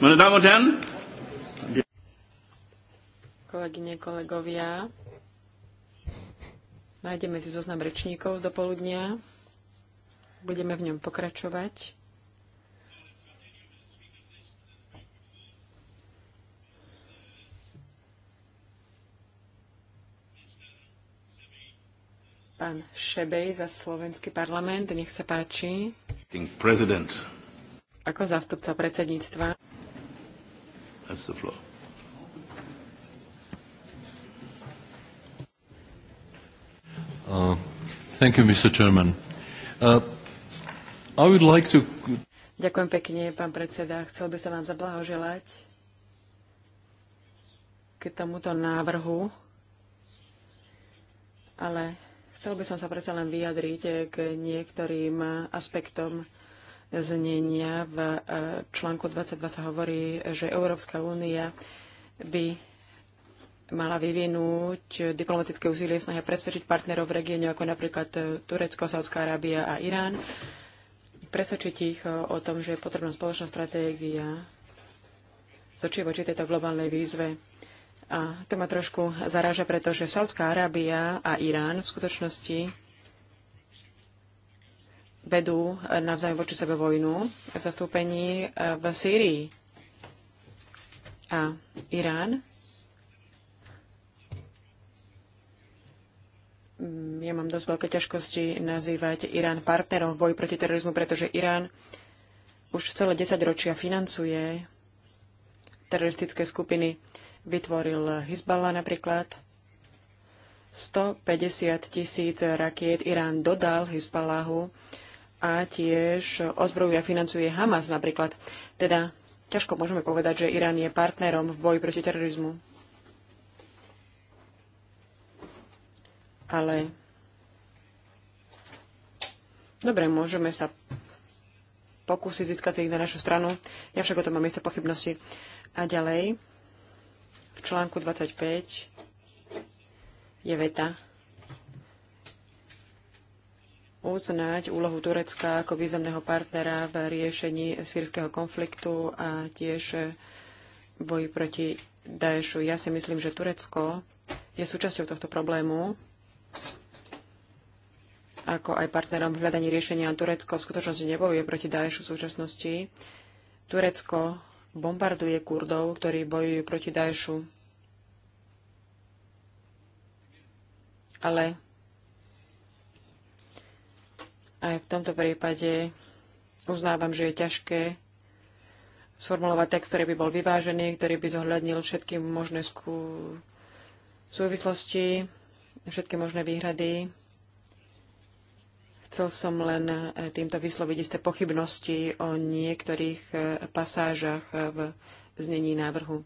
Meine Damen und Herren, kolegyne, kolegovia, nájdeme si zoznam rečníkov z dopoludnia. Budeme v ňom pokračovať. Pán Šebej za slovenský parlament, nech sa páči. President ako zástupca predsedníctva. That's the floor. Uh, thank you, Mr. Chairman. Uh, I would like to... Ďakujem pekne, pán predseda. Chcel by sa vám zablahoželať k tomuto návrhu, ale chcel by som sa predsa len vyjadriť k niektorým aspektom znenia. V e, článku 22 sa hovorí, že Európska únia by mala vyvinúť diplomatické úsilie snahy presvedčiť partnerov v regióne, ako napríklad e, Turecko, Saudská Arábia a Irán, presvedčiť ich e, o tom, že je potrebná spoločná stratégia z očí voči tejto globálnej výzve. A to ma trošku zaráža, pretože Saudská Arábia a Irán v skutočnosti vedú eh, navzájom voči sebe vojnu v zastúpení eh, v Sýrii. A Irán mm, ja mám dosť veľké ťažkosti nazývať Irán partnerom v boji proti terorizmu, pretože Irán už celé 10 ročia financuje teroristické skupiny. Vytvoril Hezbollah napríklad. 150 tisíc rakiet Irán dodal Hezbollahu a tiež ozbrojuje a financuje Hamas napríklad. Teda ťažko môžeme povedať, že Irán je partnerom v boji proti terorizmu. Ale dobre, môžeme sa pokúsiť získať ich na našu stranu. Ja však o tom mám isté pochybnosti. A ďalej, v článku 25 je veta, uznať úlohu Turecka ako významného partnera v riešení sírskeho konfliktu a tiež boji proti Daešu. Ja si myslím, že Turecko je súčasťou tohto problému ako aj partnerom v hľadaní riešenia. Turecko v skutočnosti nebojuje proti Daešu v súčasnosti. Turecko bombarduje Kurdov, ktorí bojujú proti Daešu. Ale aj v tomto prípade uznávam, že je ťažké sformulovať text, ktorý by bol vyvážený, ktorý by zohľadnil všetky možné skú... súvislosti, všetky možné výhrady. Chcel som len eh, týmto vysloviť isté pochybnosti o niektorých eh, pasážach eh, v znení návrhu.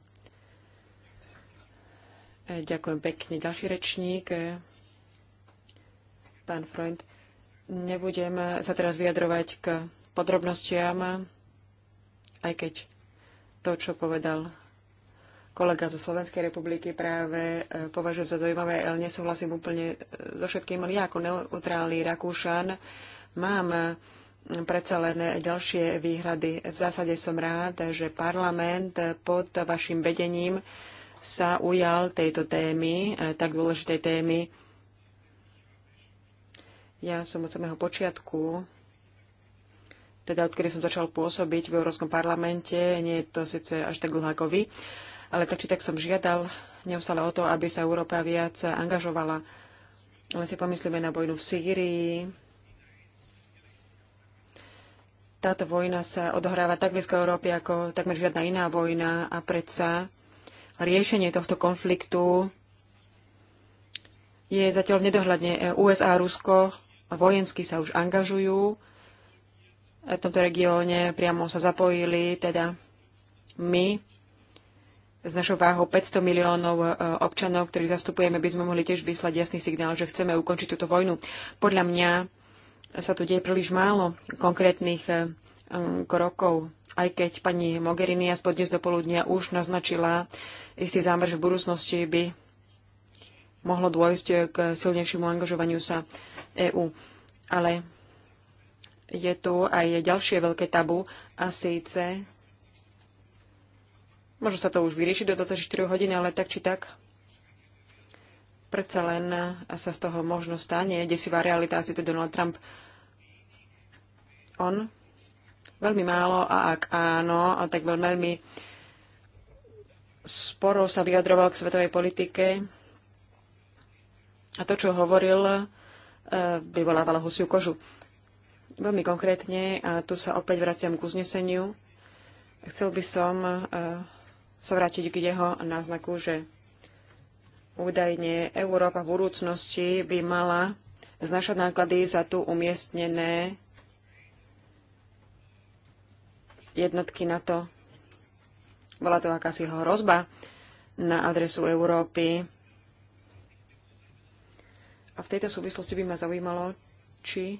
Ďakujem pekne. Ďalší rečník, pán Freund. Nebudem sa teraz vyjadrovať k podrobnostiam, aj keď to, čo povedal kolega zo Slovenskej republiky práve e, považujem za zaujímavé, ale nesúhlasím úplne e, so všetkým. Ale ja ako neutrálny Rakúšan mám e, predsa len ďalšie výhrady. V zásade som rád, že parlament pod vašim vedením sa ujal tejto témy, tak dôležitej témy, ja som od samého počiatku, teda odkedy som začal pôsobiť v Európskom parlamente, nie je to síce až tak dlhá ako vy, ale tak či tak som žiadal neustále o to, aby sa Európa viac angažovala. Len si pomyslíme na vojnu v Sýrii. Táto vojna sa odohráva tak blízko Európy ako takmer žiadna iná vojna a predsa riešenie tohto konfliktu je zatiaľ v nedohľadne e USA a Rusko vojensky sa už angažujú e, v tomto regióne, priamo sa zapojili, teda my s našou váhou 500 miliónov e, občanov, ktorých zastupujeme, by sme mohli tiež vyslať jasný signál, že chceme ukončiť túto vojnu. Podľa mňa sa tu deje príliš málo konkrétnych e, krokov, aj keď pani Mogherini aspoň dnes do poludnia už naznačila istý zámer, že v budúcnosti by mohlo dôjsť k silnejšiemu angažovaniu sa EÚ. Ale je tu aj ďalšie veľké tabu a síce môže sa to už vyriešiť do 24 hodín, ale tak či tak predsa len sa z toho možno stane desivá realita, asi to Donald Trump. On veľmi málo a ak áno, a tak veľmi sporo sa vyjadroval k svetovej politike a to, čo hovoril, e, vyvolávalo husiu kožu. Veľmi konkrétne, a tu sa opäť vraciam k uzneseniu, chcel by som e, sa vrátiť k jeho náznaku, že údajne Európa v budúcnosti by mala znašať náklady za tu umiestnené jednotky na to, Bola to akási hrozba na adresu Európy a v tejto súvislosti by ma zaujímalo, či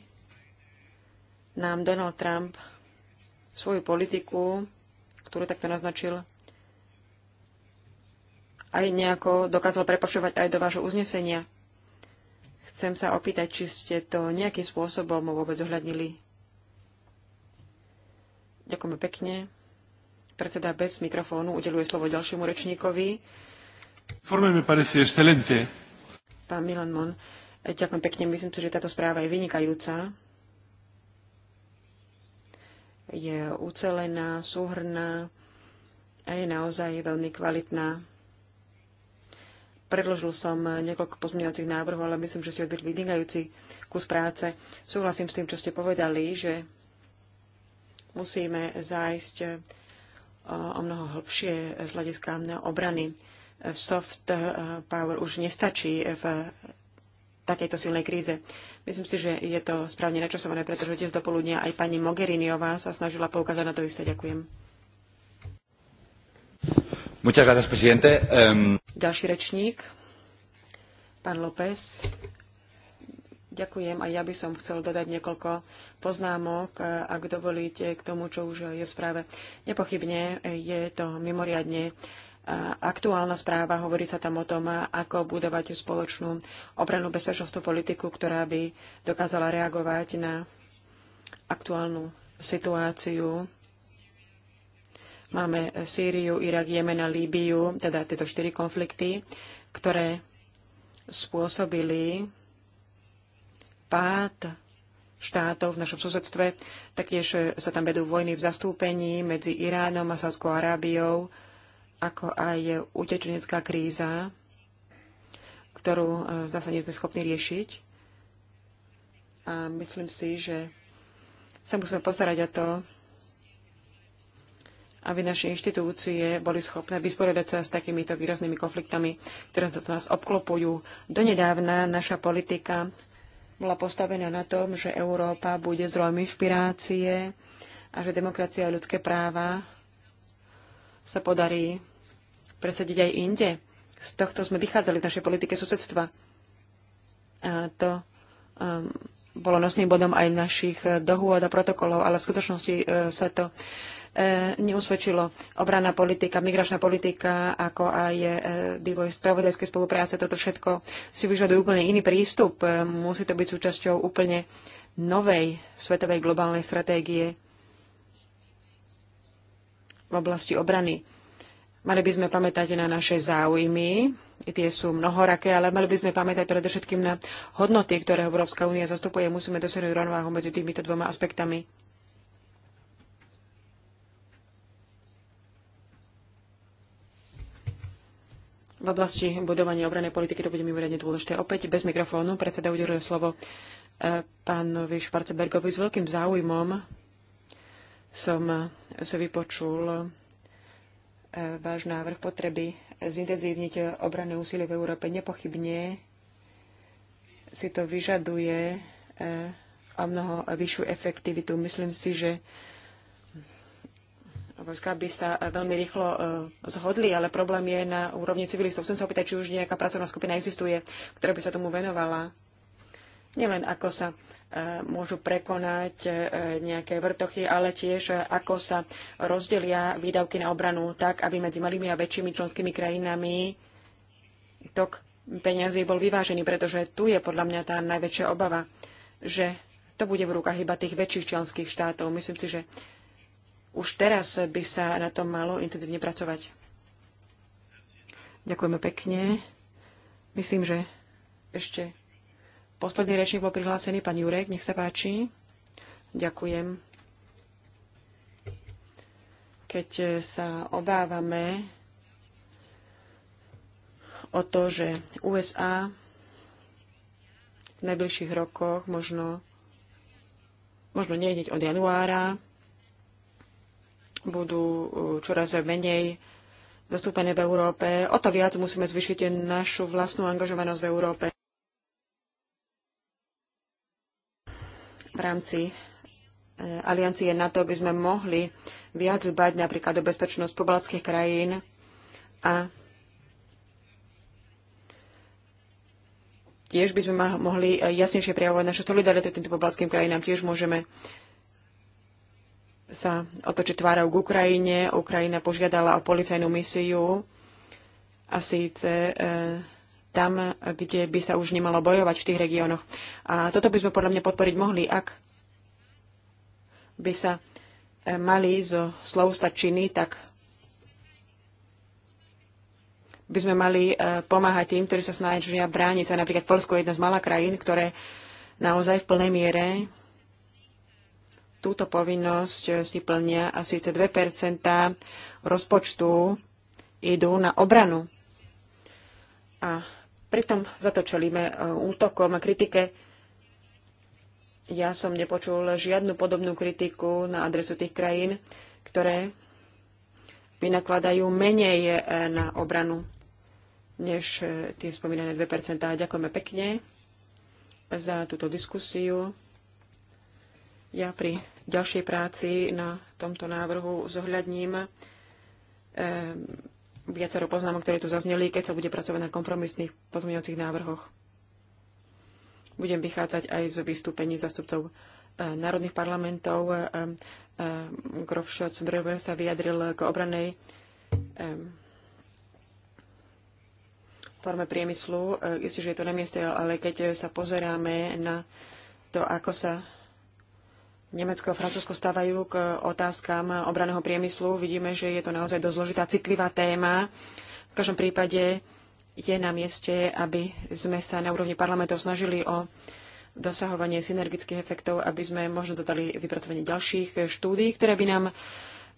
nám Donald Trump svoju politiku, ktorú takto naznačil, aj nejako dokázal prepašovať aj do vášho uznesenia. Chcem sa opýtať, či ste to nejakým spôsobom vôbec ohľadnili. Ďakujeme pekne. Predseda bez mikrofónu udeluje slovo ďalšiemu rečníkovi. Forme parece excelente. Pán Milan Mon. Ďakujem pekne, myslím si, že táto správa je vynikajúca. Je ucelená, súhrná a je naozaj veľmi kvalitná. Predložil som niekoľko pozmeňovacích návrhov, ale myslím, že ste odvedli vynikajúci kus práce. Súhlasím s tým, čo ste povedali, že musíme zájsť eh, o mnoho hĺbšie z hľadiska obrany. Soft eh, power už nestačí v takejto silnej kríze. Myslím si, že je to správne načasované, pretože dnes do poludnia aj pani Mogheriniová sa snažila poukázať na to isté. Ďakujem. Gracias, um... Ďalší rečník, pán López. Ďakujem a ja by som chcel dodať niekoľko poznámok, ak dovolíte, k tomu, čo už je v správe. Nepochybne je to mimoriadne aktuálna správa, hovorí sa tam o tom, ako budovať spoločnú obranú bezpečnostnú politiku, ktorá by dokázala reagovať na aktuálnu situáciu. Máme Sýriu, Irak, Jemen a Líbiu, teda tieto štyri konflikty, ktoré spôsobili pád štátov v našom susedstve. Taktiež sa tam vedú vojny v zastúpení medzi Iránom a Sádskou Arábiou ako aj utečenecká kríza, ktorú eh, zase nie sme schopní riešiť. A myslím si, že sa musíme postarať o to, aby naše inštitúcie boli schopné vysporiadať sa s takýmito výraznými konfliktami, ktoré nás obklopujú. Donedávna naša politika bola postavená na tom, že Európa bude zdrojom inšpirácie a že demokracia a ľudské práva sa podarí presadiť aj inde. Z tohto sme vychádzali v našej politike susedstva. A to um, bolo nosným bodom aj našich eh, dohôd a protokolov, ale v skutočnosti uh, sa to eh, neusvedčilo. Obranná politika, migračná politika, ako aj vývoj spravodajskej spolupráce, toto všetko si vyžaduje úplne iný prístup. musí to byť súčasťou úplne novej svetovej globálnej stratégie v oblasti obrany. Mali by sme pamätať na naše záujmy, tie sú mnohoraké, ale mali by sme pamätať predovšetkým na hodnoty, ktoré Európska únia zastupuje. Musíme dosiahnuť rovnováhu medzi týmito dvoma aspektami. V oblasti budovania obranej politiky to bude mimoriadne dôležité. Opäť bez mikrofónu predseda udeluje slovo eh, pánovi Švarcebergovi s veľkým záujmom som sa vypočul e, váš návrh potreby zintenzívniť obranné úsilie v Európe. Nepochybne si to vyžaduje o e, mnoho vyššiu efektivitu. Myslím si, že vojska by sa veľmi rýchlo e, zhodli, ale problém je na úrovni civilistov. Chcem sa opýtať, či už nejaká pracovná skupina existuje, ktorá by sa tomu venovala. Nielen ako sa E, môžu prekonať e, nejaké vrtochy, ale tiež e, ako sa rozdelia výdavky na obranu tak, aby medzi malými a väčšími členskými krajinami tok peniazy bol vyvážený, pretože tu je podľa mňa tá najväčšia obava, že to bude v rukách iba tých väčších členských štátov. Myslím si, že už teraz by sa na tom malo intenzívne pracovať. Ďakujeme pekne. Myslím, že ešte Posledný rečník bol prihlásený, pán Jurek, nech sa páči. Ďakujem. Keď sa obávame o to, že USA v najbližších rokoch, možno, možno nie hneď od januára, budú uh, čoraz menej zastúpené v Európe. O to viac musíme zvyšiť našu vlastnú angažovanosť v Európe. v rámci e, aliancie NATO by sme mohli viac zbať napríklad o bezpečnosť pobalackých krajín a tiež by sme mohli e, jasnejšie prejavovať našu solidaritu týmto pobalackým krajinám. Tiež môžeme sa otočiť tvárou k Ukrajine. Ukrajina požiadala o policajnú misiu a síce e, tam, kde by sa už nemalo bojovať v tých regiónoch. A toto by sme podľa mňa podporiť mohli, ak by sa e, mali zo slov stať činy, tak by sme mali e, pomáhať tým, ktorí sa snažia brániť sa. Napríklad Polsko je jedna z malých krajín, ktoré naozaj v plnej miere túto povinnosť e, si plnia a síce 2 rozpočtu idú na obranu. A Pritom za to čelíme e, útokom a kritike. Ja som nepočul žiadnu podobnú kritiku na adresu tých krajín, ktoré vynakladajú menej e, na obranu než e, tie spomínané 2%. Ďakujeme pekne za túto diskusiu. Ja pri ďalšej práci na tomto návrhu zohľadním viacero poznámok, ktoré tu zazneli, keď sa bude pracovať na kompromisných pozmeňovacích návrhoch. Budem vychádzať aj z vystúpení zastupcov e, národných parlamentov. E, e, grof schotz sa vyjadril k obranej forme priemyslu. Isté, že je to na mieste, ale keď sa pozeráme na to, ako sa Nemecko a Francúzsko stávajú k otázkam obraného priemyslu. Vidíme, že je to naozaj dosť zložitá, citlivá téma. V každom prípade je na mieste, aby sme sa na úrovni parlamentov snažili o dosahovanie synergických efektov, aby sme možno dodali vypracovanie ďalších štúdí, ktoré by nám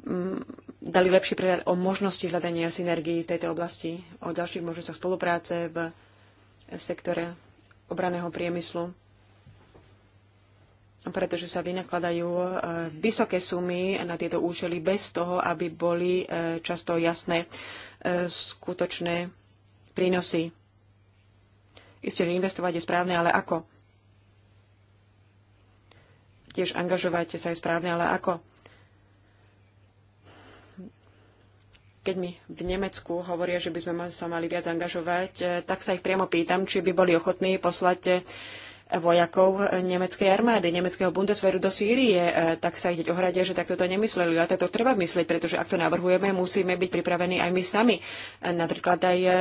mm, dali lepší predať o možnosti hľadania synergií v tejto oblasti, o ďalších možnostiach spolupráce v sektore obraného priemyslu pretože sa vynakladajú e, vysoké sumy na tieto účely bez toho, aby boli e, často jasné e, skutočné prínosy. Isté, že investovať je správne, ale ako? Tiež angažovať sa je správne, ale ako? keď mi v Nemecku hovoria, že by sme sa mali viac angažovať, tak sa ich priamo pýtam, či by boli ochotní poslať vojakov nemeckej armády, nemeckého Bundeswehru do Sýrie, e, tak sa ide ohradia, že takto to nemysleli. A to treba myslieť, pretože ak to navrhujeme, musíme byť pripravení aj my sami. E, napríklad aj e,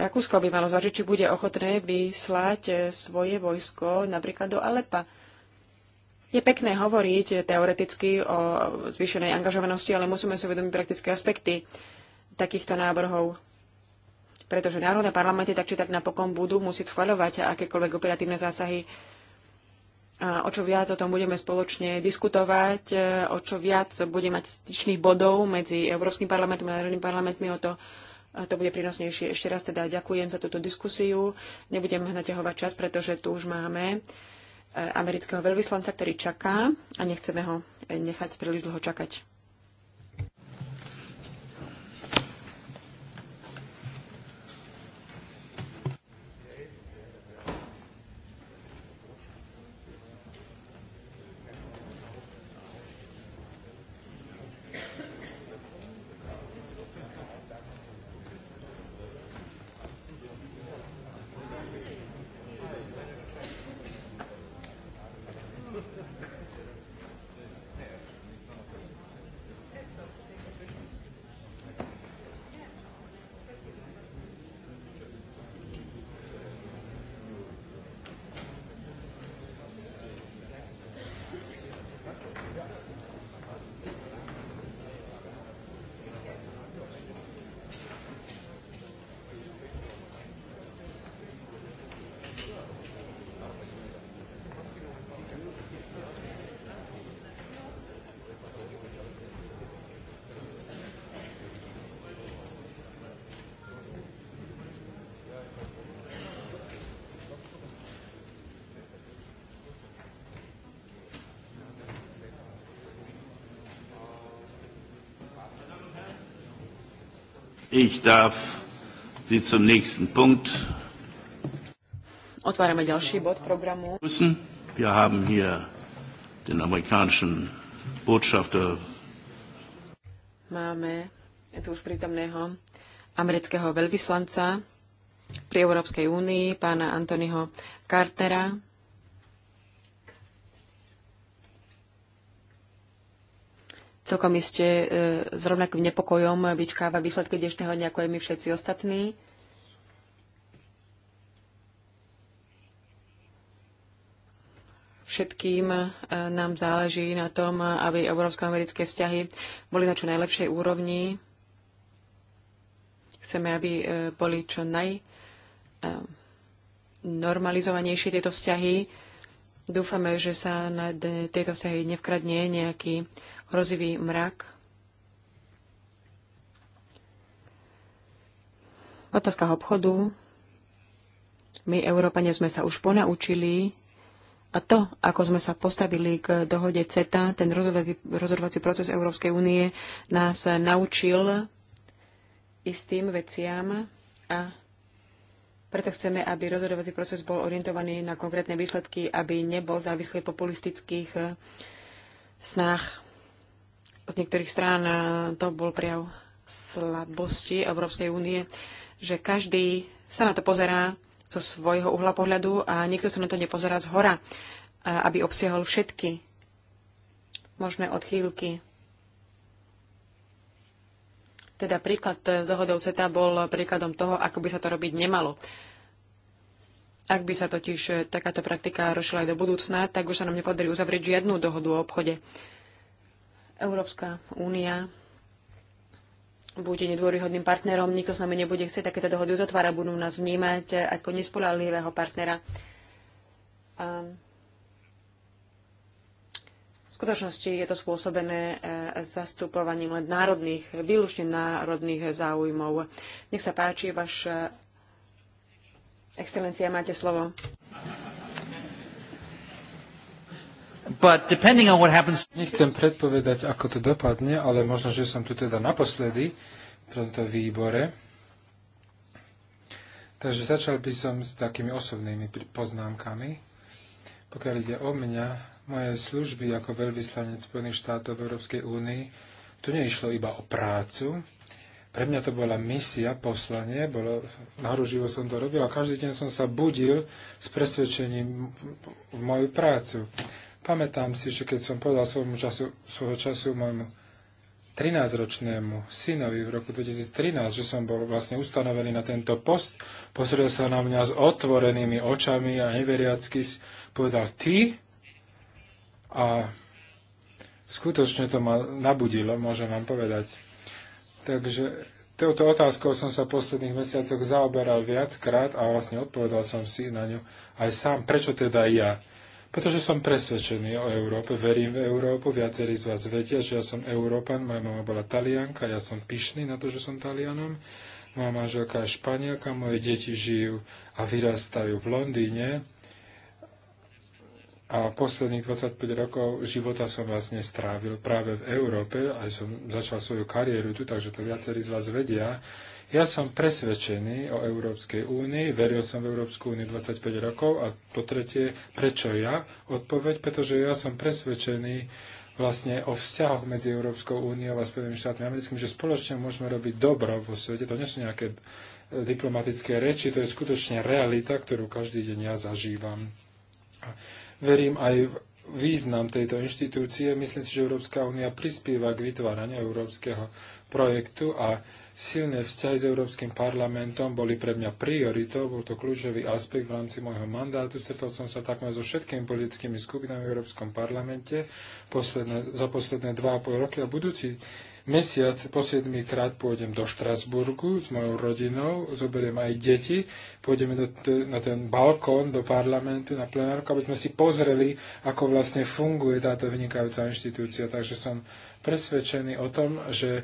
Rakúsko by malo zvažiť, či bude ochotné vyslať svoje vojsko napríklad do Alepa. Je pekné hovoriť teoreticky o zvýšenej angažovanosti, ale musíme si uvedomiť praktické aspekty takýchto návrhov pretože národné parlamenty tak či tak napokon budú musieť schvaľovať akékoľvek operatívne zásahy. A o čo viac o tom budeme spoločne diskutovať, e, o čo viac bude mať styčných bodov medzi Európskym parlamentom a národnými parlamentmi, o to a to bude prínosnejšie. Ešte raz teda ďakujem za túto diskusiu. Nebudem naťahovať čas, pretože tu už máme e, amerického veľvyslanca, ktorý čaká a nechceme ho nechať príliš dlho čakať. Ich darf Sie zum nächsten Punkt. Otvárame ďalší bod programu. Wir haben hier den amerikanischen Botschafter. Máme tu už prítomného amerického veľvyslanca pri Európskej únii, pána Antonyho Cartera. celkom iste e, s rovnakým nepokojom vyčkáva výsledky dnešného dňa, ako aj my všetci ostatní. Všetkým e, nám záleží na tom, aby európsko-americké vzťahy boli na čo najlepšej úrovni. Chceme, aby e, boli čo najnormalizovanejšie tieto vzťahy. Dúfame, že sa na tieto vzťahy nevkradne nejaký hrozivý mrak. Otázka obchodu. My, Európane, sme sa už ponaučili a to, ako sme sa postavili k dohode CETA, ten rozhodovací, rozhodovací proces Európskej únie nás naučil istým veciam a preto chceme, aby rozhodovací proces bol orientovaný na konkrétne výsledky, aby nebol závislý populistických snách z niektorých strán e, to bol prijav slabosti Európskej únie, že každý sa na to pozerá zo svojho uhla pohľadu a niekto sa na to nepozerá z hora, e, aby obsiahol všetky možné odchýlky. Teda príklad s dohodou CETA bol príkladom toho, ako by sa to robiť nemalo. Ak by sa totiž takáto praktika rošila aj do budúcna, tak už sa nám nepodarí uzavrieť žiadnu dohodu o obchode. Európska únia bude nedôryhodným partnerom, nikto s nami nebude chcieť takéto dohody uzatvárať, budú nás vnímať ako nespolahlivého partnera. A v skutočnosti je to spôsobené e, zastupovaním len národných, výlučne národných záujmov. Nech sa páči, vaša excelencia, máte slovo. Nechcem predpovedať, ako to dopadne, ale možno, že som tu teda naposledy v tomto výbore. Takže začal by som s takými osobnými poznámkami. Pokiaľ ide o mňa, moje služby ako veľvyslanec Spojených štátov v Európskej únii, tu neišlo iba o prácu. Pre mňa to bola misia, poslanie, bolo, nahruživo som to robil a každý deň som sa budil s presvedčením v moju prácu. Pamätám si, že keď som povedal svojho času, svojho času môjmu 13-ročnému synovi v roku 2013, že som bol vlastne ustanovený na tento post, pozrel sa na mňa s otvorenými očami a neveriacky povedal ty a skutočne to ma nabudilo, môžem vám povedať. Takže touto otázkou som sa v posledných mesiacoch zaoberal viackrát a vlastne odpovedal som si na ňu aj sám, prečo teda ja. Pretože som presvedčený o Európe, verím v Európu, viacerí z vás vedia, že ja som Európan, moja mama bola Talianka, ja som pyšný na to, že som Talianom, moja manželka je Španielka, moje deti žijú a vyrastajú v Londýne a posledných 25 rokov života som vlastne strávil práve v Európe, aj som začal svoju kariéru tu, takže to viacerí z vás vedia, ja som presvedčený o Európskej únii, veril som v Európsku úniu 25 rokov a po tretie, prečo ja? Odpoveď, pretože ja som presvedčený vlastne o vzťahoch medzi Európskou úniou a Spojenými štátmi americkými, že spoločne môžeme robiť dobro vo svete. To nie sú nejaké e, diplomatické reči, to je skutočne realita, ktorú každý deň ja zažívam. Verím aj v význam tejto inštitúcie. Myslím si, že Európska únia prispieva k vytváraniu európskeho projektu a silné vzťahy s Európskym parlamentom boli pre mňa prioritou, bol to kľúčový aspekt v rámci môjho mandátu. Stretol som sa takmer so všetkými politickými skupinami v Európskom parlamente posledné, za posledné dva, pol roky a budúci mesiac po 7 krát pôjdem do Štrasburgu s mojou rodinou, zoberiem aj deti, pôjdeme do, na ten balkón do parlamentu, na plenárku, aby sme si pozreli, ako vlastne funguje táto vynikajúca inštitúcia. Takže som presvedčený o tom, že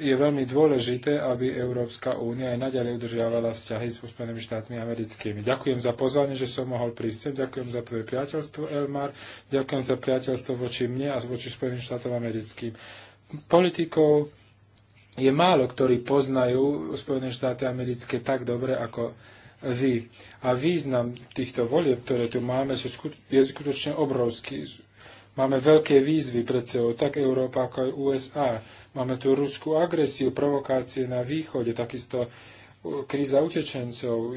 je veľmi dôležité, aby Európska únia aj naďalej udržiavala vzťahy s Spojenými štátmi americkými. Ďakujem za pozvanie, že som mohol prísť sem. Ďakujem za tvoje priateľstvo, Elmar. Ďakujem za priateľstvo voči mne a voči Spojeným štátom americkým. Politikov je málo, ktorí poznajú Spojené štáty americké tak dobre ako vy. A význam týchto volieb, ktoré tu máme, je skutočne obrovský. Máme veľké výzvy pred sebou, tak Európa ako aj USA Máme tu ruskú agresiu, provokácie na východe, takisto e, kríza utečencov,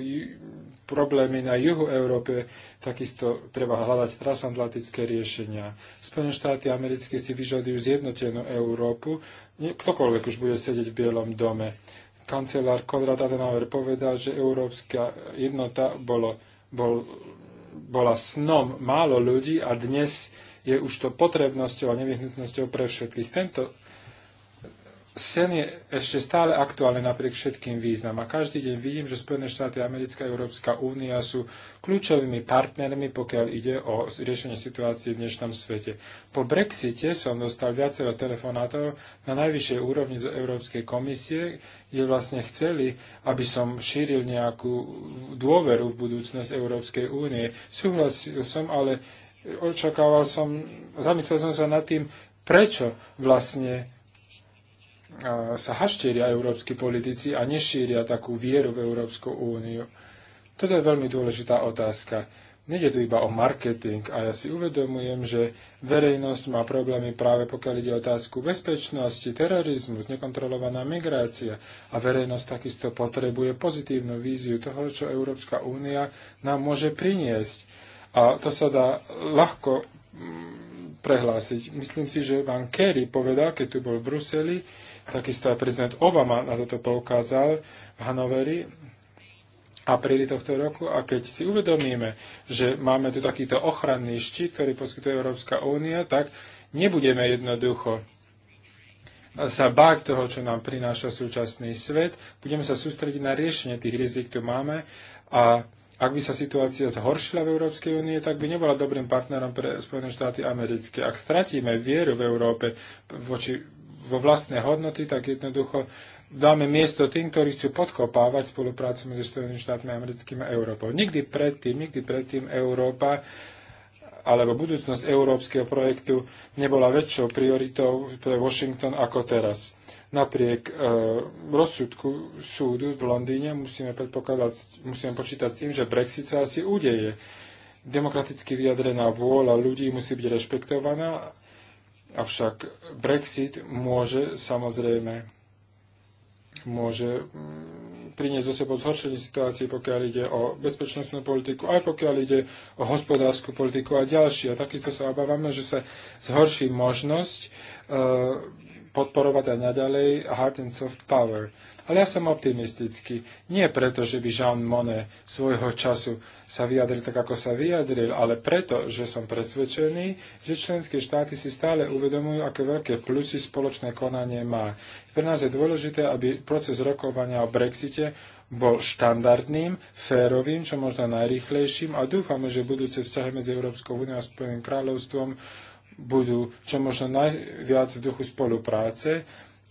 problémy na juhu Európe, takisto treba hľadať transatlantické riešenia. Spojené štáty americké si vyžadujú zjednotenú Európu, ktokoľvek už bude sedieť v Bielom dome. Kancelár Konrad Adenauer povedal, že európska jednota bolo, bol, bola snom málo ľudí a dnes je už to potrebnosťou a nevyhnutnosťou pre všetkých. Tento Sen je ešte stále aktuálny napriek všetkým význam a každý deň vidím, že Spojené štáty Americká a Európska únia sú kľúčovými partnermi, pokiaľ ide o riešenie situácie v dnešnom svete. Po Brexite som dostal viacero telefonátov na najvyššej úrovni z Európskej komisie, kde vlastne chceli, aby som šíril nejakú dôveru v budúcnosť Európskej únie. Súhlasil som, ale očakával som, zamyslel som sa nad tým, prečo vlastne sa hašteria európsky politici a nešíria takú vieru v Európsku úniu. Toto je veľmi dôležitá otázka. Nede tu iba o marketing a ja si uvedomujem, že verejnosť má problémy práve pokiaľ ide o otázku bezpečnosti, terorizmus, nekontrolovaná migrácia a verejnosť takisto potrebuje pozitívnu víziu toho, čo Európska únia nám môže priniesť. A to sa dá ľahko mm, prehlásiť. Myslím si, že pán Kerry povedal, keď tu bol v Bruseli, Takisto aj prezident Obama na toto poukázal v Hanoveri apríli tohto roku a keď si uvedomíme, že máme tu takýto ochranný štít, ktorý poskytuje Európska únia, tak nebudeme jednoducho sa báť toho, čo nám prináša súčasný svet. Budeme sa sústrediť na riešenie tých rizik, tu máme a ak by sa situácia zhoršila v Európskej únie, tak by nebola dobrým partnerom pre Spojené štáty americké. Ak stratíme vieru v Európe voči vo vlastné hodnoty, tak jednoducho dáme miesto tým, ktorí chcú podkopávať spoluprácu medzi Spojenými štátmi americkými a Európou. Nikdy predtým, nikdy predtým Európa alebo budúcnosť európskeho projektu nebola väčšou prioritou pre Washington ako teraz. Napriek e, rozsudku súdu v Londýne musíme, predpokladať, musíme počítať s tým, že Brexit sa asi udeje. Demokraticky vyjadrená vôľa ľudí musí byť rešpektovaná Avšak Brexit môže samozrejme môže mm, priniesť zo sebou zhoršenie situácie, pokiaľ ide o bezpečnostnú politiku, aj pokiaľ ide o hospodárskú politiku a ďalšie. A takisto sa obávame, že sa zhorší možnosť e, podporovať aj naďalej hard and soft power. Ale ja som optimistický. Nie preto, že by Jean Monnet svojho času sa vyjadril tak, ako sa vyjadril, ale preto, že som presvedčený, že členské štáty si stále uvedomujú, aké veľké plusy spoločné konanie má. Pre nás je dôležité, aby proces rokovania o Brexite bol štandardným, férovým, čo možno najrýchlejším a dúfame, že budúce vzťahy medzi Európskou úniou a Spojeným kráľovstvom budú čo možno najviac v duchu spolupráce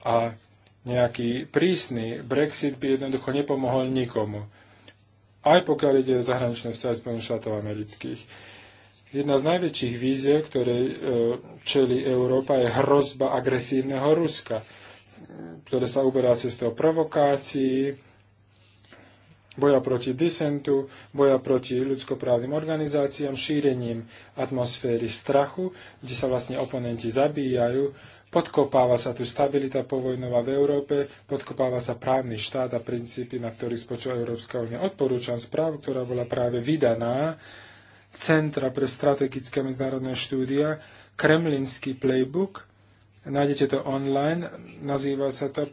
a nejaký prísny Brexit by jednoducho nepomohol nikomu. Aj pokiaľ ide o zahraničné vzťahy Spojených štátov amerických. Jedna z najväčších víziev, ktoré e, čeli Európa, je hrozba agresívneho Ruska, ktoré sa uberá cestou provokácií, boja proti disentu, boja proti ľudskoprávnym organizáciám, šírením atmosféry strachu, kde sa vlastne oponenti zabíjajú, podkopáva sa tu stabilita povojnová v Európe, podkopáva sa právny štát a princípy, na ktorých spočíva Európska únia. Odporúčam správu, ktorá bola práve vydaná Centra pre strategické medzinárodné štúdia, Kremlinský playbook, nájdete to online, nazýva sa to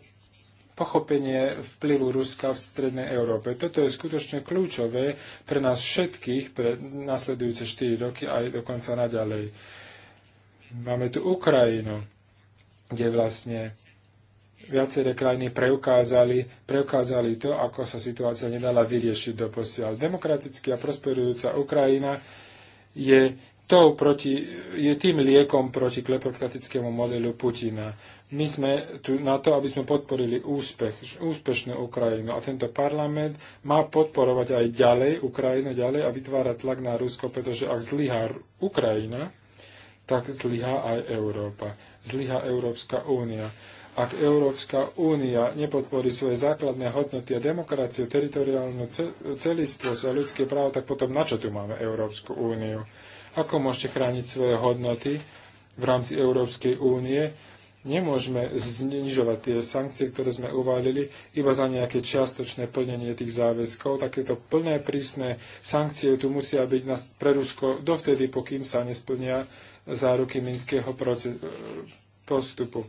pochopenie vplyvu Ruska v Strednej Európe. Toto je skutočne kľúčové pre nás všetkých pre nasledujúce 4 roky aj dokonca naďalej. Máme tu Ukrajinu, kde vlastne viaceré krajiny preukázali, preukázali to, ako sa situácia nedala vyriešiť do posiaľ. Demokratická a prosperujúca Ukrajina je, tou proti, je tým liekom proti kleptokratickému modelu Putina my sme tu na to, aby sme podporili úspech, úspešnú Ukrajinu. A tento parlament má podporovať aj ďalej Ukrajinu, ďalej a vytvárať tlak na Rusko, pretože ak zlyhá Ukrajina, tak zlyhá aj Európa. Zlyhá Európska únia. Ak Európska únia nepodporí svoje základné hodnoty a demokraciu, teritoriálnu celistvosť a ľudské právo, tak potom na čo tu máme Európsku úniu? Ako môžete chrániť svoje hodnoty v rámci Európskej únie, Nemôžeme znižovať tie sankcie, ktoré sme uvalili, iba za nejaké čiastočné plnenie tých záväzkov. Takéto plné prísne sankcie tu musia byť pre Rusko dovtedy, pokým sa nesplnia záruky minského postupu.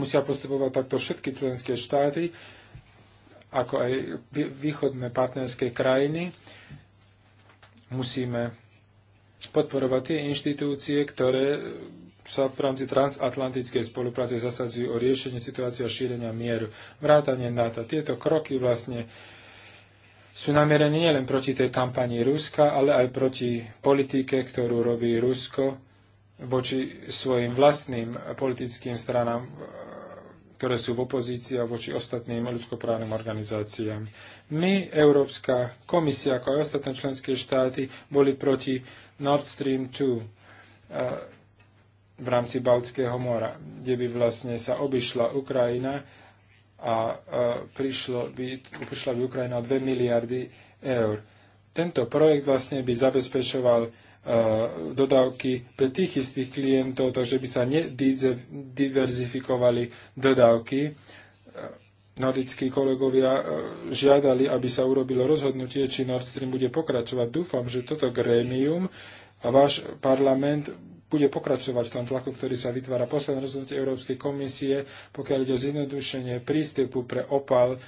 Musia postupovať takto všetky členské štáty, ako aj východné partnerské krajiny. Musíme podporovať tie inštitúcie, ktoré sa v rámci transatlantickej spolupráce zasadzujú o riešenie situácie a šírenia mieru, vrátanie NATO. Tieto kroky vlastne sú namierené nielen proti tej kampanii Ruska, ale aj proti politike, ktorú robí Rusko voči svojim vlastným politickým stranám, ktoré sú v opozícii a voči ostatným ľudskoprávnym organizáciám. My, Európska komisia, ako aj ostatné členské štáty, boli proti Nord Stream 2 v rámci Baltského mora, kde by vlastne sa obišla Ukrajina a prišlo by, prišla by Ukrajina o 2 miliardy eur. Tento projekt vlastne by zabezpečoval dodávky pre tých istých klientov, takže by sa nediverzifikovali dodávky. Nordickí kolegovia žiadali, aby sa urobilo rozhodnutie, či Nord Stream bude pokračovať. Dúfam, že toto grémium a váš parlament bude pokračovať v tom tlaku, ktorý sa vytvára. Posledné rozhodnutie Európskej komisie, pokiaľ ide o zjednodušenie prístupu pre opal,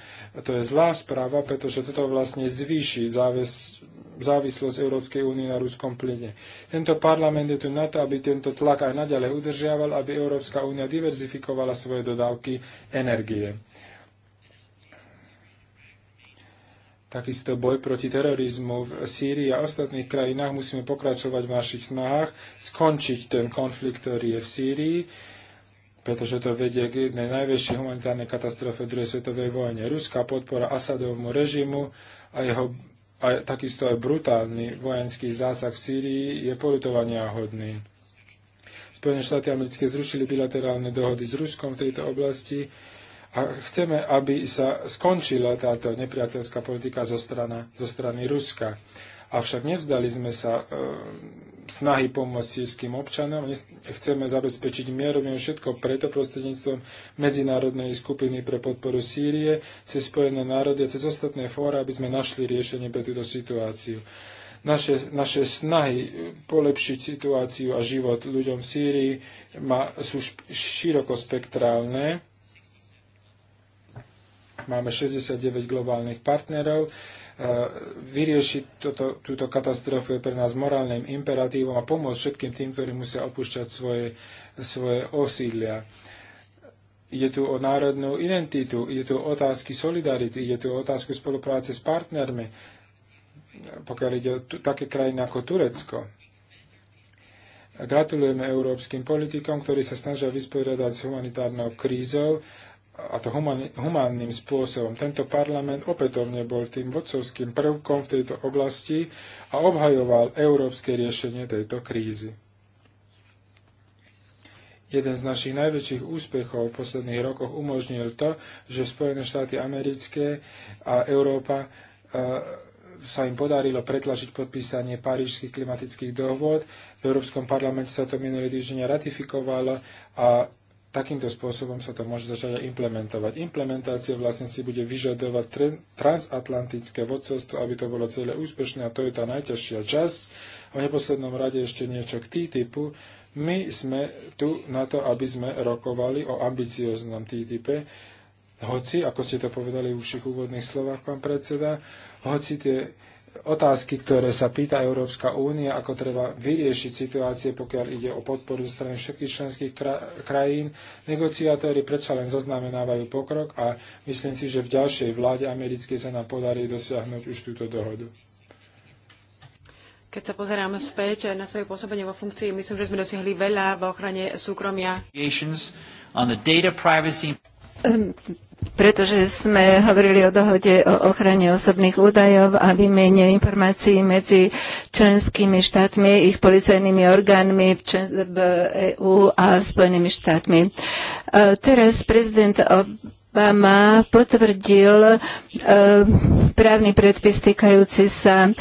to je zlá správa, pretože toto vlastne zvýši záves, závislosť Európskej únie na ruskom plyne. Tento parlament je tu na to, aby tento tlak aj naďalej udržiaval, aby Európska únia diverzifikovala svoje dodávky energie. Takisto boj proti terorizmu v Sýrii a ostatných krajinách musíme pokračovať v našich snahách, skončiť ten konflikt, ktorý je v Sýrii, pretože to vedie k jednej najväčšej humanitárnej katastrofe druhej svetovej vojne. Ruská podpora Asadovmu režimu a jeho a takisto aj brutálny vojenský zásah v Sýrii je polutovania hodný. Spojené štáty americké zrušili bilaterálne dohody s Ruskom v tejto oblasti a chceme, aby sa skončila táto nepriateľská politika zo, strana, zo strany Ruska. Avšak nevzdali sme sa e, snahy pomôcť sírským občanom, chceme zabezpečiť mieru, mimo všetko preto prostredníctvom medzinárodnej skupiny pre podporu Sýrie, cez Spojené národy a cez ostatné fóra, aby sme našli riešenie pre túto situáciu. Naše, naše snahy e, polepšiť situáciu a život ľuďom v Sýrii ma, sú široko spektrálne máme 69 globálnych partnerov. E, vyriešiť toto, túto katastrofu je pre nás morálnym imperatívom a pomôcť všetkým tým, ktorí musia opúšťať svoje, svoje osídlia. Je tu o národnú identitu, je tu otázky solidarity, je tu otázku spolupráce s partnermi, pokiaľ ide o také krajiny ako Turecko. Gratulujeme európskym politikom, ktorí sa snažia vysporiadať s humanitárnou krízou a to humánnym spôsobom. Tento parlament opätovne bol tým vodcovským prvkom v tejto oblasti a obhajoval európske riešenie tejto krízy. Jeden z našich najväčších úspechov v posledných rokoch umožnil to, že Spojené štáty americké a Európa e, sa im podarilo pretlačiť podpísanie parížských klimatických dohôd. V Európskom parlamente sa to minulý týždeň ratifikovalo a takýmto spôsobom sa to môže začať aj implementovať. Implementácia vlastne si bude vyžadovať transatlantické vodcovstvo, aby to bolo celé úspešné a to je tá najťažšia časť. A v neposlednom rade ešte niečo k TTIP-u. My sme tu na to, aby sme rokovali o ambicioznom TTIP, hoci, ako ste to povedali v všich úvodných slovách, pán predseda, hoci tie otázky, ktoré sa pýta Európska únia, ako treba vyriešiť situácie, pokiaľ ide o podporu zo strany všetkých členských krajín. Negociátori predsa len zaznamenávajú pokrok a myslím si, že v ďalšej vláde americkej sa nám podarí dosiahnuť už túto dohodu. Keď sa pozeráme späť na svoje pôsobenie vo funkcii, myslím, že sme dosiahli veľa v ochrane súkromia pretože sme hovorili o dohode o ochrane osobných údajov a výmene informácií medzi členskými štátmi, ich policajnými orgánmi v, člen- v EÚ a Spojenými štátmi. E, teraz prezident Obama potvrdil e, právny predpis týkajúci sa e,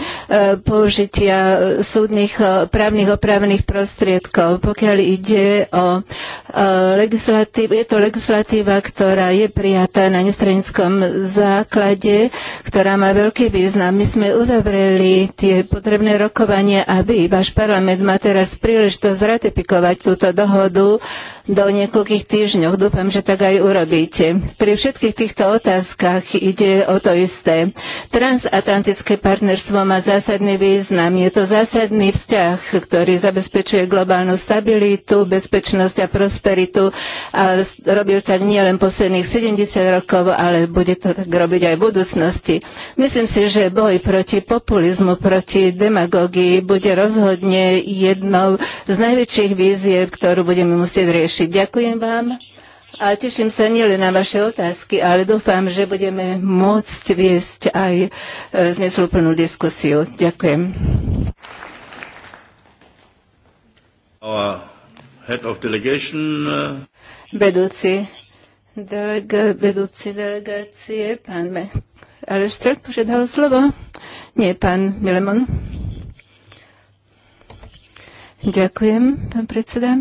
použitia súdnych e, právnych opravných prostriedkov. Pokiaľ ide o legislatívu, je to legislatíva, ktorá je prijatá na nestranickom základe, ktorá má veľký význam. My sme uzavreli tie potrebné rokovanie, aby váš parlament má teraz príležitosť ratifikovať túto dohodu do niekoľkých týždňoch. Dúfam, že tak aj urobíte. Pri všetkých týchto otázkach ide o to isté. Transatlantické partnerstvo má zásadný význam. Je to zásadný vzťah, ktorý zabezpečuje globálnu stabilitu, bezpečnosť a prosperitu a robil tak nielen posledných 70 rokov, ale bude to tak robiť aj v budúcnosti. Myslím si, že boj proti populizmu, proti demagógii bude rozhodne jednou z najväčších víziev, ktorú budeme musieť riešiť riešiť. Ďakujem vám. A teším sa nielen na vaše otázky, ale dúfam, že budeme môcť viesť aj e, zmysluplnú diskusiu. Ďakujem. Uh, vedúci, delega, vedúci delegácie, pán Me Alistair, požiadal slovo? Nie, pán Milemon. Ďakujem, pán predseda.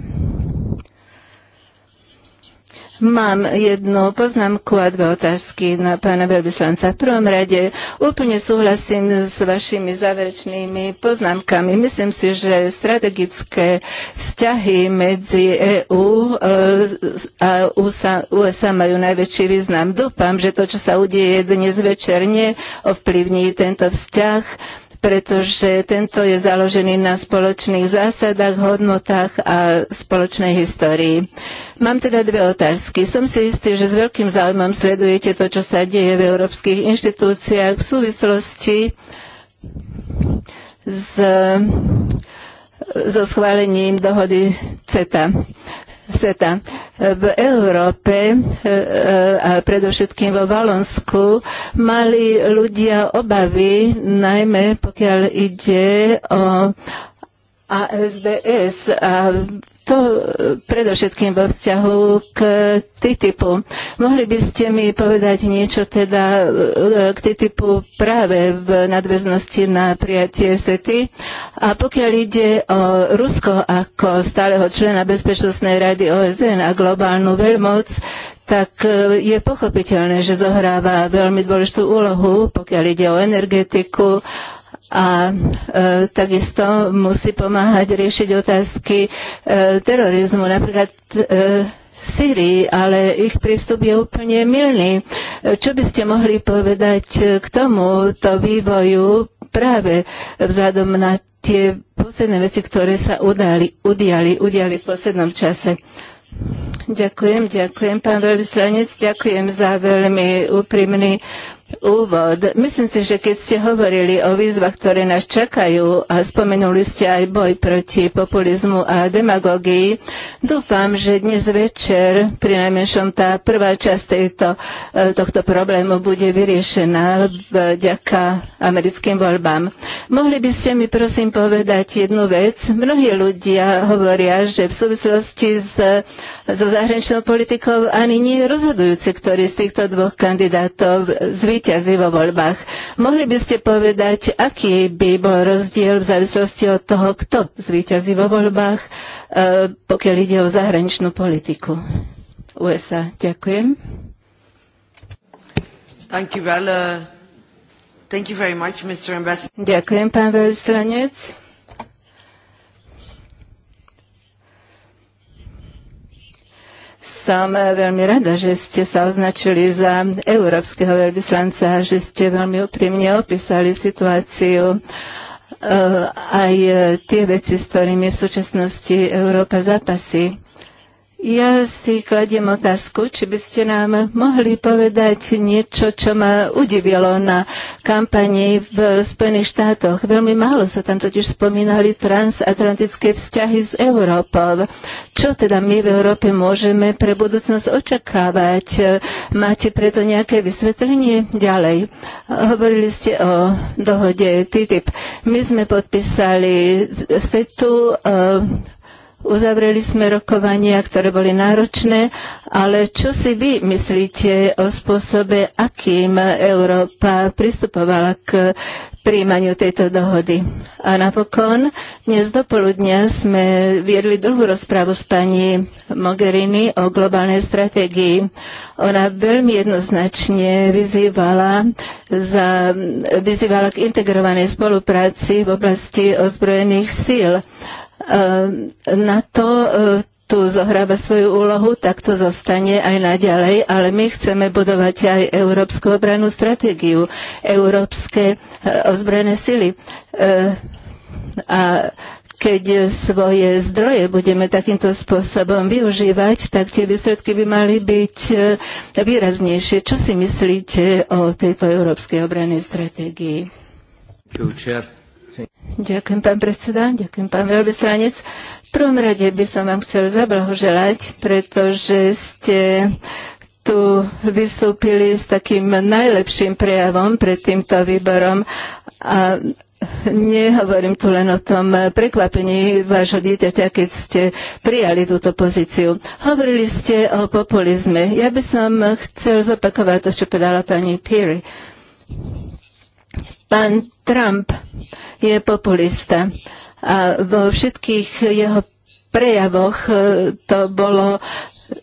Mám jednu poznámku a dve otázky na pána veľvyslanca. V prvom rade úplne súhlasím s vašimi záverečnými poznámkami. Myslím si, že strategické vzťahy medzi EÚ e, a USA, USA majú najväčší význam. Dúfam, že to, čo sa udieje dnes večer, neovplyvní tento vzťah pretože tento je založený na spoločných zásadách, hodnotách a spoločnej histórii. Mám teda dve otázky. Som si istý, že s veľkým záujmom sledujete to, čo sa deje v európskych inštitúciách v súvislosti s so schválením dohody CETA sveta. V Európe e, e, a predovšetkým vo Valonsku mali ľudia obavy, najmä pokiaľ ide o ASDS a to e, predovšetkým vo vzťahu k TTIPu. Mohli by ste mi povedať niečo teda e, e, k TTIPu práve v nadväznosti na prijatie SETI? A pokiaľ ide o Rusko ako stáleho člena Bezpečnostnej rady OSN a globálnu veľmoc, tak je pochopiteľné, že zohráva veľmi dôležitú úlohu, pokiaľ ide o energetiku a e, takisto musí pomáhať riešiť otázky e, terorizmu. Napríklad e, Syrii, ale ich prístup je úplne milný. E, čo by ste mohli povedať e, k tomuto vývoju práve vzhľadom na tie posledné veci, ktoré sa udali, udiali, udiali v poslednom čase? Ďakujem, ďakujem, pán veľvyslanec, ďakujem za veľmi úprimný úvod. Myslím si, že keď ste hovorili o výzvach, ktoré nás čakajú a spomenuli ste aj boj proti populizmu a demagógii, dúfam, že dnes večer, pri najmenšom tá prvá časť tejto, eh, tohto problému bude vyriešená vďaka americkým voľbám. Mohli by ste mi prosím povedať jednu vec. Mnohí ľudia hovoria, že v súvislosti s, so zahraničnou politikou ani nie je rozhodujúce, ktorý z týchto dvoch kandidátov zvýšil výťazí vo voľbách. Mohli by ste povedať, aký by bol rozdiel v závislosti od toho, kto zvýťazí vo voľbách, e, pokiaľ ide o zahraničnú politiku USA. Ďakujem. Thank you, well, uh, thank you very much, Mr. Ambassador. Ďakujem, pán veľvyslanec. som eh, veľmi rada, že ste sa označili za európskeho veľvyslanca a že ste veľmi úprimne opísali situáciu eh, aj eh, tie veci, s ktorými v súčasnosti Európa zapasí. Ja si kladiem otázku, či by ste nám mohli povedať niečo, čo ma udivilo na kampani v Spojených štátoch. Veľmi málo sa tam totiž spomínali transatlantické vzťahy s Európou. Čo teda my v Európe môžeme pre budúcnosť očakávať? Máte preto nejaké vysvetlenie? Ďalej. Hovorili ste o dohode TTIP. My sme podpísali setu eh, Uzavreli sme rokovania, ktoré boli náročné, ale čo si vy myslíte o spôsobe, akým Európa pristupovala k príjmaniu tejto dohody. A napokon dnes dopoludnia sme viedli dlhú rozprávu s pani Mogherini o globálnej stratégii. Ona veľmi jednoznačne vyzývala, za, vyzývala k integrovanej spolupráci v oblasti ozbrojených síl. Ehm, na to e, tu zohráva svoju úlohu, tak to zostane aj naďalej, ale my chceme budovať aj európsku obranú stratégiu, európske e, ozbrojené sily. Ehm, a keď svoje zdroje budeme takýmto spôsobom využívať, tak tie výsledky by mali byť e, výraznejšie. Čo si myslíte o tejto európskej obrannej stratégii? Ďakujem, pán predseda, ďakujem, pán veľvyslanec. V prvom rade by som vám chcel zablahoželať, pretože ste tu vystúpili s takým najlepším prejavom pred týmto výborom a Nehovorím tu len o tom prekvapení vášho dieťaťa, keď ste prijali túto pozíciu. Hovorili ste o populizme. Ja by som chcel zopakovať to, čo povedala pani Peary. Pán Trump je populista a vo všetkých jeho prejavoch e, to bolo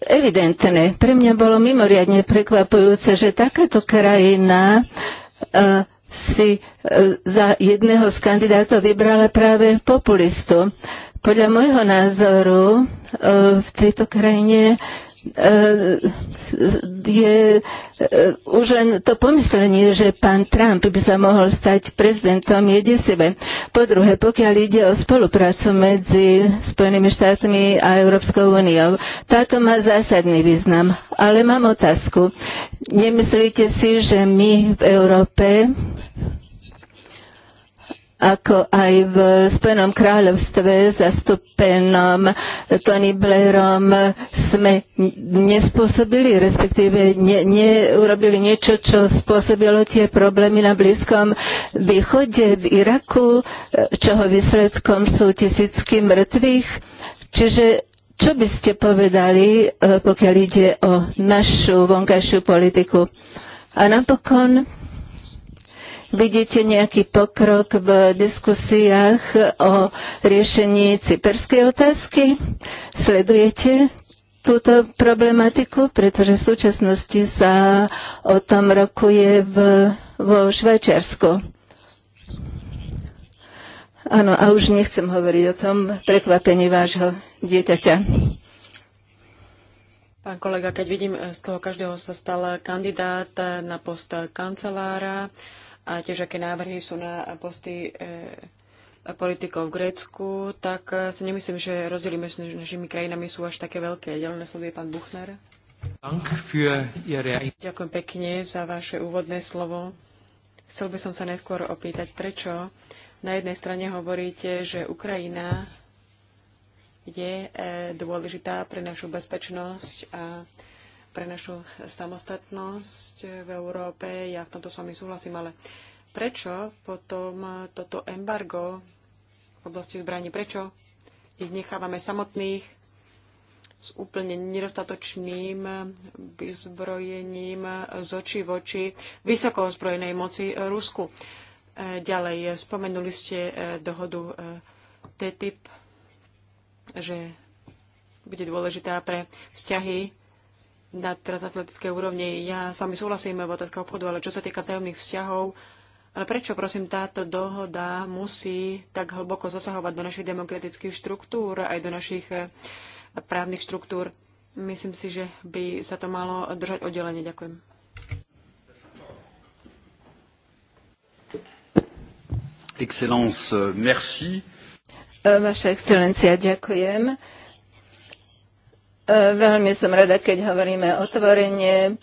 evidentné. Pre mňa bolo mimoriadne prekvapujúce, že takáto krajina e, si e, za jedného z kandidátov vybrala práve populistu. Podľa môjho názoru v tejto krajine Eh, je eh, už len to pomyslenie, že pán Trump by sa mohol stať prezidentom, je desivé. Po druhé, pokiaľ ide o spoluprácu medzi Spojenými štátmi a Európskou úniou, táto má zásadný význam. Ale mám otázku. Nemyslíte si, že my v Európe ako aj v Spojenom kráľovstve zastupenom Tony Blairom sme nespôsobili, respektíve ne, neurobili niečo, čo spôsobilo tie problémy na Blízkom východe v Iraku, čoho výsledkom sú tisícky mŕtvych. Čiže čo by ste povedali, e, pokiaľ ide o našu vonkajšiu politiku? A napokon vidíte nejaký pokrok v diskusiách o riešení cyperskej otázky? Sledujete túto problematiku, pretože v súčasnosti sa o tom rokuje v, vo Švajčiarsku. Áno, a už nechcem hovoriť o tom prekvapení vášho dieťaťa. Pán kolega, keď vidím, z toho každého sa stal kandidát na post kancelára, a tiež aké návrhy sú na posty e, politikov v Grécku, tak e, si nemyslím, že rozdiely medzi našimi krajinami sú až také veľké. slovo je pán Buchner. Ďakujem pekne za vaše úvodné slovo. Chcel by som sa neskôr opýtať, prečo na jednej strane hovoríte, že Ukrajina je e, dôležitá pre našu bezpečnosť a pre našu samostatnosť v Európe. Ja v tomto s vami súhlasím, ale prečo potom toto embargo v oblasti zbraní, prečo ich nechávame samotných s úplne nedostatočným vyzbrojením z očí v oči vysoko ozbrojenej moci Rusku. E, ďalej, spomenuli ste e, dohodu e, TTIP, že bude dôležitá pre vzťahy na transatlantické úrovni. Ja s vami súhlasím v otázke obchodu, ale čo sa týka vzájomných vzťahov, ale prečo, prosím, táto dohoda musí tak hlboko zasahovať do našich demokratických štruktúr, aj do našich eh, právnych štruktúr? Myslím si, že by sa to malo držať oddelenie. Ďakujem. Excellence, euh, merci. Vaša excelencia, ďakujem. E, veľmi som rada, keď hovoríme o otvorenie.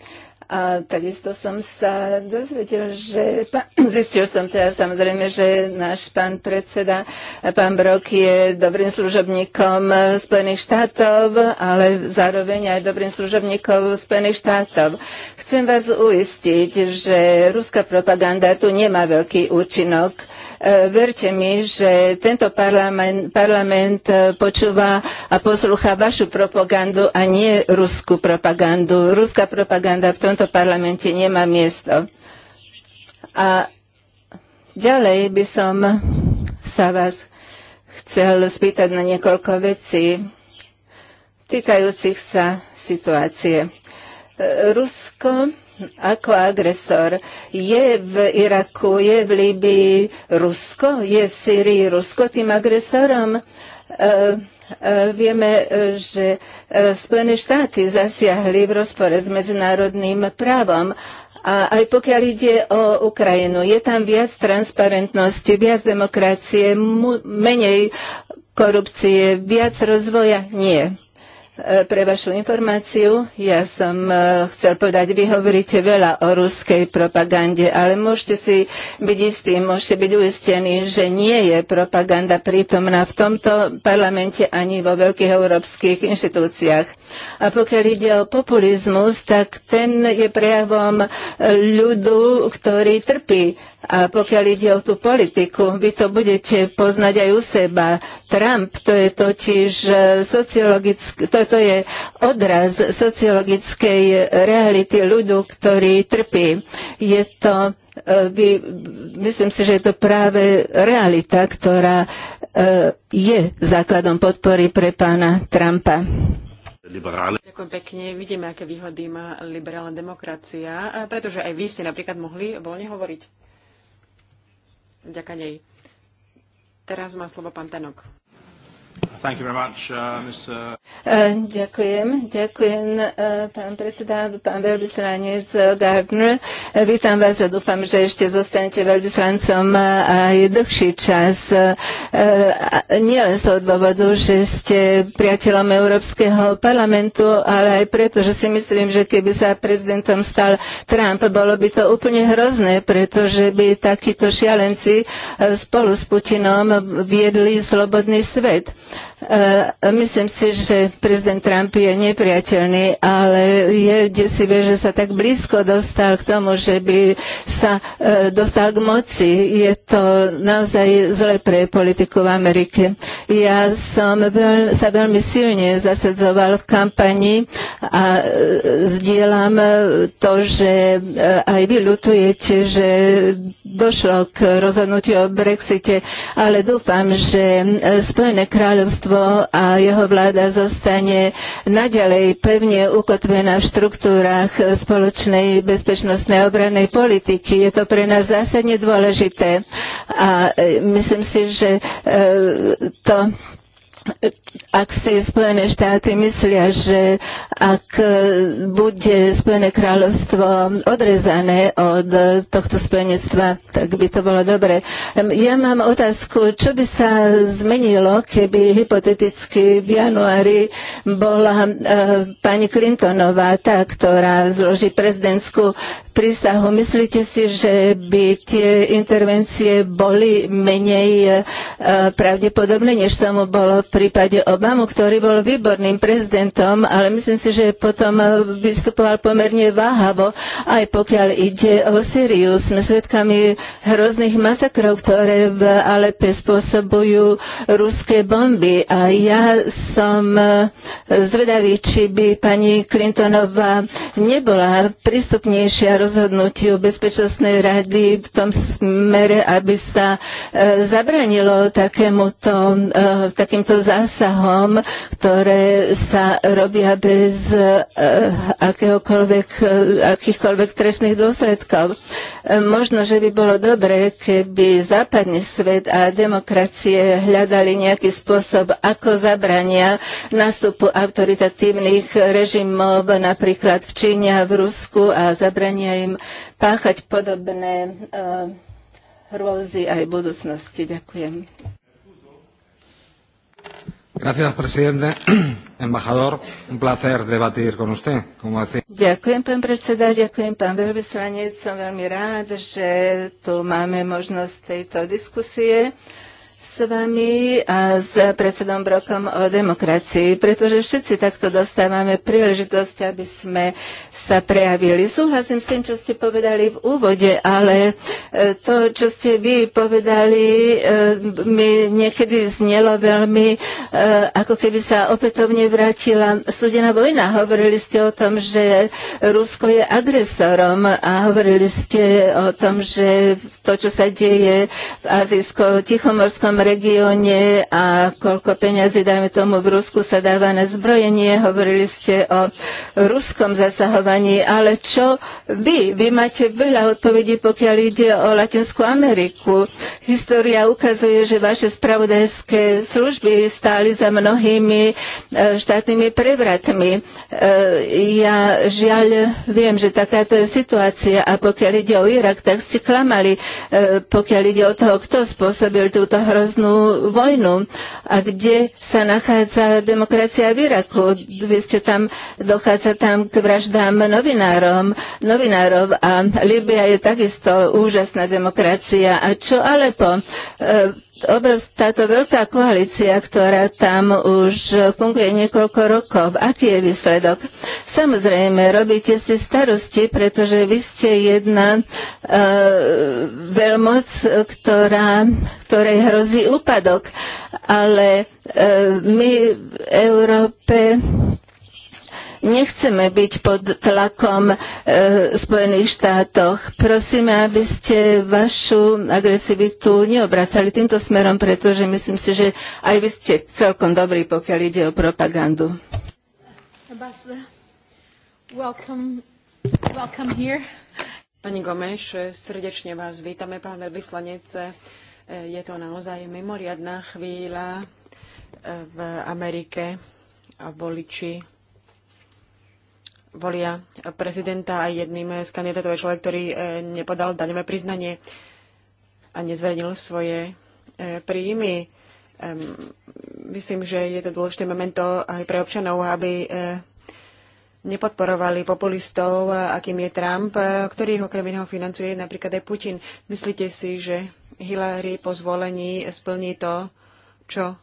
A takisto som sa dozvedel, že pán, zistil som teda samozrejme, že náš pán predseda, pán Brok je dobrým služobníkom Spojených štátov, ale zároveň aj dobrým služobníkom Spojených štátov. Chcem vás uistiť, že ruská propaganda tu nemá veľký účinok Eh, verte mi, že tento parlament, parlament eh, počúva a poslúcha vašu propagandu a nie ruskú propagandu. Ruská propaganda v tomto parlamente nemá miesto. A ďalej by som sa vás chcel spýtať na niekoľko vecí týkajúcich sa situácie. Eh, Rusko ako agresor. Je v Iraku, je v Líbii Rusko, je v Syrii Rusko tým agresorom. E, e, vieme, e, že Spojené štáty zasiahli v rozpore s medzinárodným právom. A aj pokiaľ ide o Ukrajinu, je tam viac transparentnosti, viac demokracie, menej korupcie, viac rozvoja? Nie. E, pre vašu informáciu, ja som e, chcel povedať, vy hovoríte veľa o ruskej propagande, ale môžete si byť istí, môžete byť uistení, že nie je propaganda prítomná v tomto parlamente ani vo veľkých európskych inštitúciách. A pokiaľ ide o populizmus, tak ten je prejavom ľudu, ktorý trpí a pokiaľ ide o tú politiku, vy to budete poznať aj u seba. Trump to je totiž e, to, to je odraz sociologickej reality ľudu, ktorý trpí. Je to by, e, myslím si, že je to práve realita, ktorá e, je základom podpory pre pána Trumpa. Liberále. Ďakujem pekne. Vidíme, aké výhody má liberálna demokracia, pretože aj vy ste napríklad mohli voľne hovoriť vďaka nej. Teraz má slovo pán Tanok. Uh, e, ďakujem, ďakujem, e, pán predseda, pán veľvyslanec Gardner. E, vítam vás a dúfam, že ešte zostanete veľvyslancom aj dlhší čas. Nie len z toho dôvodu, že ste priateľom Európskeho parlamentu, ale aj preto, že si myslím, že keby sa prezidentom stal Trump, bolo by to úplne hrozné, pretože by takíto šialenci spolu s Putinom viedli slobodný svet. E, myslím si, že prezident Trump je nepriateľný, ale je desivé, že sa tak blízko dostal k tomu, že by sa e, dostal k moci. Je to naozaj zle pre politiku v Amerike. Ja som veľ, sa veľmi silne zasadzoval v kampani a e, zdieľam to, že aj vy ľutujete, že došlo k rozhodnutiu o Brexite, ale dúfam, že Spojené kráľovstvo ľudstvo a jeho vláda zostane naďalej pevne ukotvená v štruktúrach spoločnej bezpečnostnej obranej politiky. Je to pre nás zásadne dôležité a e, myslím si, že e, to ak si Spojené štáty myslia, že ak e, bude Spojené kráľovstvo odrezané od tohto spojenectva, tak by to bolo dobre. Ja mám otázku, čo by sa zmenilo, keby hypoteticky v januári bola e, pani Clintonová tá, ktorá zloží prezidentskú prísahu. Myslíte si, že by tie intervencie boli menej e, pravdepodobné, než tomu bolo v prípade Obamu, ktorý bol výborným prezidentom, ale myslím si, že potom e, vystupoval pomerne váhavo, aj pokiaľ ide o Syriu. Sme svedkami hrozných masakrov, ktoré v Alepe spôsobujú ruské bomby. A ja som e, zvedavý, či by pani Clintonová nebola prístupnejšia rozhodnutiu Bezpečnostnej rady v tom smere, aby sa e, zabranilo takémuto, e, takýmto zásahom, ktoré sa robia bez e, akýchkoľvek trestných dôsledkov. Možno, že by bolo dobre, keby západný svet a demokracie hľadali nejaký spôsob, ako zabrania nástupu autoritatívnych režimov napríklad v Číne a v Rusku a zabrania umožnia im páchať podobné uh, hrôzy aj v budúcnosti. Ďakujem. Gracias, presidente. Embajador, un placer debatir con usted. Como decía. Ďakujem, pán predseda, ďakujem, pán veľvyslanec. Som veľmi rád, že tu máme možnosť tejto diskusie s vami a s predsedom Brokom o demokracii, pretože všetci takto dostávame príležitosť, aby sme sa prejavili. Súhlasím s tým, čo ste povedali v úvode, ale e, to, čo ste vy povedali, e, mi niekedy znelo veľmi, e, ako keby sa opätovne vrátila súdená vojna. Hovorili ste o tom, že Rusko je agresorom a hovorili ste o tom, že to, čo sa deje v azijsko-tichomorskom regióne a koľko peňazí, dajme tomu, v Rusku sa dáva na zbrojenie. Hovorili ste o ruskom zasahovaní, ale čo vy? Vy máte veľa odpovedí, pokiaľ ide o Latinskú Ameriku. História ukazuje, že vaše spravodajské služby stáli za mnohými e, štátnymi prevratmi. E, ja žiaľ viem, že takáto je situácia a pokiaľ ide o Irak, tak ste klamali, e, pokiaľ ide o toho, kto spôsobil túto hrozbu prázdnu vojnu a kde sa nachádza demokracia v Iraku. Vy ste tam, dochádza tam k vraždám novinárom, novinárov a Libia je takisto úžasná demokracia. A čo Alepo? E, táto veľká koalícia, ktorá tam už funguje niekoľko rokov, aký je výsledok? Samozrejme, robíte si starosti, pretože vy ste jedna uh, veľmoc, ktorá, ktorej hrozí úpadok, ale uh, my v Európe Nechceme byť pod tlakom e, Spojených štátoch. Prosíme, aby ste vašu agresivitu neobracali týmto smerom, pretože myslím si, že aj vy ste celkom dobrí, pokiaľ ide o propagandu. Welcome, welcome here. Pani Gomeš, srdečne vás vítame, pán veľvyslanec. E, je to naozaj mimoriadná chvíľa e, v Amerike a voliči volia prezidenta a jedným z kandidátov je človek, ktorý e, nepodal daňové priznanie a nezverejnil svoje e, príjmy. Myslím, že je to dôležité memento aj pre občanov, aby e, nepodporovali populistov, akým je Trump, ktorý ho okrem iného financuje napríklad aj Putin. Myslíte si, že Hillary po zvolení splní to, čo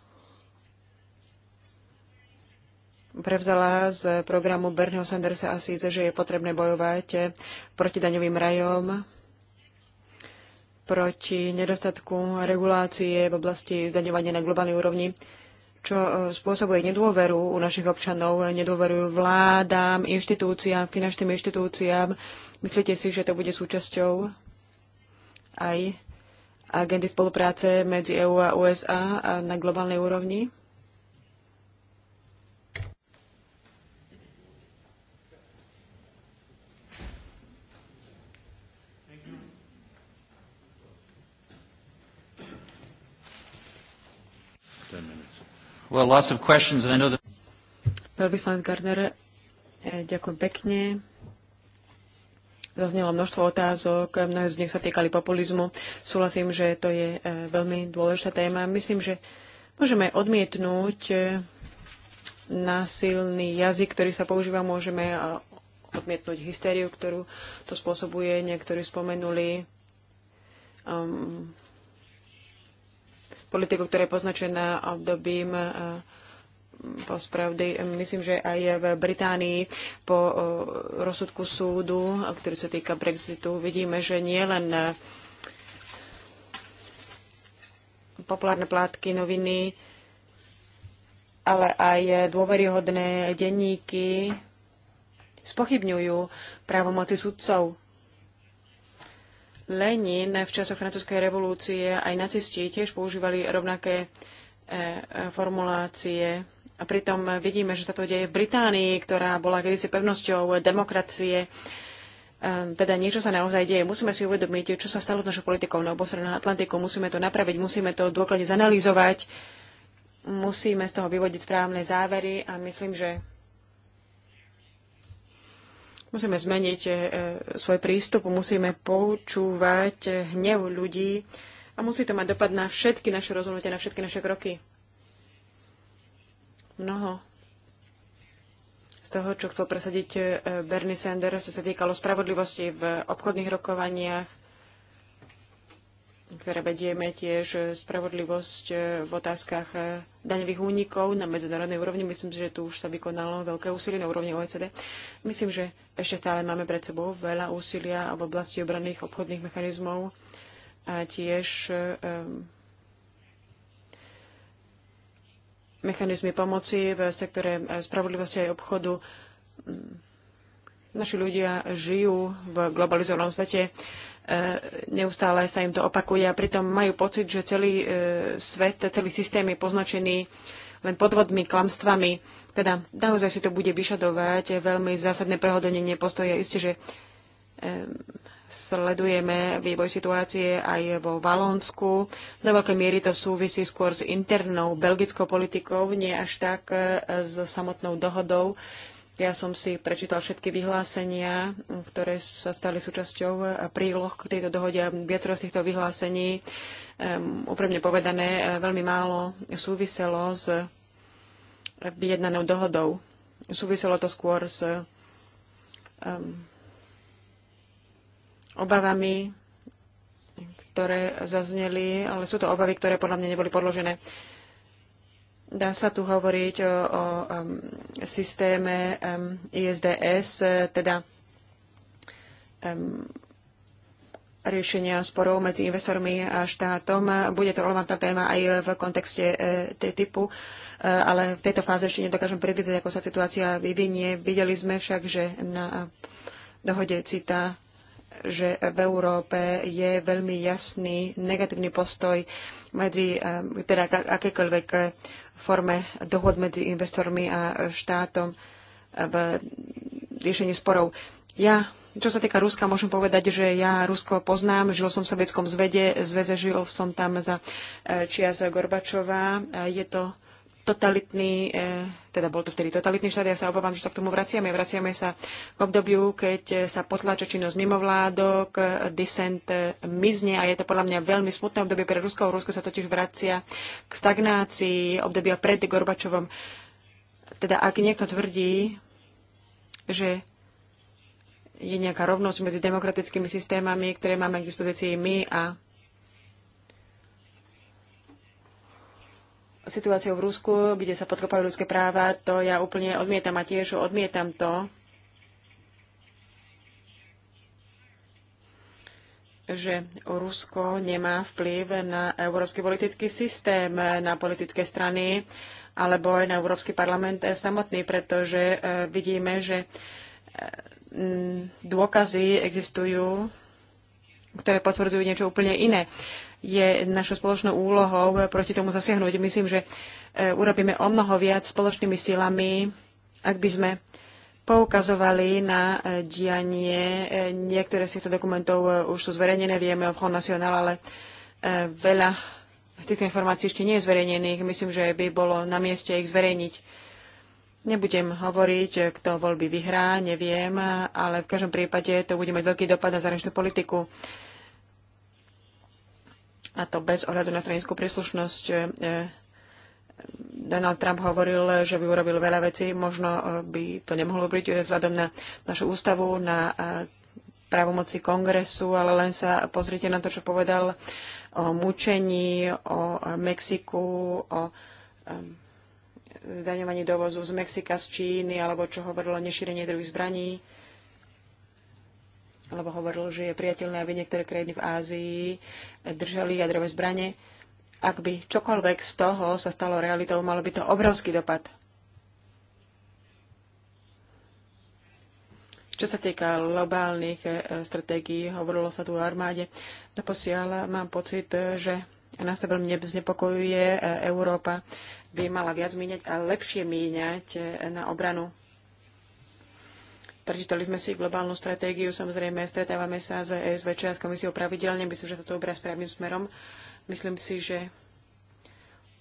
prevzala z programu Bernieho Sandersa a síce, že je potrebné bojovať proti daňovým rajom, proti nedostatku regulácie v oblasti zdaňovania na globálnej úrovni, čo e, spôsobuje nedôveru u našich občanov, nedôverujú vládám, inštitúciám, finančným inštitúciám. Myslíte si, že to bude súčasťou aj agendy spolupráce medzi EÚ a USA na globálnej úrovni? Well, lots of questions, and I know that... Veľvyslanec Gardner, eh, ďakujem pekne. Zaznelo množstvo otázok, mnohé z nich sa týkali populizmu. Súhlasím, že to je eh, veľmi dôležitá téma. Myslím, že môžeme odmietnúť eh, násilný jazyk, ktorý sa používa, môžeme odmietnúť hysteriu, ktorú to spôsobuje. Niektorí spomenuli um, politiku, ktorá je poznačená obdobím eh, pospravdy. Myslím, že aj v Británii po eh, rozsudku súdu, ktorý sa týka Brexitu, vidíme, že nie len eh, populárne plátky, noviny, ale aj dôveryhodné denníky spochybňujú právomoci sudcov Lenin v časoch francúzskej revolúcie aj nacisti tiež používali rovnaké e, formulácie. A pritom vidíme, že sa to deje v Británii, ktorá bola kedysi pevnosťou demokracie. E, teda niečo sa naozaj deje. Musíme si uvedomiť, čo sa stalo s našou politikou na oboch Atlantiku. Musíme to napraviť, musíme to dôkladne zanalýzovať, musíme z toho vyvodiť správne závery a myslím, že Musíme zmeniť e, svoj prístup, musíme poučúvať hnev ľudí a musí to mať dopad na všetky naše rozhodnutia, na všetky naše kroky. Mnoho z toho, čo chcel presadiť e, Bernie Sanders, sa týkalo spravodlivosti v obchodných rokovaniach, ktoré vedieme tiež e, spravodlivosť e, v otázkach e, daňových únikov na medzinárodnej úrovni. Myslím si, že tu už sa vykonalo veľké úsilie na úrovni OECD. Myslím, že ešte stále máme pred sebou veľa úsilia v oblasti obranných obchodných mechanizmov a tiež mechanizmy pomoci v sektore spravodlivosti aj obchodu. Mm, naši ľudia žijú v globalizovanom svete E, neustále sa im to opakuje a pritom majú pocit, že celý e, svet, celý systém je poznačený len podvodmi, klamstvami. Teda naozaj si to bude vyšadovať veľmi zásadné prehodnenie postoje Isté, že e, sledujeme vývoj situácie aj vo Valonsku. Do veľkej miery to súvisí skôr s internou belgickou politikou, nie až tak s samotnou dohodou ja som si prečítal všetky vyhlásenia, ktoré sa stali súčasťou príloh k tejto dohode. a Viacero z týchto vyhlásení, um, úprimne povedané, veľmi málo súviselo s vyjednanou dohodou. Súviselo to skôr s um, obavami, ktoré zazneli, ale sú to obavy, ktoré podľa mňa neboli podložené. Um, Dá sa tu hovoriť o, o um, systéme um, ISDS, teda um, riešenia sporov medzi investormi a štátom. Bude to relevantná téma aj v kontexte e, e ale v tejto fáze ešte nedokážem predvídať, ako sa situácia vyvinie. Videli sme však, že na dohode CITA že v Európe je veľmi jasný negatívny postoj medzi teda akékoľvek forme dohod medzi investormi a štátom v riešení sporov. Ja, čo sa týka Ruska, môžem povedať, že ja Rusko poznám. Žil som v sovietskom zvede, zveze, žil som tam za eh, čias Gorbačová. Eh, je to totalitný, e, teda bol to vtedy totalitný štát, ja sa obávam, že sa k tomu vraciame. Vraciame sa k obdobiu, keď sa potláča činnosť mimovládok, disent e, mizne a je to podľa mňa veľmi smutné obdobie pre Rusko. Rusko sa totiž vracia k stagnácii obdobia pred Gorbačovom. Teda ak niekto tvrdí, že je nejaká rovnosť medzi demokratickými systémami, ktoré máme k dispozícii my a situáciou v Rusku, kde sa podkopajú ľudské práva, to ja úplne odmietam a tiež odmietam to, že Rusko nemá vplyv na európsky politický systém, na politické strany alebo aj na Európsky parlament samotný, pretože e, vidíme, že e, dôkazy existujú, ktoré potvrdzujú niečo úplne iné je našou spoločnou úlohou proti tomu zasiahnuť. Myslím, že e, urobíme o mnoho viac spoločnými silami, ak by sme poukazovali na e, dianie. E, niektoré z týchto dokumentov už sú zverejnené, vieme o Front National, ale veľa z týchto informácií ešte nie je zverejnených. Myslím, že by bolo na mieste ich zverejniť. Nebudem hovoriť, kto voľby vyhrá, neviem, ale v každom prípade to bude mať veľký dopad na zahraničnú politiku a to bez ohľadu na stranickú príslušnosť. E, e, Donald Trump hovoril, že by urobil veľa vecí, možno e, by to nemohlo byť vzhľadom na našu ústavu, na právomoci kongresu, ale len sa pozrite na to, čo povedal o mučení, o Mexiku, o zdaňovaní dovozu z Mexika, z Číny, alebo čo hovorilo o nešírenie druhých zbraní lebo hovoril, že je priateľné, aby niektoré krajiny v Ázii držali jadrové zbranie. Ak by čokoľvek z toho sa stalo realitou, malo by to obrovský dopad. Čo sa týka globálnych e, stratégií, hovorilo sa tu o armáde. Doposiaľ mám pocit, že nás to veľmi znepokojuje. E, Európa by mala viac míňať a lepšie míňať e, na obranu Prečítali sme si globálnu stratégiu, samozrejme stretávame sa s ESV a s komisiou pravidelne, myslím, že toto obraz správnym smerom. Myslím si, že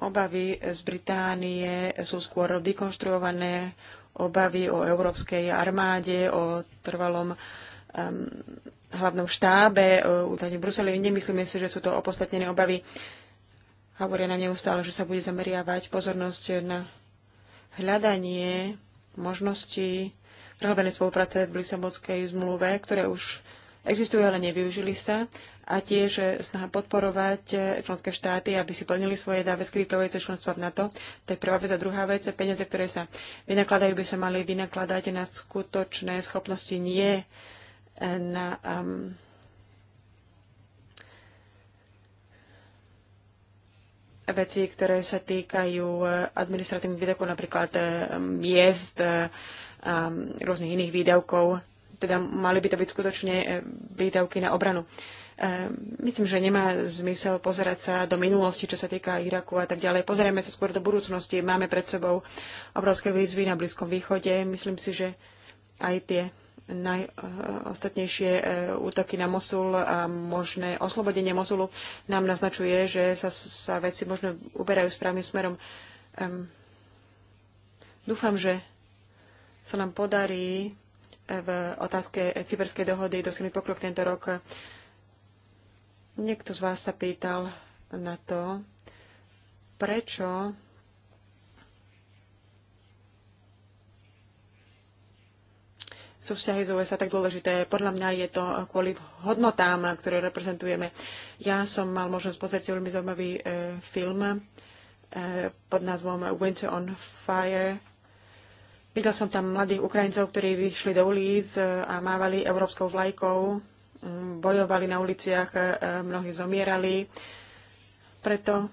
obavy z Británie sú skôr vykonštruované obavy o európskej armáde, o trvalom um, hlavnom štábe, údajne v Bruseli. Nemyslíme si, že sú to opodstatnené obavy. Hovoria nám neustále, že sa bude zameriavať pozornosť na hľadanie možností prehlbené spolupráce v Lisabonskej zmluve, ktoré už existujú, ale nevyužili sa a tiež e, snaha podporovať e, členské štáty, aby si plnili svoje záväzky vyplývajúce členstva v NATO. To je prvá vec. A druhá vec, peniaze, ktoré sa vynakladajú, by sa mali vynakladať na skutočné schopnosti, nie e, na um, veci, ktoré sa týkajú administratívnych výdavkov, napríklad miest, a rôznych iných výdavkov. Teda mali by to byť skutočne e, výdavky na obranu. E, myslím, že nemá zmysel pozerať sa do minulosti, čo sa týka Iraku a tak ďalej. Pozerajme sa skôr do budúcnosti. Máme pred sebou obrovské výzvy na Blízkom východe. Myslím si, že aj tie najostatnejšie e, útoky na Mosul a možné oslobodenie Mosulu nám naznačuje, že sa, sa veci možno uberajú správnym smerom. Um, dúfam, že sa nám podarí e, v otázke cyberskej dohody dosiahnuť pokrok tento rok. Niekto z vás sa pýtal na to, prečo sú vzťahy z USA tak dôležité. Podľa mňa je to kvôli hodnotám, ktoré reprezentujeme. Ja som mal možnosť pozrieť si veľmi zaujímavý e, film e, pod názvom Winter on Fire Videla som tam mladých Ukrajincov, ktorí vyšli do ulic e, a mávali európskou vlajkou, mm, bojovali na uliciach, e, e, mnohí zomierali, preto,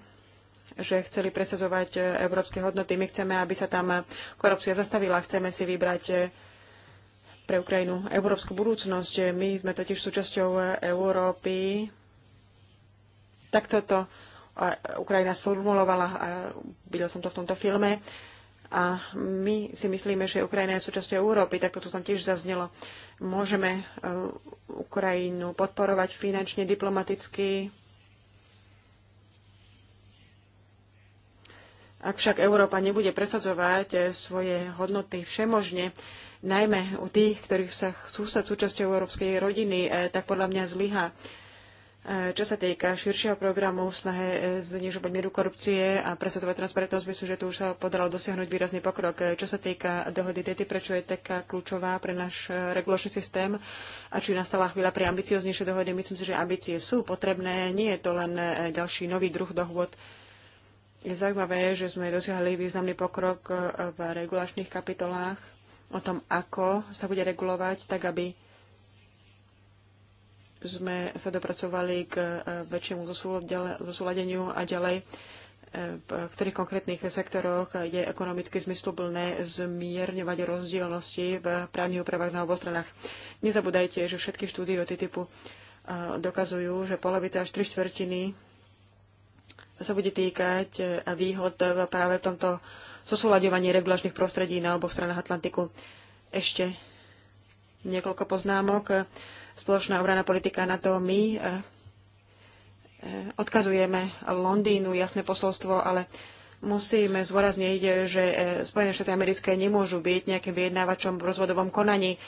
že chceli presadzovať európske hodnoty. My chceme, aby sa tam korupcia zastavila, chceme si vybrať pre Ukrajinu európsku budúcnosť. My sme totiž súčasťou Európy. Takto to Ukrajina sformulovala, a videl som to v tomto filme a my si myslíme, že Ukrajina je súčasťou Európy, tak toto tam tiež zaznelo. Môžeme e, Ukrajinu podporovať finančne, diplomaticky. Ak však Európa nebude presadzovať e, svoje hodnoty všemožne, najmä u tých, ktorých sa chcú súčasťou európskej rodiny, e, tak podľa mňa zlyha. E, čo sa týka širšieho programu v snahe e, znižovať mieru korupcie a presadovať transparentnosť, myslím, že tu už sa podarilo dosiahnuť výrazný pokrok. E, čo sa týka dohody TTIP, prečo je taká kľúčová pre náš regulačný systém a či nastala chvíľa pre ambicioznejšie dohody, myslím si, že ambície sú potrebné, nie je to len ďalší nový druh dohôd. Je zaujímavé, že sme dosiahli významný pokrok v regulačných kapitolách o tom, ako sa bude regulovať, tak aby sme sa dopracovali k e, väčšiemu zosúladeniu a ďalej e, v ktorých konkrétnych sektoroch je ekonomicky zmysluplné zmierňovať rozdielnosti v právnych úpravách na oboch stranách. Nezabúdajte, že všetky štúdie o typu e, dokazujú, že polovica až tri štvrtiny sa bude týkať výhod práve v tomto zosúľaďovaní regulačných prostredí na oboch stranách Atlantiku. Ešte niekoľko poznámok spoločná obraná politika NATO. My eh, eh, odkazujeme Londýnu jasné posolstvo, ale musíme zvorazniť, že eh, Spojené štáty americké nemôžu byť nejakým vyjednávačom v rozvodovom konaní.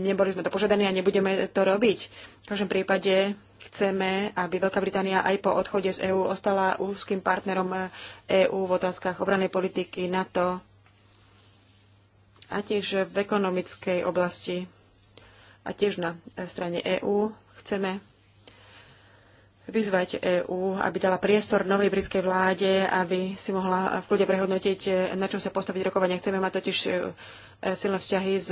Neboli sme to požiadaní a nebudeme to robiť. V každom prípade chceme, aby Veľká Británia aj po odchode z EÚ ostala úzkým partnerom EÚ v otázkach obranej politiky, NATO a tiež v ekonomickej oblasti a tiež na e, strane EÚ chceme vyzvať EÚ, aby dala priestor novej britskej vláde, aby si mohla v kľude prehodnotiť, e, na čom sa postaviť rokovania. Chceme mať totiž e, silné vzťahy s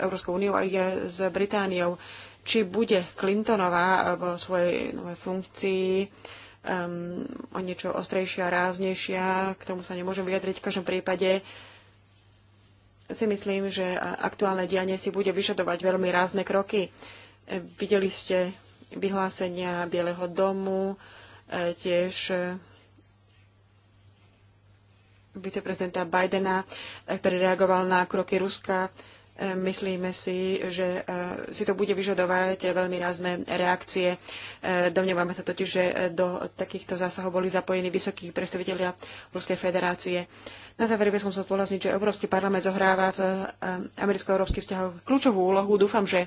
Európskou úniou a aj s Britániou. Či bude Clintonová vo svojej novej funkcii um, o niečo ostrejšia, ráznejšia, k tomu sa nemôžem vyjadriť. V každom prípade si myslím, že aktuálne dianie si bude vyžadovať veľmi rázne kroky. Videli ste vyhlásenia Bieleho domu, e, tiež e, viceprezidenta Bidena, e, ktorý reagoval na kroky Ruska. Myslíme si, že si to bude vyžadovať veľmi rázne reakcie. Domnievame sa totiž, že do takýchto zásahov boli zapojení vysokí predstavitelia Ruskej federácie. Na záver by som sa zdôrazniť, že Európsky parlament zohráva v eh, americko-európskych vzťahoch kľúčovú úlohu. Dúfam, že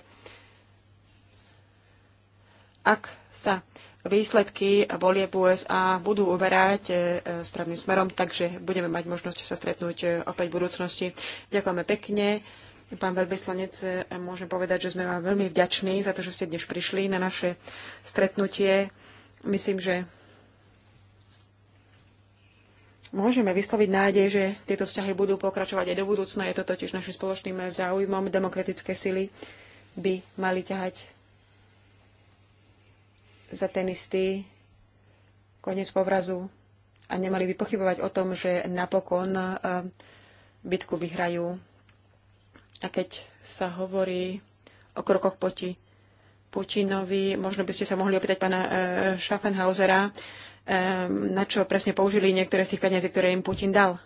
ak sa výsledky volie USA budú uverať eh, eh, správnym smerom, takže budeme mať možnosť sa stretnúť opäť v budúcnosti. Ďakujeme pekne. Pán veľvyslanec, môžem povedať, že sme vám veľmi vďační za to, že ste dnes prišli na naše stretnutie. Myslím, že môžeme vysloviť nádej, že tieto vzťahy budú pokračovať aj do budúcna. Je to totiž našim spoločným záujmom. Demokratické sily by mali ťahať za ten istý koniec povrazu a nemali by pochybovať o tom, že napokon e, bitku vyhrajú. A keď sa hovorí o krokoch poti Putinovi, možno by ste sa mohli opýtať pána e, Schaffenhausera, Ehm, na čo presne použili niektoré z tých peniazí, ktoré im Putin dal.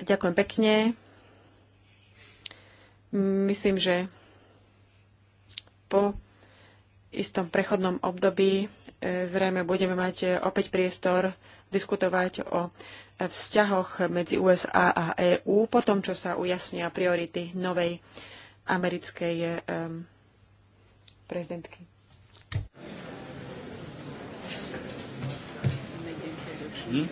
Ďakujem pekne. Myslím, že po istom prechodnom období e, zrejme budeme mať e, opäť priestor diskutovať o vzťahoch medzi USA a EÚ po tom, čo sa ujasnia priority novej americkej e, prezidentky. Hm?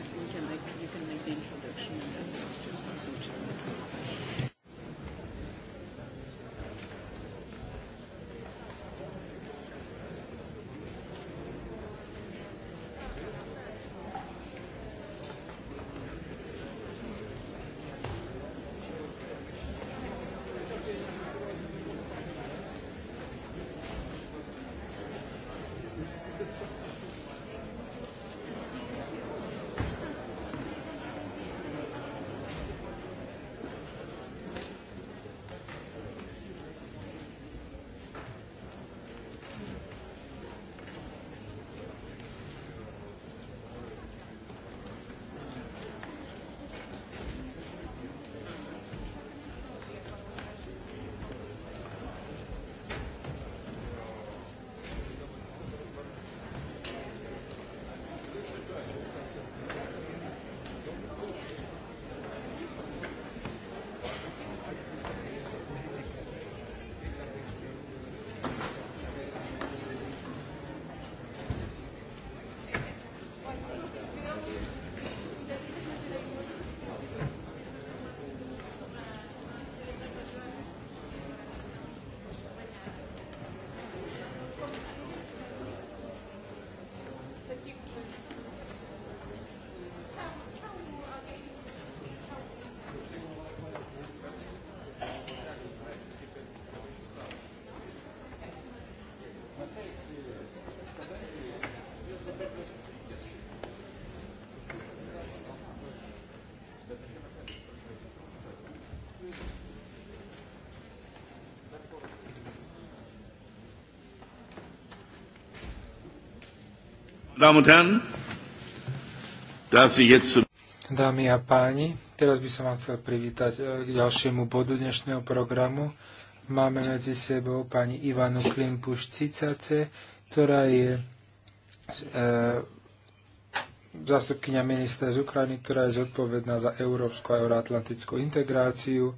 Dámy a páni, teraz by som vás chcel privítať e, k ďalšiemu bodu dnešného programu. Máme medzi sebou pani Ivanu Klimpuš-Cicace, ktorá je e, ministra z Ukrajiny, ktorá je zodpovedná za európsku a euroatlantickú integráciu.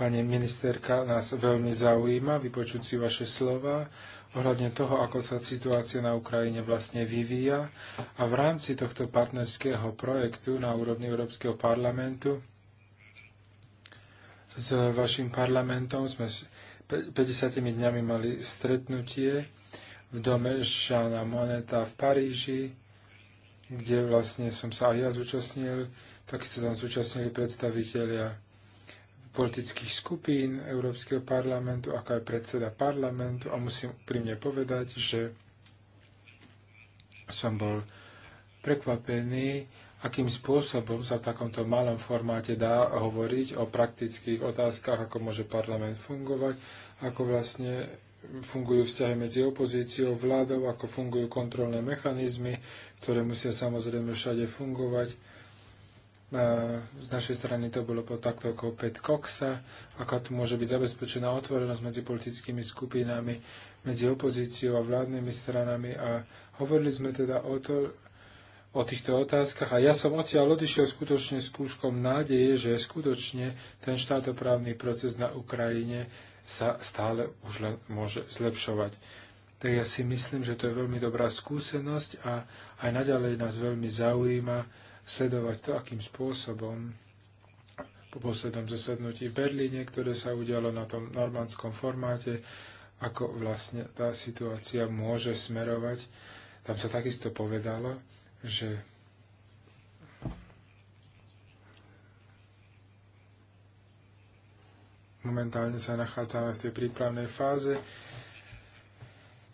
Pani ministerka, nás veľmi zaujíma vypočuť si vaše slova ohľadne toho, ako sa situácia na Ukrajine vlastne vyvíja a v rámci tohto partnerského projektu na úrovni Európskeho parlamentu s vašim parlamentom sme 50 dňami mali stretnutie v dome Žána Moneta v Paríži, kde vlastne som sa aj ja zúčastnil, takisto tam zúčastnili predstavitelia politických skupín Európskeho parlamentu, ako aj predseda parlamentu a musím úprimne povedať, že som bol prekvapený, akým spôsobom sa v takomto malom formáte dá hovoriť o praktických otázkach, ako môže parlament fungovať, ako vlastne fungujú vzťahy medzi opozíciou, vládou, ako fungujú kontrolné mechanizmy, ktoré musia samozrejme všade fungovať z našej strany to bolo pod takto ako Pet Coxa, aká tu môže byť zabezpečená otvorenosť medzi politickými skupinami, medzi opozíciou a vládnymi stranami. A hovorili sme teda o, to, o týchto otázkach a ja som odtiaľ odišiel skutočne s kúskom nádeje, že skutočne ten štátoprávny proces na Ukrajine sa stále už len môže zlepšovať. Tak ja si myslím, že to je veľmi dobrá skúsenosť a aj naďalej nás veľmi zaujíma, sledovať to, akým spôsobom po poslednom zasadnutí v Berlíne, ktoré sa udialo na tom normandskom formáte, ako vlastne tá situácia môže smerovať. Tam sa takisto povedalo, že momentálne sa nachádzame v tej prípravnej fáze,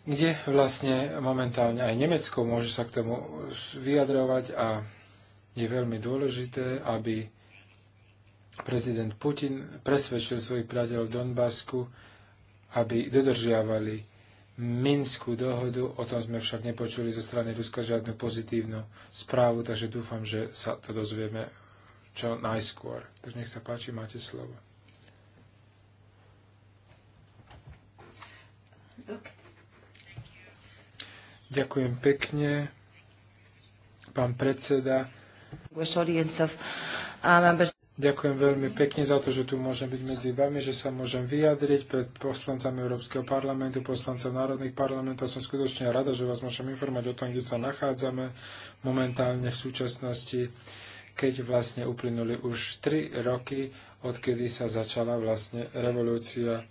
kde vlastne momentálne aj Nemecko môže sa k tomu vyjadrovať a je veľmi dôležité, aby prezident Putin presvedčil svojich priateľov v Donbasku, aby dodržiavali Minskú dohodu. O tom sme však nepočuli zo strany Ruska žiadnu pozitívnu správu, takže dúfam, že sa to dozvieme čo najskôr. Takže nech sa páči, máte slovo. Ďakujem pekne, pán predseda. Uh, Ďakujem veľmi pekne za to, že tu môžem byť medzi vami, že sa môžem vyjadriť pred poslancami Európskeho parlamentu, poslancov národných parlamentov. Som skutočne rada, že vás môžem informovať o tom, kde sa nachádzame momentálne v súčasnosti, keď vlastne uplynuli už tri roky, odkedy sa začala vlastne revolúcia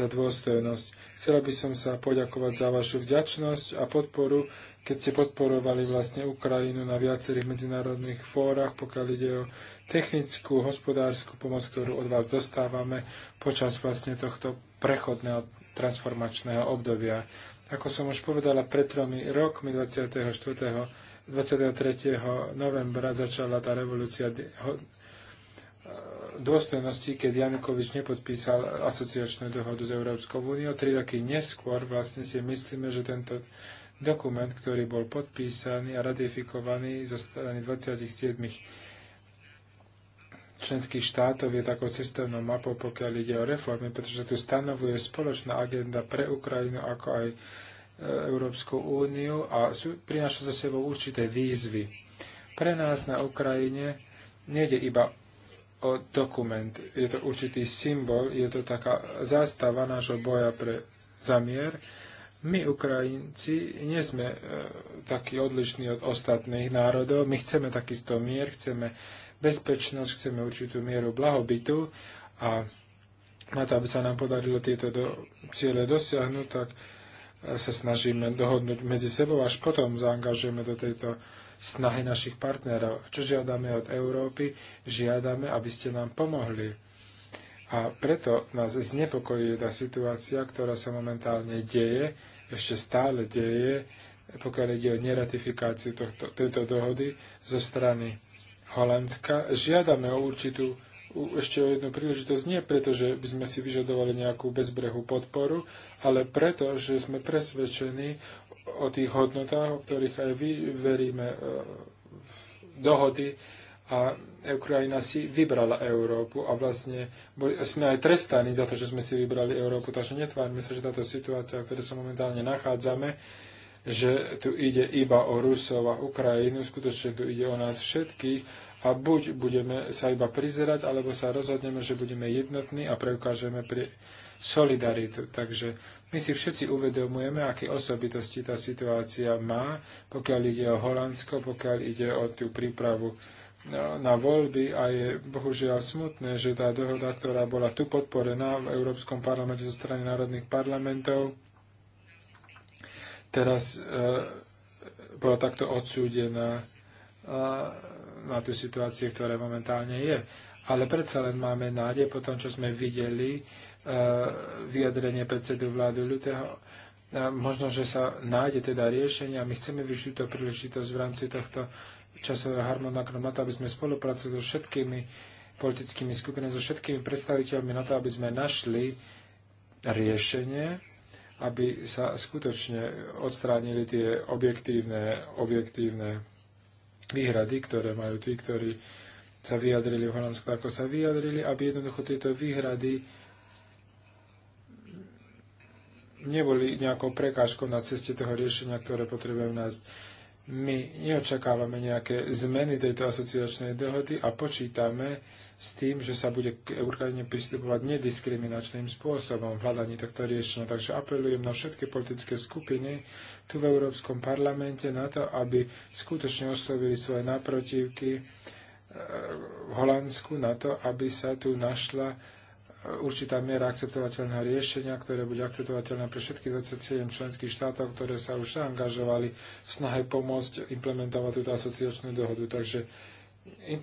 za dôstojnosť. Chcela by som sa poďakovať za vašu vďačnosť a podporu, keď ste podporovali vlastne Ukrajinu na viacerých medzinárodných fórach, pokiaľ ide o technickú, hospodárskú pomoc, ktorú od vás dostávame počas vlastne tohto prechodného transformačného obdobia. Ako som už povedala, pred tromi rokmi 24. 23. novembra začala tá revolúcia dôstojnosti, keď Janukovič nepodpísal asociačnú dohodu s Európskou úniou. Tri roky neskôr vlastne si myslíme, že tento dokument, ktorý bol podpísaný a ratifikovaný zo strany 27 členských štátov je takou cestovnou mapou, pokiaľ ide o reformy, pretože tu stanovuje spoločná agenda pre Ukrajinu, ako aj e, Európsku úniu a sú, prináša za sebou určité výzvy. Pre nás na Ukrajine nejde iba o dokument. Je to určitý symbol, je to taká zástava nášho boja pre zamier. My, Ukrajinci, nie sme e, takí odlišní od ostatných národov. My chceme takisto mier, chceme bezpečnosť, chceme určitú mieru blahobytu a na to, aby sa nám podarilo tieto do, ciele dosiahnuť, tak e, sa snažíme dohodnúť medzi sebou, až potom zaangažujeme do tejto snahy našich partnerov. Čo žiadame od Európy? Žiadame, aby ste nám pomohli. A preto nás znepokojuje tá situácia, ktorá sa momentálne deje, ešte stále deje, pokiaľ ide o neratifikáciu tohto, tejto dohody zo strany Holandska. Žiadame o určitú ešte o jednu príležitosť, nie preto, že by sme si vyžadovali nejakú bezbrehú podporu, ale preto, že sme presvedčení o tých hodnotách, o ktorých aj vy veríme e, v dohody a Ukrajina si vybrala Európu a vlastne sme aj trestaní za to, že sme si vybrali Európu, takže netvárme sa, že táto situácia, v ktorej sa momentálne nachádzame, že tu ide iba o Rusov a Ukrajinu, skutočne tu ide o nás všetkých a buď budeme sa iba prizerať, alebo sa rozhodneme, že budeme jednotní a preukážeme pri solidaritu. Takže my si všetci uvedomujeme, aké osobitosti tá situácia má, pokiaľ ide o Holandsko, pokiaľ ide o tú prípravu e, na voľby a je bohužiaľ smutné, že tá dohoda, ktorá bola tu podporená v Európskom parlamente zo strany národných parlamentov, teraz e, bola takto odsúdená e, na tú situáciu, ktorá momentálne je. Ale predsa len máme nádej po tom, čo sme videli, e, E, vyjadrenie predsedu vlády Lutého. Možno, že sa nájde teda riešenie a my chceme využiť túto príležitosť v rámci tohto časového harmonogramu na to, aby sme spolupracovali so všetkými politickými skupinami, so všetkými predstaviteľmi na to, aby sme našli riešenie, aby sa skutočne odstránili tie objektívne, objektívne výhrady, ktoré majú tí, ktorí sa vyjadrili v Holandsku, ako sa vyjadrili, aby jednoducho tieto výhrady neboli nejakou prekážkou na ceste toho riešenia, ktoré potrebujeme nájsť. My neočakávame nejaké zmeny tejto asociačnej dohody a počítame s tým, že sa bude k Ukrajine pristupovať nediskriminačným spôsobom v hľadaní tohto riešenia. Takže apelujem na všetky politické skupiny tu v Európskom parlamente na to, aby skutočne oslovili svoje naprotivky eh, v Holandsku na to, aby sa tu našla určitá miera akceptovateľného riešenia, ktoré bude akceptovateľné pre všetkých 27 členských štátov, ktoré sa už angažovali v snahe pomôcť implementovať túto asociačnú dohodu. Takže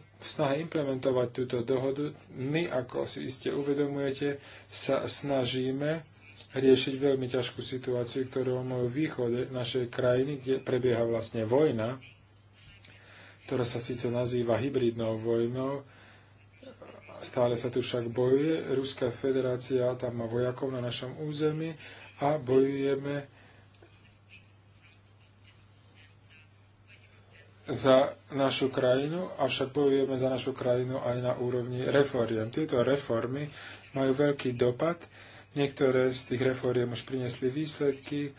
v snahe implementovať túto dohodu my, ako si iste uvedomujete, sa snažíme riešiť veľmi ťažkú situáciu, ktorú majú východe našej krajiny, kde prebieha vlastne vojna, ktorá sa síce nazýva hybridnou vojnou, Stále sa tu však bojuje. Ruská federácia tam má vojakov na našom území a bojujeme za našu krajinu, avšak bojujeme za našu krajinu aj na úrovni reforiem. Tieto reformy majú veľký dopad. Niektoré z tých reforiem už priniesli výsledky,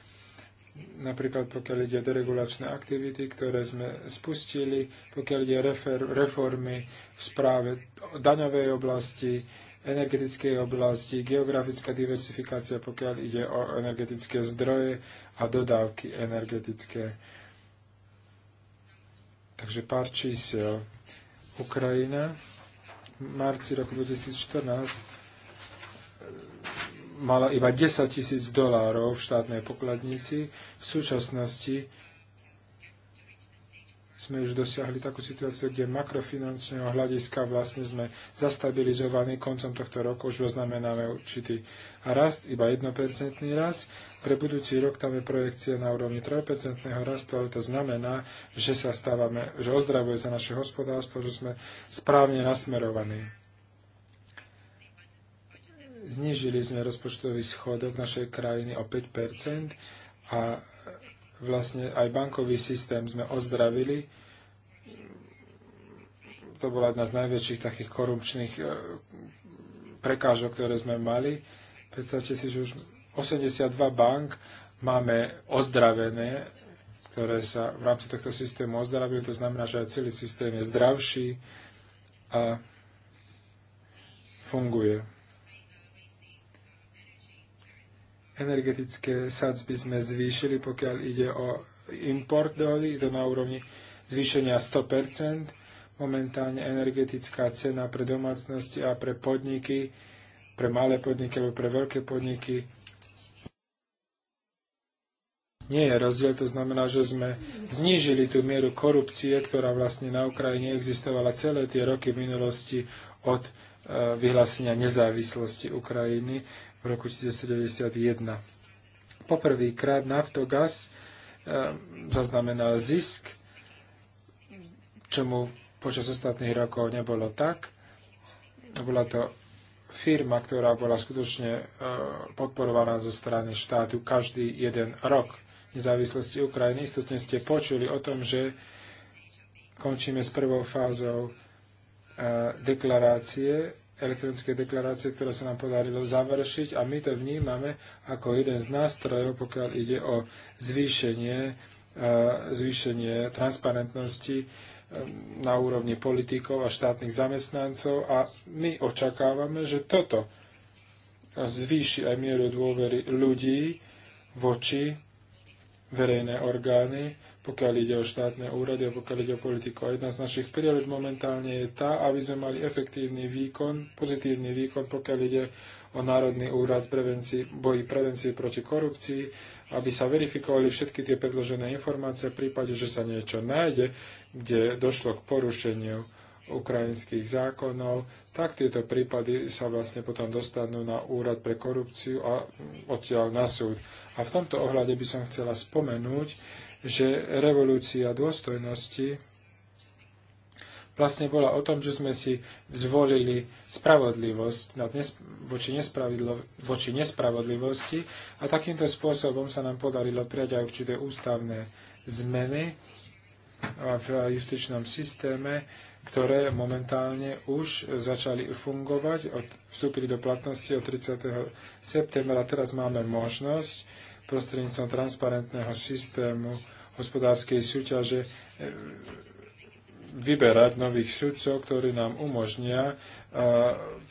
napríklad pokiaľ ide o deregulačné aktivity, ktoré sme spustili, pokiaľ ide o reformy v správe daňovej oblasti, energetickej oblasti, geografická diversifikácia, pokiaľ ide o energetické zdroje a dodávky energetické. Takže pár čísel. Ukrajina v marci roku 2014 mala iba 10 tisíc dolárov v štátnej pokladnici. V súčasnosti sme už dosiahli takú situáciu, kde makrofinančného hľadiska vlastne sme zastabilizovaní. Koncom tohto roku už oznamenáme určitý rast, iba 1% rast. Pre budúci rok tam je projekcia na úrovni 3% rastu, ale to znamená, že sa stávame, že ozdravuje sa naše hospodárstvo, že sme správne nasmerovaní. Znižili sme rozpočtový schodok našej krajiny o 5 a vlastne aj bankový systém sme ozdravili. To bola jedna z najväčších takých korupčných e, prekážok, ktoré sme mali. Predstavte si, že už 82 bank máme ozdravené, ktoré sa v rámci tohto systému ozdravili. To znamená, že aj celý systém je zdravší a funguje. energetické sadzby sme zvýšili, pokiaľ ide o import doly, to na úrovni zvýšenia 100%. Momentálne energetická cena pre domácnosti a pre podniky, pre malé podniky alebo pre veľké podniky nie je rozdiel. To znamená, že sme znížili tú mieru korupcie, ktorá vlastne na Ukrajine existovala celé tie roky v minulosti od e, vyhlásenia nezávislosti Ukrajiny v roku 1991. Poprvýkrát Naftogaz eh, zaznamenal zisk, čomu počas ostatných rokov nebolo tak. Bola to firma, ktorá bola skutočne eh, podporovaná zo strany štátu každý jeden rok nezávislosti Ukrajiny. Istotne ste počuli o tom, že končíme s prvou fázou eh, deklarácie elektronickej deklarácie, ktoré sa nám podarilo završiť a my to vnímame ako jeden z nástrojov, pokiaľ ide o zvýšenie, e, zvýšenie transparentnosti e, na úrovni politikov a štátnych zamestnancov a my očakávame, že toto zvýši aj mieru dôvery ľudí voči verejné orgány, pokiaľ ide o štátne úrady a pokiaľ ide o politiku. A jedna z našich priorit momentálne je tá, aby sme mali efektívny výkon, pozitívny výkon, pokiaľ ide o Národný úrad prevencii, boji prevencie proti korupcii, aby sa verifikovali všetky tie predložené informácie v prípade, že sa niečo nájde, kde došlo k porušeniu ukrajinských zákonov, tak tieto prípady sa vlastne potom dostanú na úrad pre korupciu a odtiaľ na súd. A v tomto ohľade by som chcela spomenúť, že revolúcia dôstojnosti vlastne bola o tom, že sme si zvolili spravodlivosť nad voči, voči nespravodlivosti a takýmto spôsobom sa nám podarilo prijať aj určité ústavné zmeny v justičnom systéme, ktoré momentálne už začali fungovať, od, vstúpili do platnosti od 30. septembra. Teraz máme možnosť prostredníctvom transparentného systému hospodárskej súťaže e, vyberať nových sudcov, ktorí nám umožnia e,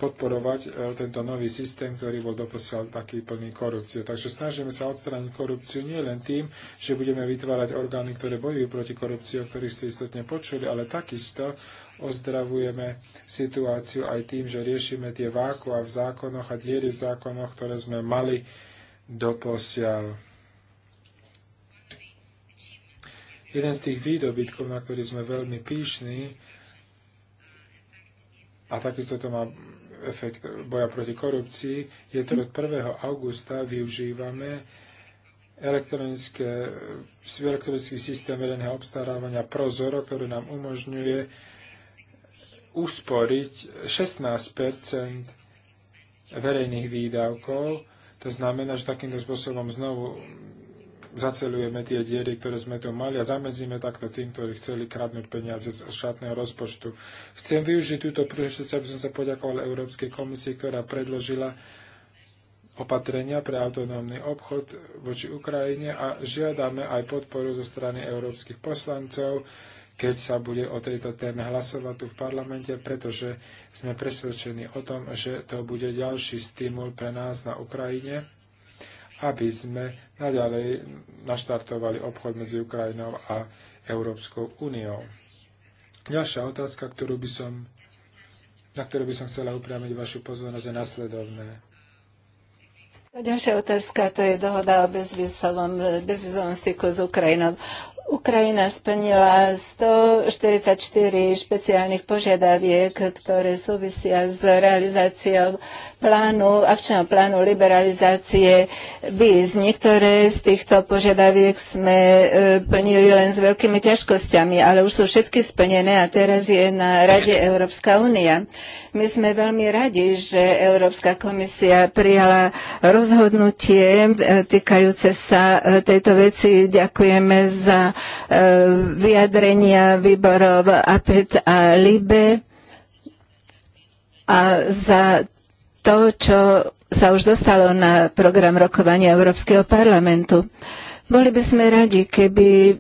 podporovať e, tento nový systém, ktorý bol doposiaľ taký plný korupcie. Takže snažíme sa odstrániť korupciu nie len tým, že budeme vytvárať orgány, ktoré bojujú proti korupcii, o ktorých ste istotne počuli, ale takisto ozdravujeme situáciu aj tým, že riešime tie váku a v zákonoch a diery v zákonoch, ktoré sme mali doposiaľ. Jeden z tých výdobytkov, na ktorý sme veľmi píšni, a takisto to má efekt boja proti korupcii, je to od 1. augusta využívame elektronický systém verejného obstarávania Prozoro, ktorý nám umožňuje usporiť 16 verejných výdavkov to znamená, že takýmto spôsobom znovu zacelujeme tie diery, ktoré sme tu mali a zamedzíme takto tým, ktorí chceli kradnúť peniaze z štátneho rozpočtu. Chcem využiť túto príležitosť, aby som sa poďakoval Európskej komisii, ktorá predložila opatrenia pre autonómny obchod voči Ukrajine a žiadame aj podporu zo strany európskych poslancov keď sa bude o tejto téme hlasovať tu v parlamente, pretože sme presvedčení o tom, že to bude ďalší stimul pre nás na Ukrajine, aby sme naďalej naštartovali obchod medzi Ukrajinou a Európskou úniou. Ďalšia otázka, ktorú by som, na ktorú by som chcela upriamiť vašu pozornosť, je nasledovné. Ďalšia otázka, to je dohoda o bezvizovom styku s Ukrajinou. Ukrajina splnila 144 špeciálnych požiadaviek, ktoré súvisia s realizáciou plánu, akčného plánu liberalizácie víz. Niektoré z týchto požiadaviek sme e, plnili len s veľkými ťažkosťami, ale už sú všetky splnené a teraz je na Rade Európska únia. My sme veľmi radi, že Európska komisia prijala rozhodnutie e, týkajúce sa e, tejto veci. Ďakujeme za Eh, vyjadrenia výborov APET a LIBE a za to, čo sa už dostalo na program rokovania Európskeho parlamentu. Boli by sme radi, keby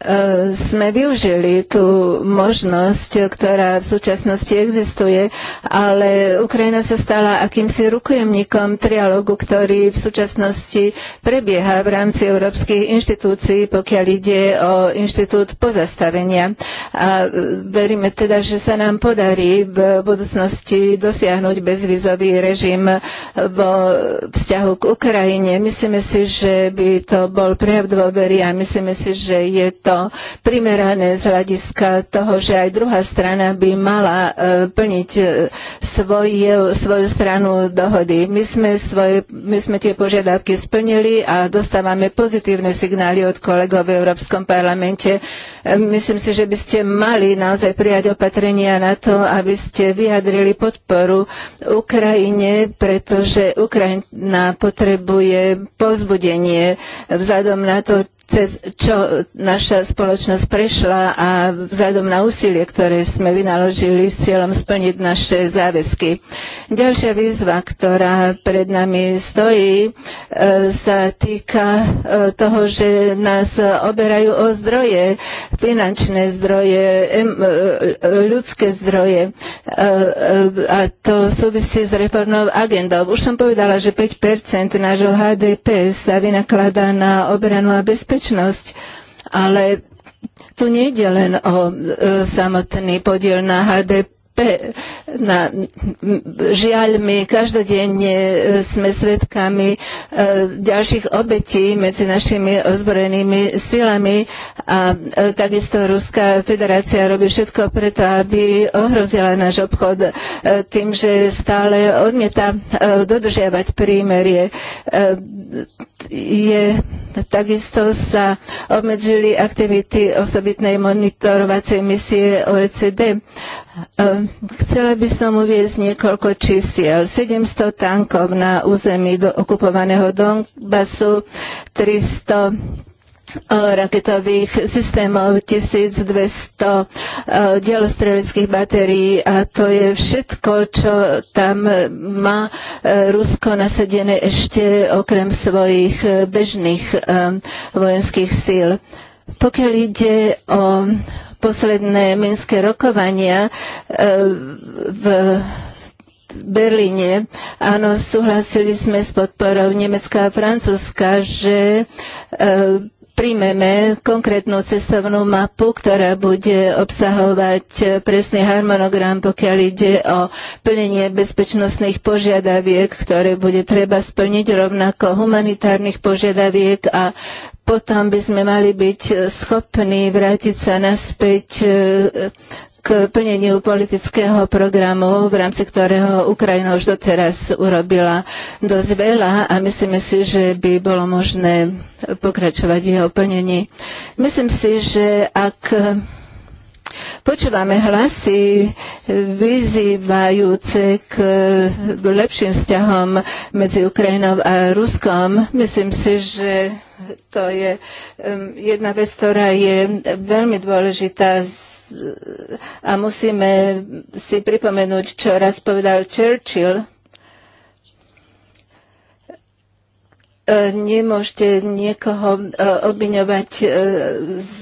E, sme využili tú možnosť, ktorá v súčasnosti existuje, ale Ukrajina sa stala akýmsi rukojemníkom trialogu, ktorý v súčasnosti prebieha v rámci európskych inštitúcií, pokiaľ ide o inštitút pozastavenia. A e, veríme teda, že sa nám podarí v budúcnosti dosiahnuť bezvizový režim vo vzťahu k Ukrajine. Myslíme si, že by to bol prejav dôvery a myslíme si, že je to to primerané z hľadiska toho, že aj druhá strana by mala e, plniť e, svoju, svoju stranu dohody. My sme, svoje, my sme tie požiadavky splnili a dostávame pozitívne signály od kolegov v Európskom parlamente. E, myslím si, že by ste mali naozaj prijať opatrenia na to, aby ste vyjadrili podporu Ukrajine, pretože Ukrajina potrebuje povzbudenie vzhľadom na to, cez čo naša spoločnosť prešla a vzhľadom na úsilie, ktoré sme vynaložili s cieľom splniť naše záväzky. Ďalšia výzva, ktorá pred nami stojí, e, sa týka e, toho, že nás oberajú o zdroje, finančné zdroje, e, ľudské zdroje a to súvisí s reformnou agendou. Už som povedala, že 5% nášho HDP sa vynakladá na obranu a bezpečnosť spoločnosť, ale tu nejde len o e, samotný podiel na HDP, na, žiaľ, my každodenne e, sme svedkami e, ďalších obetí medzi našimi ozbrojenými silami a e, takisto Ruská federácia robí všetko preto, aby ohrozila náš obchod tým, že stále odmieta dodržiavať prímerie. Je, takisto sa obmedzili aktivity osobitnej monitorovacej misie OECD Ehm, chcela by som uviezť niekoľko čísiel. 700 tankov na území do okupovaného Donbasu, 300 eh, raketových systémov, 1200 eh, dielostreleckých batérií a to je všetko, čo tam má eh, Rusko nasadené ešte okrem svojich bežných ehm, vojenských síl. Pokiaľ ide o posledné minské rokovania e, v Berlíne. Áno, súhlasili sme s podporou Nemecka a Francúzska, že e, príjmeme konkrétnu cestovnú mapu, ktorá bude obsahovať presný harmonogram, pokiaľ ide o plnenie bezpečnostných požiadaviek, ktoré bude treba splniť, rovnako humanitárnych požiadaviek a potom by sme mali byť e, schopní vrátiť sa naspäť e, k plneniu politického programu, v rámci ktorého Ukrajina už doteraz urobila dosť veľa a myslíme si, že by bolo možné pokračovať v jeho plnení. Myslím si, že ak Počúvame hlasy vyzývajúce k lepším vzťahom medzi Ukrajinou a Ruskom. Myslím si, že to je jedna vec, ktorá je veľmi dôležitá a musíme si pripomenúť, čo raz povedal Churchill. E, nemôžete niekoho e, obviňovať e, z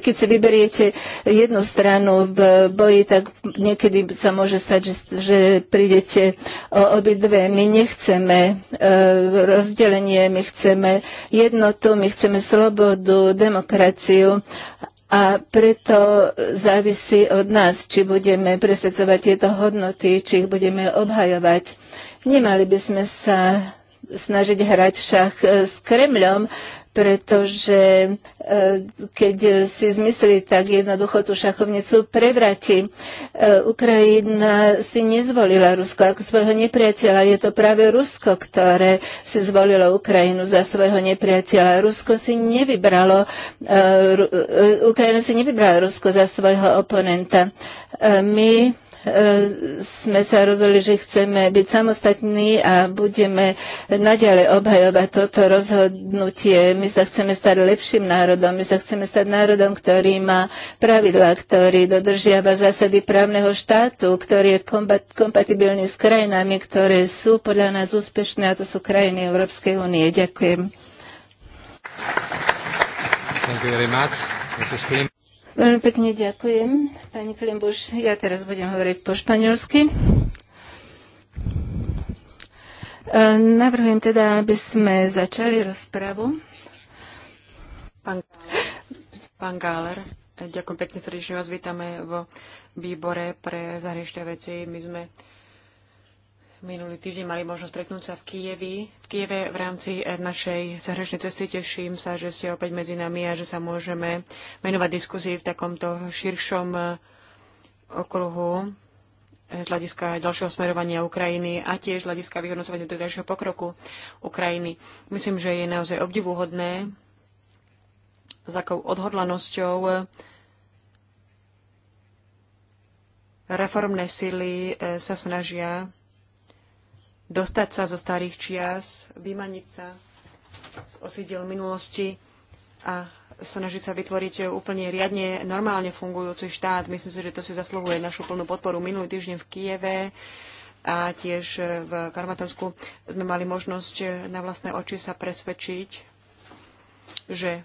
keď si vyberiete jednu stranu v boji, tak niekedy sa môže stať, že, že prídete o obidve. My nechceme e, rozdelenie, my chceme jednotu, my chceme slobodu, demokraciu a preto závisí od nás, či budeme presadzovať tieto hodnoty, či ich budeme obhajovať. Nemali by sme sa snažiť hrať však e, s Kremľom, pretože e, keď si zmyslí, tak jednoducho tú šachovnicu prevráti. E, Ukrajina si nezvolila Rusko ako svojho nepriateľa. Je to práve Rusko, ktoré si zvolilo Ukrajinu za svojho nepriateľa. Rusko si nevybralo, e, Ukrajina si nevybrala Rusko za svojho oponenta. My E, sme sa rozhodli, že chceme byť samostatní a budeme naďalej obhajovať toto rozhodnutie. My sa chceme stať lepším národom, my sa chceme stať národom, ktorý má pravidla, ktorý dodržiava zásady právneho štátu, ktorý je kompatibilný s krajinami, ktoré sú podľa nás úspešné a to sú krajiny Európskej únie. Ďakujem. Thank you very much. Veľmi pekne ďakujem. Pani Klembuš, ja teraz budem hovoriť po španielsky. E, navrhujem teda, aby sme začali rozpravu. Pán, pán Gáler, ďakujem pekne srdečne vás vítame vo výbore pre zahraničné veci. My sme minulý týždeň mali možnosť stretnúť sa v Kieve. V Kieve v rámci eh, našej zahraničnej cesty teším sa, že ste opäť medzi nami a že sa môžeme menovať diskusii v takomto širšom eh, okruhu eh, z hľadiska ďalšieho smerovania Ukrajiny a tiež z hľadiska vyhodnocovania ďalšieho pokroku Ukrajiny. Myslím, že je naozaj obdivuhodné, s takou odhodlanosťou reformné sily sa snažia dostať sa zo starých čias, vymaniť sa z osidiel minulosti a snažiť sa vytvoriť úplne riadne, normálne fungujúci štát. Myslím si, že to si zasluhuje našu plnú podporu. Minulý týždeň v Kieve a tiež v Karmatovsku sme mali možnosť na vlastné oči sa presvedčiť, že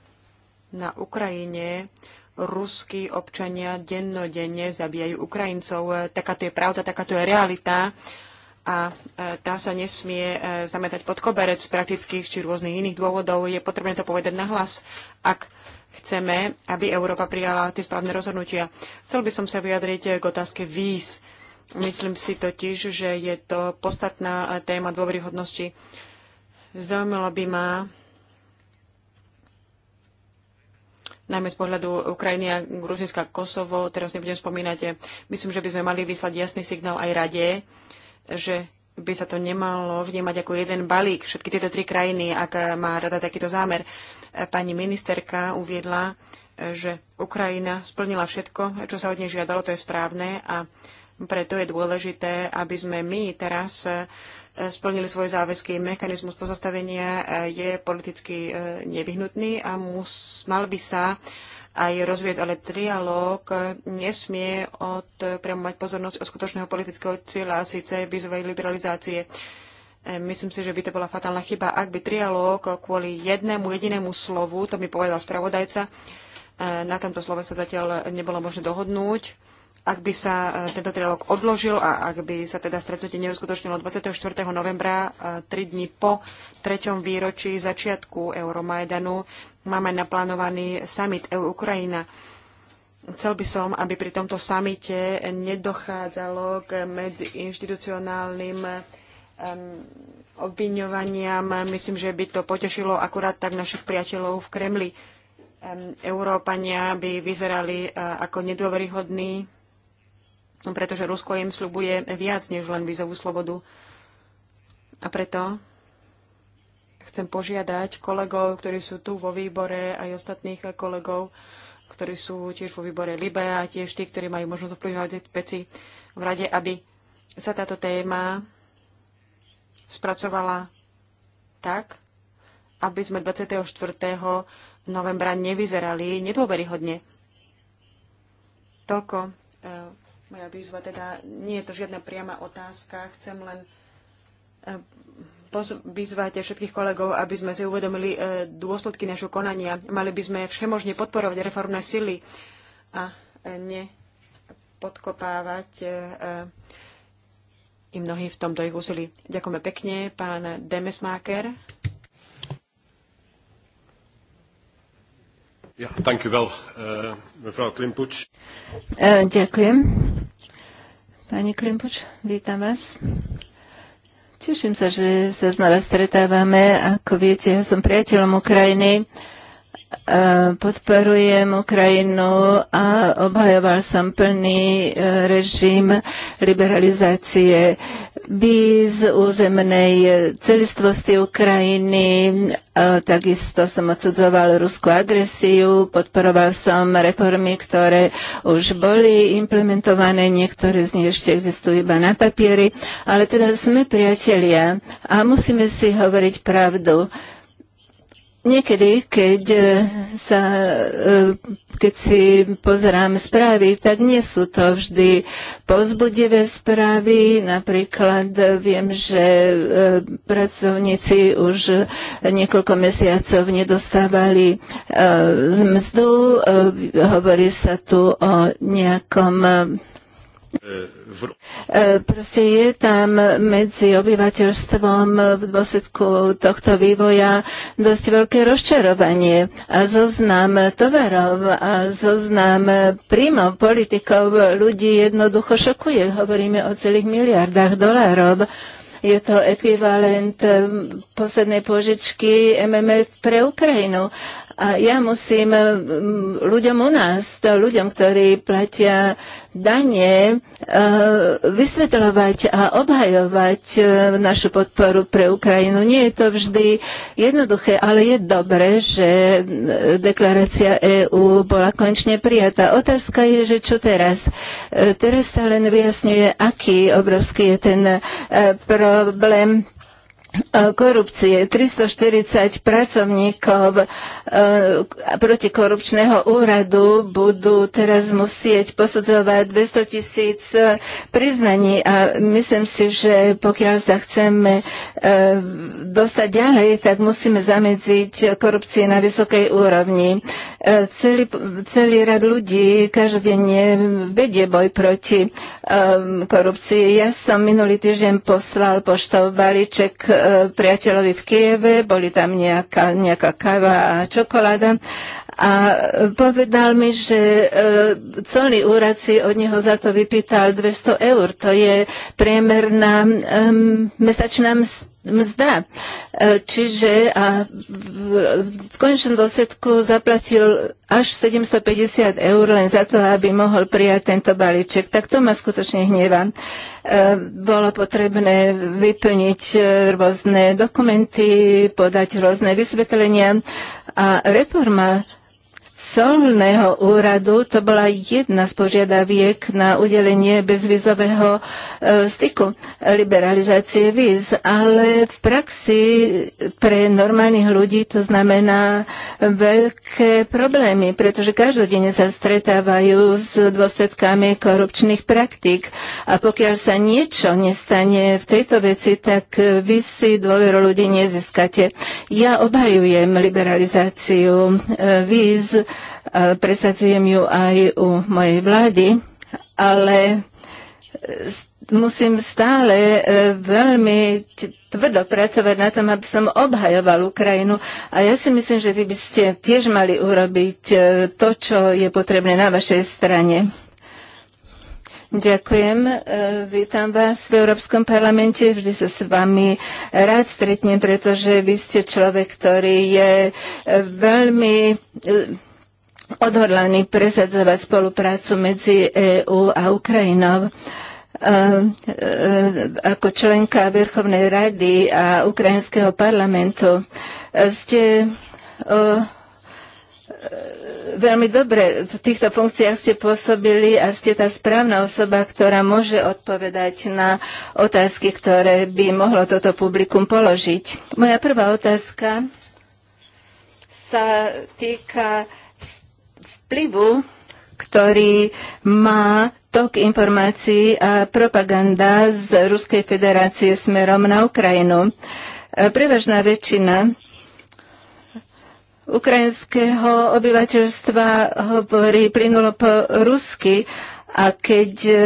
na Ukrajine ruskí občania dennodenne zabijajú Ukrajincov. Takáto je pravda, takáto je realita a e, tá sa nesmie e, zametať pod koberec z praktických či rôznych iných dôvodov. Je potrebné to povedať nahlas, ak chceme, aby Európa prijala tie správne rozhodnutia. Chcel by som sa vyjadriť e, k otázke víz. Myslím si totiž, že je to podstatná téma dôveryhodnosti. Zaujímalo by ma, najmä z pohľadu Ukrajiny a Gruzinska, Kosovo, teraz nebudem spomínať, myslím, že by sme mali vyslať jasný signál aj rade, že by sa to nemalo vnímať ako jeden balík, všetky tieto tri krajiny, ak má rada takýto zámer. Pani ministerka uviedla, že Ukrajina splnila všetko, čo sa od nej žiadalo, to je správne a preto je dôležité, aby sme my teraz e, splnili svoje záväzky. Mechanizmus pozastavenia e, je politicky e, nevyhnutný a mus, mal by sa uh, aj rozviesť, ale trialóg nesmie odpriamovať pozornosť od skutočného politického cieľa, a síce vízovej liberalizácie. E, myslím si, že by to bola fatálna chyba, ak by trialóg kvôli jednému jedinému slovu, to mi povedal spravodajca, e, na tomto slove sa zatiaľ nebolo možné dohodnúť. Ak by sa e, tento trialóg odložil a ak by sa teda stretnutie neuskutočnilo 24. novembra, tri dní po treťom výročí začiatku Euromajdanu, Máme naplánovaný summit EU-Ukrajina. Chcel by som, aby pri tomto samite nedochádzalo k medziinštitucionálnym um, obviňovaniam. Myslím, že by to potešilo akurát tak našich priateľov v Kremli. Um, Európania by vyzerali uh, ako nedôveryhodní, pretože Rusko im slubuje viac než len vízovú slobodu. A preto chcem požiadať kolegov, ktorí sú tu vo výbore, aj ostatných kolegov, ktorí sú tiež vo výbore LIBE a tiež tí, ktorí majú možnosť vplyvňovať veci v rade, aby sa táto téma spracovala tak, aby sme 24. novembra nevyzerali nedôveryhodne. Toľko e, moja výzva, teda nie je to žiadna priama otázka, chcem len e, vyzvať všetkých kolegov, aby sme si uvedomili e, dôsledky našho konania. Mali by sme všemožne podporovať reformné sily a e, nepodkopávať e, i mnohí v tomto ich úsilí. Ďakujeme pekne, pán Demesmaker. Ja, dank u wel, Klimpuč. Uh, ďakujem. Pani Klimpuč, vítam vás. Teším sa, že sa znova stretávame. Ako viete, ja som priateľom Ukrajiny. E, podporujem Ukrajinu a obhajoval som plný e, režim liberalizácie bez územnej celistvosti Ukrajiny. E, takisto som odsudzoval ruskú agresiu, podporoval som reformy, ktoré už boli implementované, niektoré z nich ešte existujú iba na papieri, ale teda sme priatelia a musíme si hovoriť pravdu Niekedy, keď, e, sa, e, keď si pozerám správy, tak nie sú to vždy pozbudivé správy. Napríklad e, viem, že pracovníci už niekoľko mesiacov nedostávali mzdu. Hovorí sa tu o nejakom E, proste je tam medzi obyvateľstvom v dôsledku tohto vývoja dosť veľké rozčarovanie a zoznam tovarov a zoznam príjmov politikov ľudí jednoducho šokuje. Hovoríme o celých miliardách dolárov. Je to ekvivalent poslednej požičky MMF pre Ukrajinu. A ja musím eh, ľuďom u nás, to ľuďom, ktorí platia dane, eh, vysvetľovať a obhajovať eh, našu podporu pre Ukrajinu. Nie je to vždy jednoduché, ale je dobré, že deklarácia EÚ bola konečne prijatá. Otázka je, že čo teraz? Teraz sa len vyjasňuje, aký obrovský je ten problém korupcie. 340 pracovníkov e, protikorupčného úradu budú teraz musieť posudzovať 200 tisíc e, priznaní a myslím si, že pokiaľ sa chceme e, dostať ďalej, tak musíme zamedziť korupcie na vysokej úrovni. Celý, celý rad ľudí každodenne vedie boj proti korupcii. Ja som minulý týždeň poslal poštov balíček E, priateľovi v Kieve, boli tam nejaká, nejaká káva a čokoláda a e, povedal mi, že e, celý úrad si od neho za to vypýtal 200 eur. To je priemerná um, mesačná mesta mzda. E, čiže a v konečnom dôsledku zaplatil až 750 eur len za to, aby mohol prijať tento balíček. Tak to ma skutočne hneva. E, bolo potrebné vyplniť e, rôzne dokumenty, podať rôzne vysvetlenia a reforma colného úradu. To bola jedna z požiadaviek na udelenie bezvizového e, styku, liberalizácie víz, ale v praxi pre normálnych ľudí to znamená veľké problémy, pretože každodenne sa stretávajú s dôsledkami korupčných praktík a pokiaľ sa niečo nestane v tejto veci, tak vy si dôveru ľudí nezískate. Ja obhajujem liberalizáciu e, víz, presadzujem ju aj u mojej vlády, ale musím stále e, veľmi tvrdo pracovať na tom, aby som obhajoval Ukrajinu. A ja si myslím, že vy by ste tiež mali urobiť e, to, čo je potrebné na vašej strane. Ďakujem. E, vítam vás v Európskom parlamente. Vždy sa s vami rád stretnem, pretože vy ste človek, ktorý je veľmi odhodlaný presadzovať spoluprácu medzi EÚ a Ukrajinou e, e, ako členka Vrchovnej rady a Ukrajinského parlamentu e, ste veľmi dobre v týchto funkciách ste pôsobili a ste tá správna osoba, ktorá môže odpovedať na otázky, ktoré by mohlo toto publikum položiť. Moja prvá otázka sa týka vplyvu, ktorý má tok informácií a propaganda z Ruskej federácie smerom na Ukrajinu. E, prevažná väčšina ukrajinského obyvateľstva hovorí plynulo po rusky a keď e, e,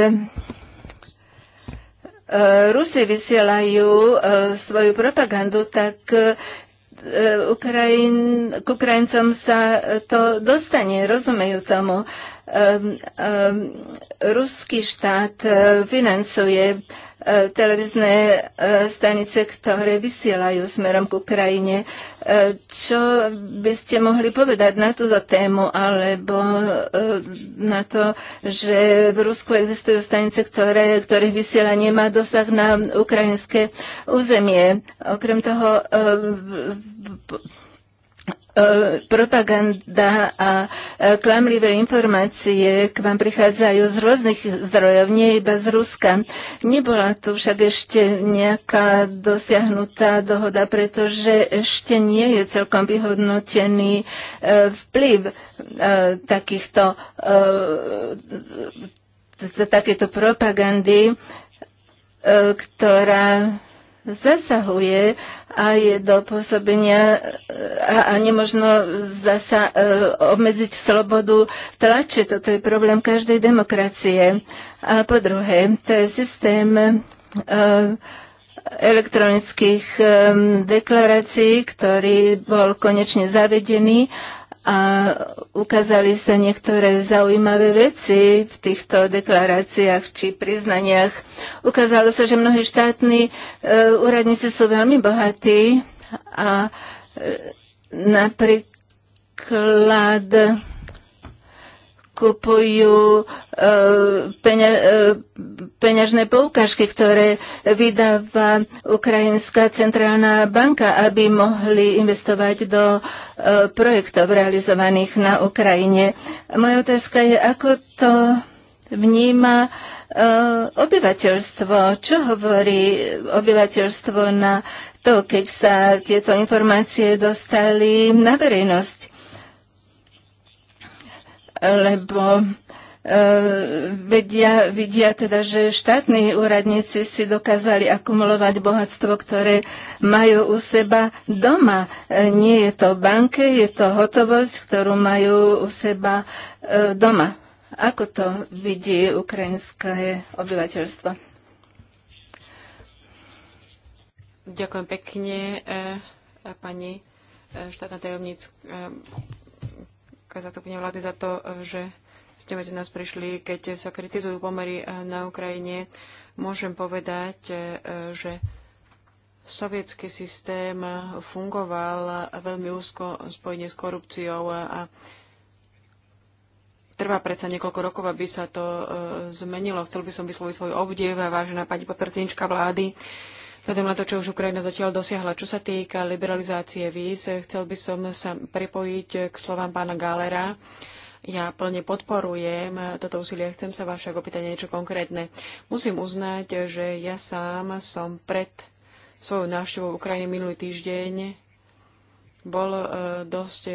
Rusi vysielajú svoju propagandu, tak E, Ukrajin, k Ukrajincom sa to dostane, rozumejú tomu. Ehm, ehm, ruský štát e, financuje e, televízne e, stanice, ktoré vysielajú smerom k Ukrajine. Čo by ste mohli povedať na túto tému, alebo na to, že v Rusku existujú stanice, ktoré, ktorých vysielanie má dosah na ukrajinské územie. Okrem toho, E, propaganda a e, klamlivé informácie k vám prichádzajú z rôznych zdrojov, nie iba z Ruska. Nebola tu však ešte nejaká dosiahnutá dohoda, pretože ešte nie je celkom vyhodnotený e, vplyv takýchto takéto propagandy, ktorá zasahuje aj do pôsobenia e, a, a nemožno zasa, e, obmedziť slobodu tlače. Toto je problém každej demokracie. A po druhé, to je systém e, elektronických e, deklarácií, ktorý bol konečne zavedený a ukázali sa niektoré zaujímavé veci v týchto deklaráciách či priznaniach. Ukázalo sa, že mnohí štátni e, úradníci sú veľmi bohatí a e, napríklad kupujú e, e, peňažné poukážky, ktoré vydáva Ukrajinská centrálna banka, aby mohli investovať do e, projektov realizovaných na Ukrajine. Moja otázka je, ako to vníma obyvateľstvo. Čo hovorí obyvateľstvo na to, keď sa tieto informácie dostali na verejnosť? lebo e, vedia, vidia teda, že štátni úradníci si dokázali akumulovať bohatstvo, ktoré majú u seba doma. E, nie je to banke, je to hotovosť, ktorú majú u seba e, doma. Ako to vidí ukrajinské obyvateľstvo? Ďakujem pekne, e, pani štátna tajomnícka zastupne vlády za to, eh, že ste medzi nás prišli, keď sa kritizujú pomery eh, na Ukrajine. Môžem povedať, eh, že sovietský systém fungoval veľmi úzko spojne s korupciou a trvá predsa niekoľko rokov, aby sa to zmenilo. Chcel by som vysloviť svoj obdiv, vážená pani podpredsednička vlády, vzhľadom na to, čo už Ukrajina zatiaľ dosiahla. Čo sa týka liberalizácie víz, chcel by som sa pripojiť k slovám pána Galera, Ja plne podporujem toto úsilie, chcem sa vás však opýtať niečo konkrétne. Musím uznať, že ja sám som pred svojou návštevou Ukrajiny minulý týždeň bol e, dosť e,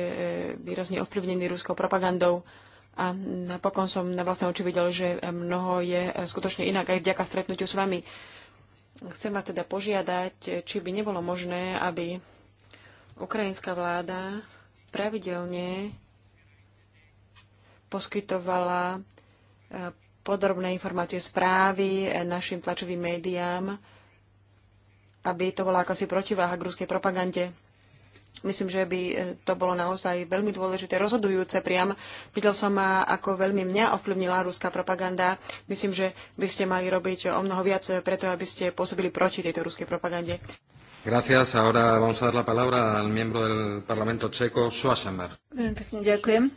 výrazne ovplyvnený ruskou propagandou a napokon som na vlastné oči videl, že mnoho je e, skutočne inak aj vďaka stretnutiu s vami. Chcem vás teda požiadať, či by nebolo možné, aby ukrajinská vláda pravidelne poskytovala e, podrobné informácie správy e, našim tlačovým médiám, aby to bola akási protiváha k ruskej propagande. Myslím, že by e, to bolo naozaj veľmi dôležité, rozhodujúce priam. Videl som, ako veľmi mňa ovplyvnila ruská propaganda. Myslím, že by ste mali robiť o mnoho viac preto, aby ste pôsobili proti tejto ruskej propagande. Gracias. Ahora vamos a dar la palabra al miembro del Parlamento Checo, Schwarzenberg. ďakujem.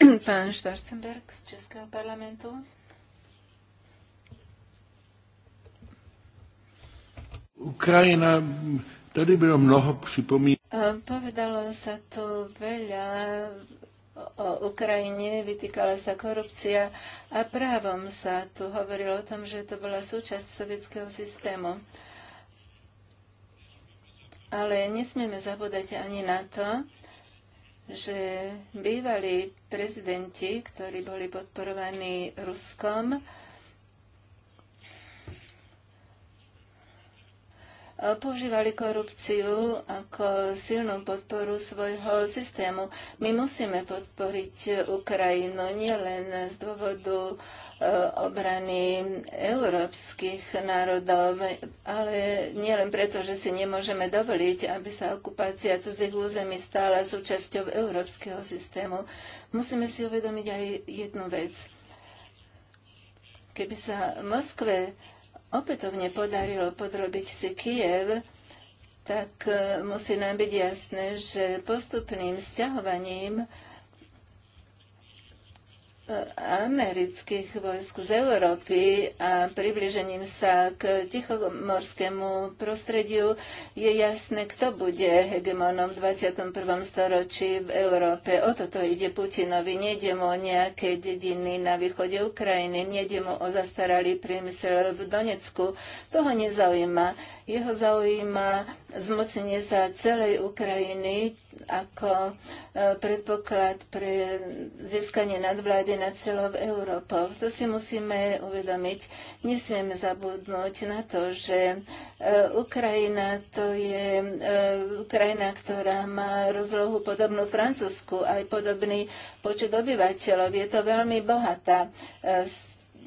Pán Schwarzenberg z Českého parlamentu. Ukrajina, tady bylo mnoho připomín. Ehm, povedalo sa tu veľa o Ukrajine, vytýkala sa korupcia a právom sa tu hovorilo o tom, že to bola súčasť sovietského systému. Ale nesmieme zabúdať ani na to, že bývalí prezidenti, ktorí boli podporovaní Ruskom, používali korupciu ako silnú podporu svojho systému. My musíme podporiť Ukrajinu nielen z dôvodu e, obrany európskych národov, ale nielen preto, že si nemôžeme dovoliť, aby sa okupácia cudzích území stala súčasťou európskeho systému. Musíme si uvedomiť aj jednu vec. Keby sa Moskve opätovne podarilo podrobiť si Kiev, tak eh, musí nám byť jasné, že postupným sťahovaním amerických vojsk z Európy a približením sa k tichomorskému prostrediu je jasné, kto bude hegemonom v 21. storočí v Európe. O toto ide Putinovi. Nejde mu o nejaké dediny na východe Ukrajiny, nejde mu o zastaralý priemysel v Donecku. Toho nezaujíma. Jeho zaujíma zmocnenie sa celej Ukrajiny ako e, predpoklad pre získanie nadvlády na celou Európou. To si musíme uvedomiť. Nesmieme zabudnúť na to, že e, Ukrajina to je e, krajina, ktorá má rozlohu podobnú Francúzsku, aj podobný počet obyvateľov. Je to veľmi bohatá e,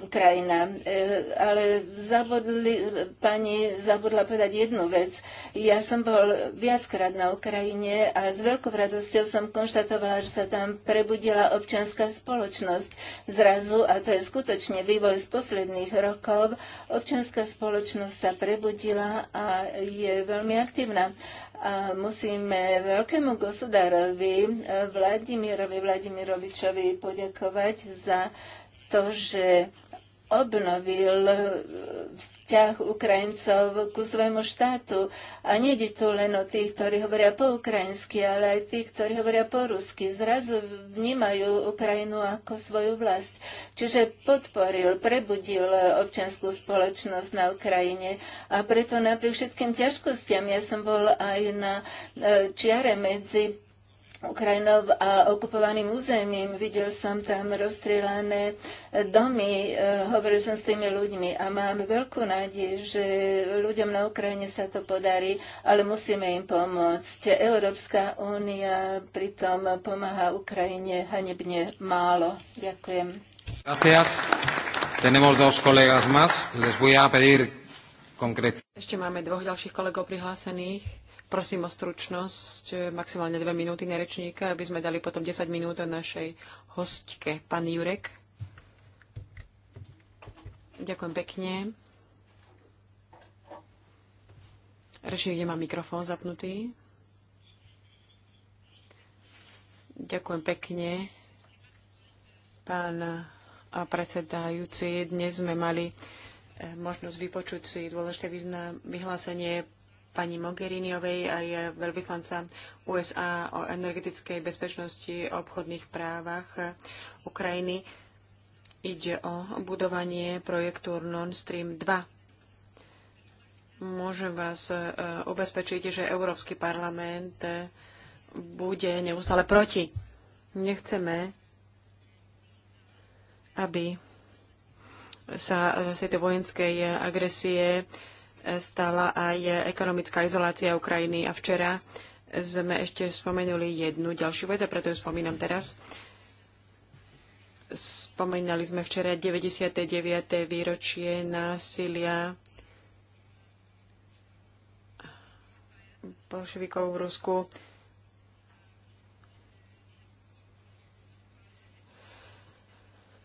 krajina. E, ale zabudli, pani zabudla povedať jednu vec. Ja som bol viackrát na Ukrajine a s veľkou radosťou som konštatovala, že sa tam prebudila občianská spoločnosť. Zrazu, a to je skutočne vývoj z posledných rokov, občianská spoločnosť sa prebudila a je veľmi aktívna a musíme veľkému gospodárovi Vladimirovi Vladimirovičovi poďakovať za to, že obnovil eh, vzťah Ukrajincov ku svojmu štátu. A nie je tu len o tých, ktorí hovoria po ukrajinsky, ale aj tí, ktorí hovoria po rusky. Zrazu vnímajú Ukrajinu ako svoju vlast. Čiže podporil, prebudil eh, občianskú spoločnosť na Ukrajine. A preto napriek všetkým ťažkostiam ja som bol aj na eh, čiare medzi Ukrajinou a okupovaným územím. Videl som tam rozstrelané domy, e, hovoril som s tými ľuďmi a mám veľkú nádej, že ľuďom na Ukrajine sa to podarí, ale musíme im pomôcť. Európska únia pritom pomáha Ukrajine hanebne málo. Ďakujem. Gracias. Tenemos dos colegas más. Les voy a pedir Ešte máme dvoch ďalších kolegov prihlásených. Prosím o stručnosť, e, maximálne dve minúty na rečníka, aby sme dali potom 10 minút našej hostke. Pán Jurek. Ďakujem pekne. Rečník, nemá mikrofón zapnutý. Ďakujem pekne. Pán predsedajúci, dnes sme mali e, možnosť vypočuť si dôležité vyhlásenie pani Mogheriniovej aj veľvyslanca USA o energetickej bezpečnosti, a obchodných právach Ukrajiny. Ide o budovanie projektu Nord Stream 2. Môžem vás e, ubezpečiť, že Európsky parlament e, bude neustále proti. Nechceme, aby sa e, z tejto vojenskej agresie stala aj ekonomická izolácia Ukrajiny a včera sme ešte spomenuli jednu ďalšiu vec a preto ju spomínam teraz. Spomínali sme včera 99. výročie násilia bolševikov v Rusku.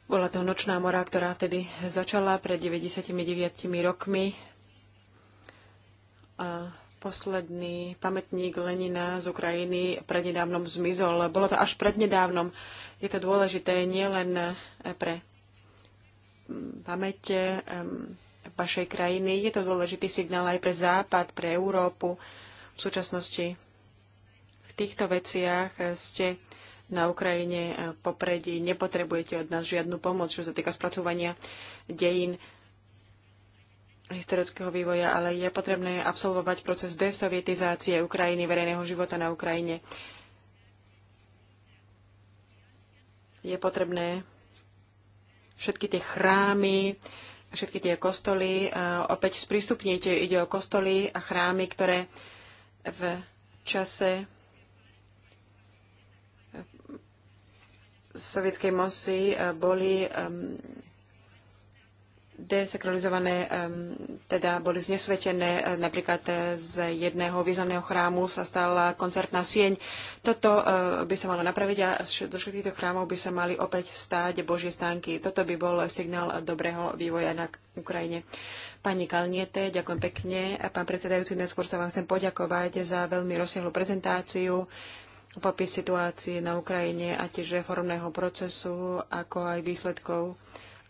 Bola to nočná mora, ktorá vtedy začala pred 99 rokmi posledný pamätník Lenina z Ukrajiny prednedávnom zmizol. Bolo to až prednedávnom. Je to dôležité nielen eh, pre mm, pamäte vašej krajiny, je to dôležitý signál aj pre Západ, pre Európu. V súčasnosti v týchto veciach eh, ste na Ukrajine eh, popredí, nepotrebujete od nás žiadnu pomoc, čo sa týka spracovania dejín historického vývoja, ale je potrebné absolvovať proces desovietizácie Ukrajiny, verejného života na Ukrajine. Je potrebné všetky tie chrámy, všetky tie kostoly opäť sprístupniť. Ide o kostoly a chrámy, ktoré v čase sovietskej moci boli um, desakralizované, teda boli znesvetené. Eh, napríklad eh, z jedného významného chrámu sa stala koncertná sieň. Toto eh, by sa malo napraviť a do všetkých týchto chrámov by sa mali opäť stáť Božie stánky. Toto by bol signál dobrého vývoja na Ukrajine. Pani Kalniete, ďakujem pekne. A pán predsedajúci, neskôr sa vám chcem poďakovať za veľmi rozsiahlu prezentáciu popis situácie na Ukrajine a tiež reformného procesu, ako aj výsledkov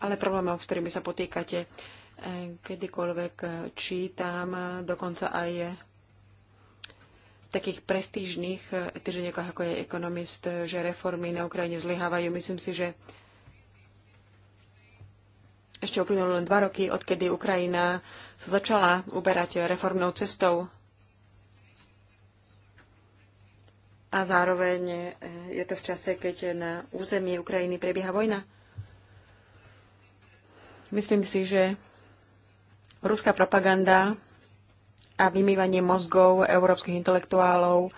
ale problémov, s ktorými sa potýkate. Eh, kedykoľvek eh, čítam, eh, dokonca aj takých prestížnych týždenníkoch, ako je ekonomist, že reformy na Ukrajine zlyhávajú. Myslím si, že ešte uplynulo len dva roky, odkedy Ukrajina sa začala uberať reformnou cestou. A zároveň je to v čase, keď na území Ukrajiny prebieha vojna. Myslím si, že ruská propaganda a vymývanie mozgov európskych intelektuálov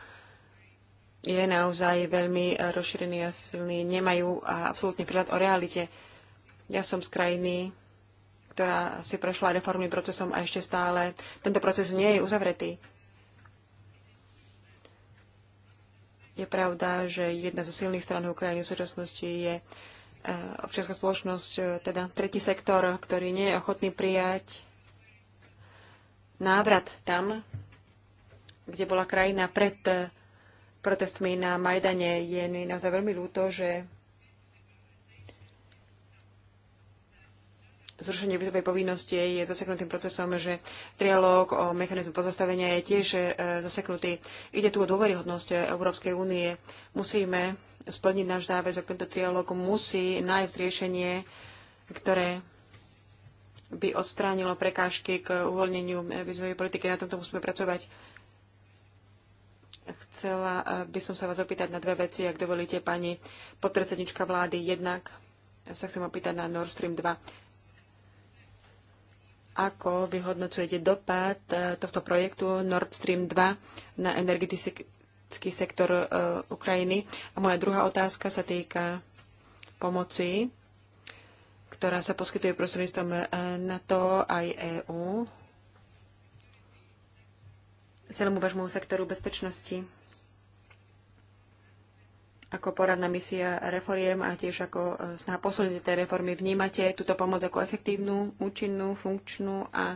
je naozaj veľmi rozšírený a silný. Nemajú absolútne prehľad o realite. Ja som z krajiny, ktorá si prešla reformným procesom a ešte stále tento proces nie je uzavretý. Je pravda, že jedna zo silných stran Ukrajiny v súčasnosti je Eh, občianská spoločnosť, eh, teda tretí sektor, ktorý nie je ochotný prijať návrat tam, kde bola krajina pred eh, protestmi na Majdane. Je mi naozaj veľmi ľúto, že zrušenie vysokej povinnosti je zaseknutým procesom, že trialóg o mechanizmu pozastavenia je tiež zaseknutý. Ide tu o dôveryhodnosť Európskej únie. Musíme splniť náš záväzok. Tento trialóg musí nájsť riešenie, ktoré by odstránilo prekážky k uvoľneniu eh, výzvojej politiky. Na tomto musíme pracovať. Chcela eh, by som sa vás opýtať na dve veci, ak dovolíte, pani podpredsednička vlády. Jednak sa chcem opýtať na Nord Stream 2 ako vyhodnocujete dopad eh, tohto projektu Nord Stream 2 na energetický, energetický sektor e, Ukrajiny. A moja druhá otázka sa týka pomoci, ktorá sa poskytuje prostredníctvom e, NATO aj EÚ celému vášmu sektoru bezpečnosti ako poradná misia reforiem a tiež ako e, snaha posilniť tej reformy. Vnímate túto pomoc ako efektívnu, účinnú, funkčnú a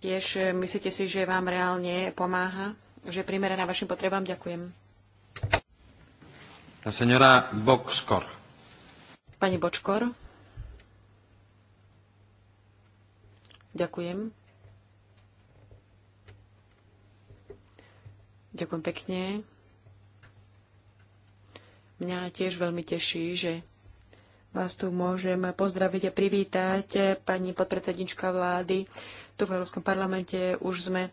tiež myslíte si, že vám reálne pomáha? že primeraná vašim potrebám. Ďakujem. senora Pani Bočkor. Ďakujem. Ďakujem pekne. Mňa tiež veľmi teší, že vás tu môžem pozdraviť a privítať. Pani podpredsednička vlády, tu v Európskom parlamente už sme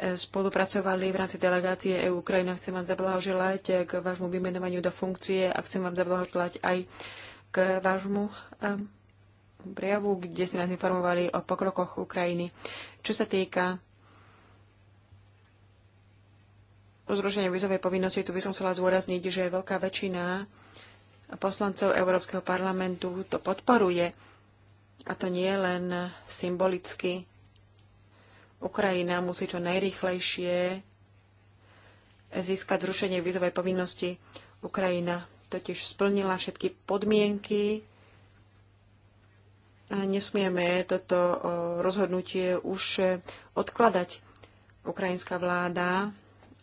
spolupracovali v rámci delegácie EU Ukrajina. Chcem vám zablahoželať k vášmu vymenovaniu do funkcie a chcem vám zablahoželať aj k vášmu prejavu, kde ste nás informovali o pokrokoch Ukrajiny. Čo sa týka zrušenia vizovej povinnosti, tu by som chcela zdôrazniť, že veľká väčšina poslancov Európskeho parlamentu to podporuje. A to nie len symbolicky, Ukrajina musí čo najrýchlejšie získať zrušenie vízovej povinnosti. Ukrajina totiž splnila všetky podmienky. A nesmieme toto rozhodnutie už e, odkladať. Ukrajinská vláda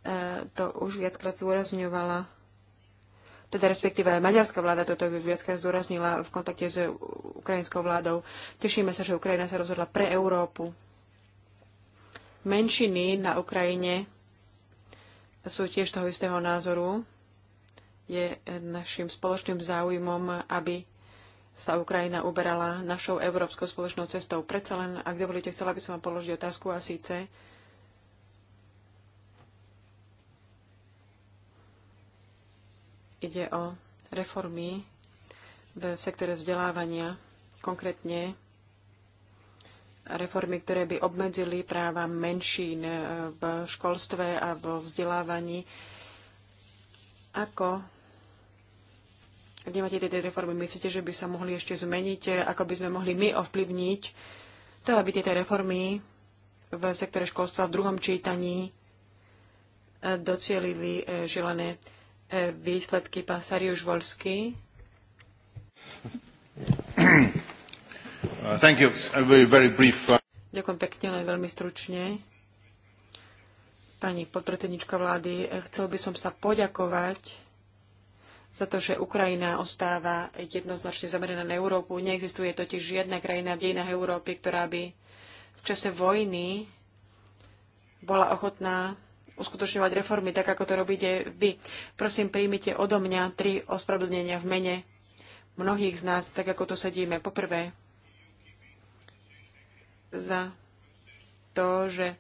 e, to už viackrát zúrazňovala. Teda respektíve aj maďarská vláda toto viackrát zúraznila v kontakte s ukrajinskou vládou. Tešíme sa, že Ukrajina sa rozhodla pre Európu, Menšiny na Ukrajine sú tiež toho istého názoru. Je našim spoločným záujmom, aby sa Ukrajina uberala našou európskou spoločnou cestou. Predsa len, ak dovolíte, chcela by som vám položiť otázku a síce, ide o reformy v sektore vzdelávania, konkrétne reformy, ktoré by obmedzili práva menšín eh, v školstve a vo vzdelávaní. Ako vnímate tieto reformy? Myslíte, že by sa mohli ešte zmeniť? Ako by sme mohli my ovplyvniť to, aby tieto reformy v sektore školstva v druhom čítaní eh, docielili eh, želané výsledky. Pán Sariuš Volský. Uh, thank you. Very, very brief. Uh, Ďakujem pekne, len veľmi stručne. Pani podpredsednička vlády, eh, chcel by som sa poďakovať za to, že Ukrajina ostáva jednoznačne zameraná na Európu. Neexistuje totiž žiadna krajina v dejinách Európy, ktorá by v čase vojny bola ochotná uskutočňovať reformy, tak ako to robíte vy. Prosím, príjmite odo mňa tri ospravedlnenia v mene mnohých z nás, tak ako to sedíme. Poprvé, za to, že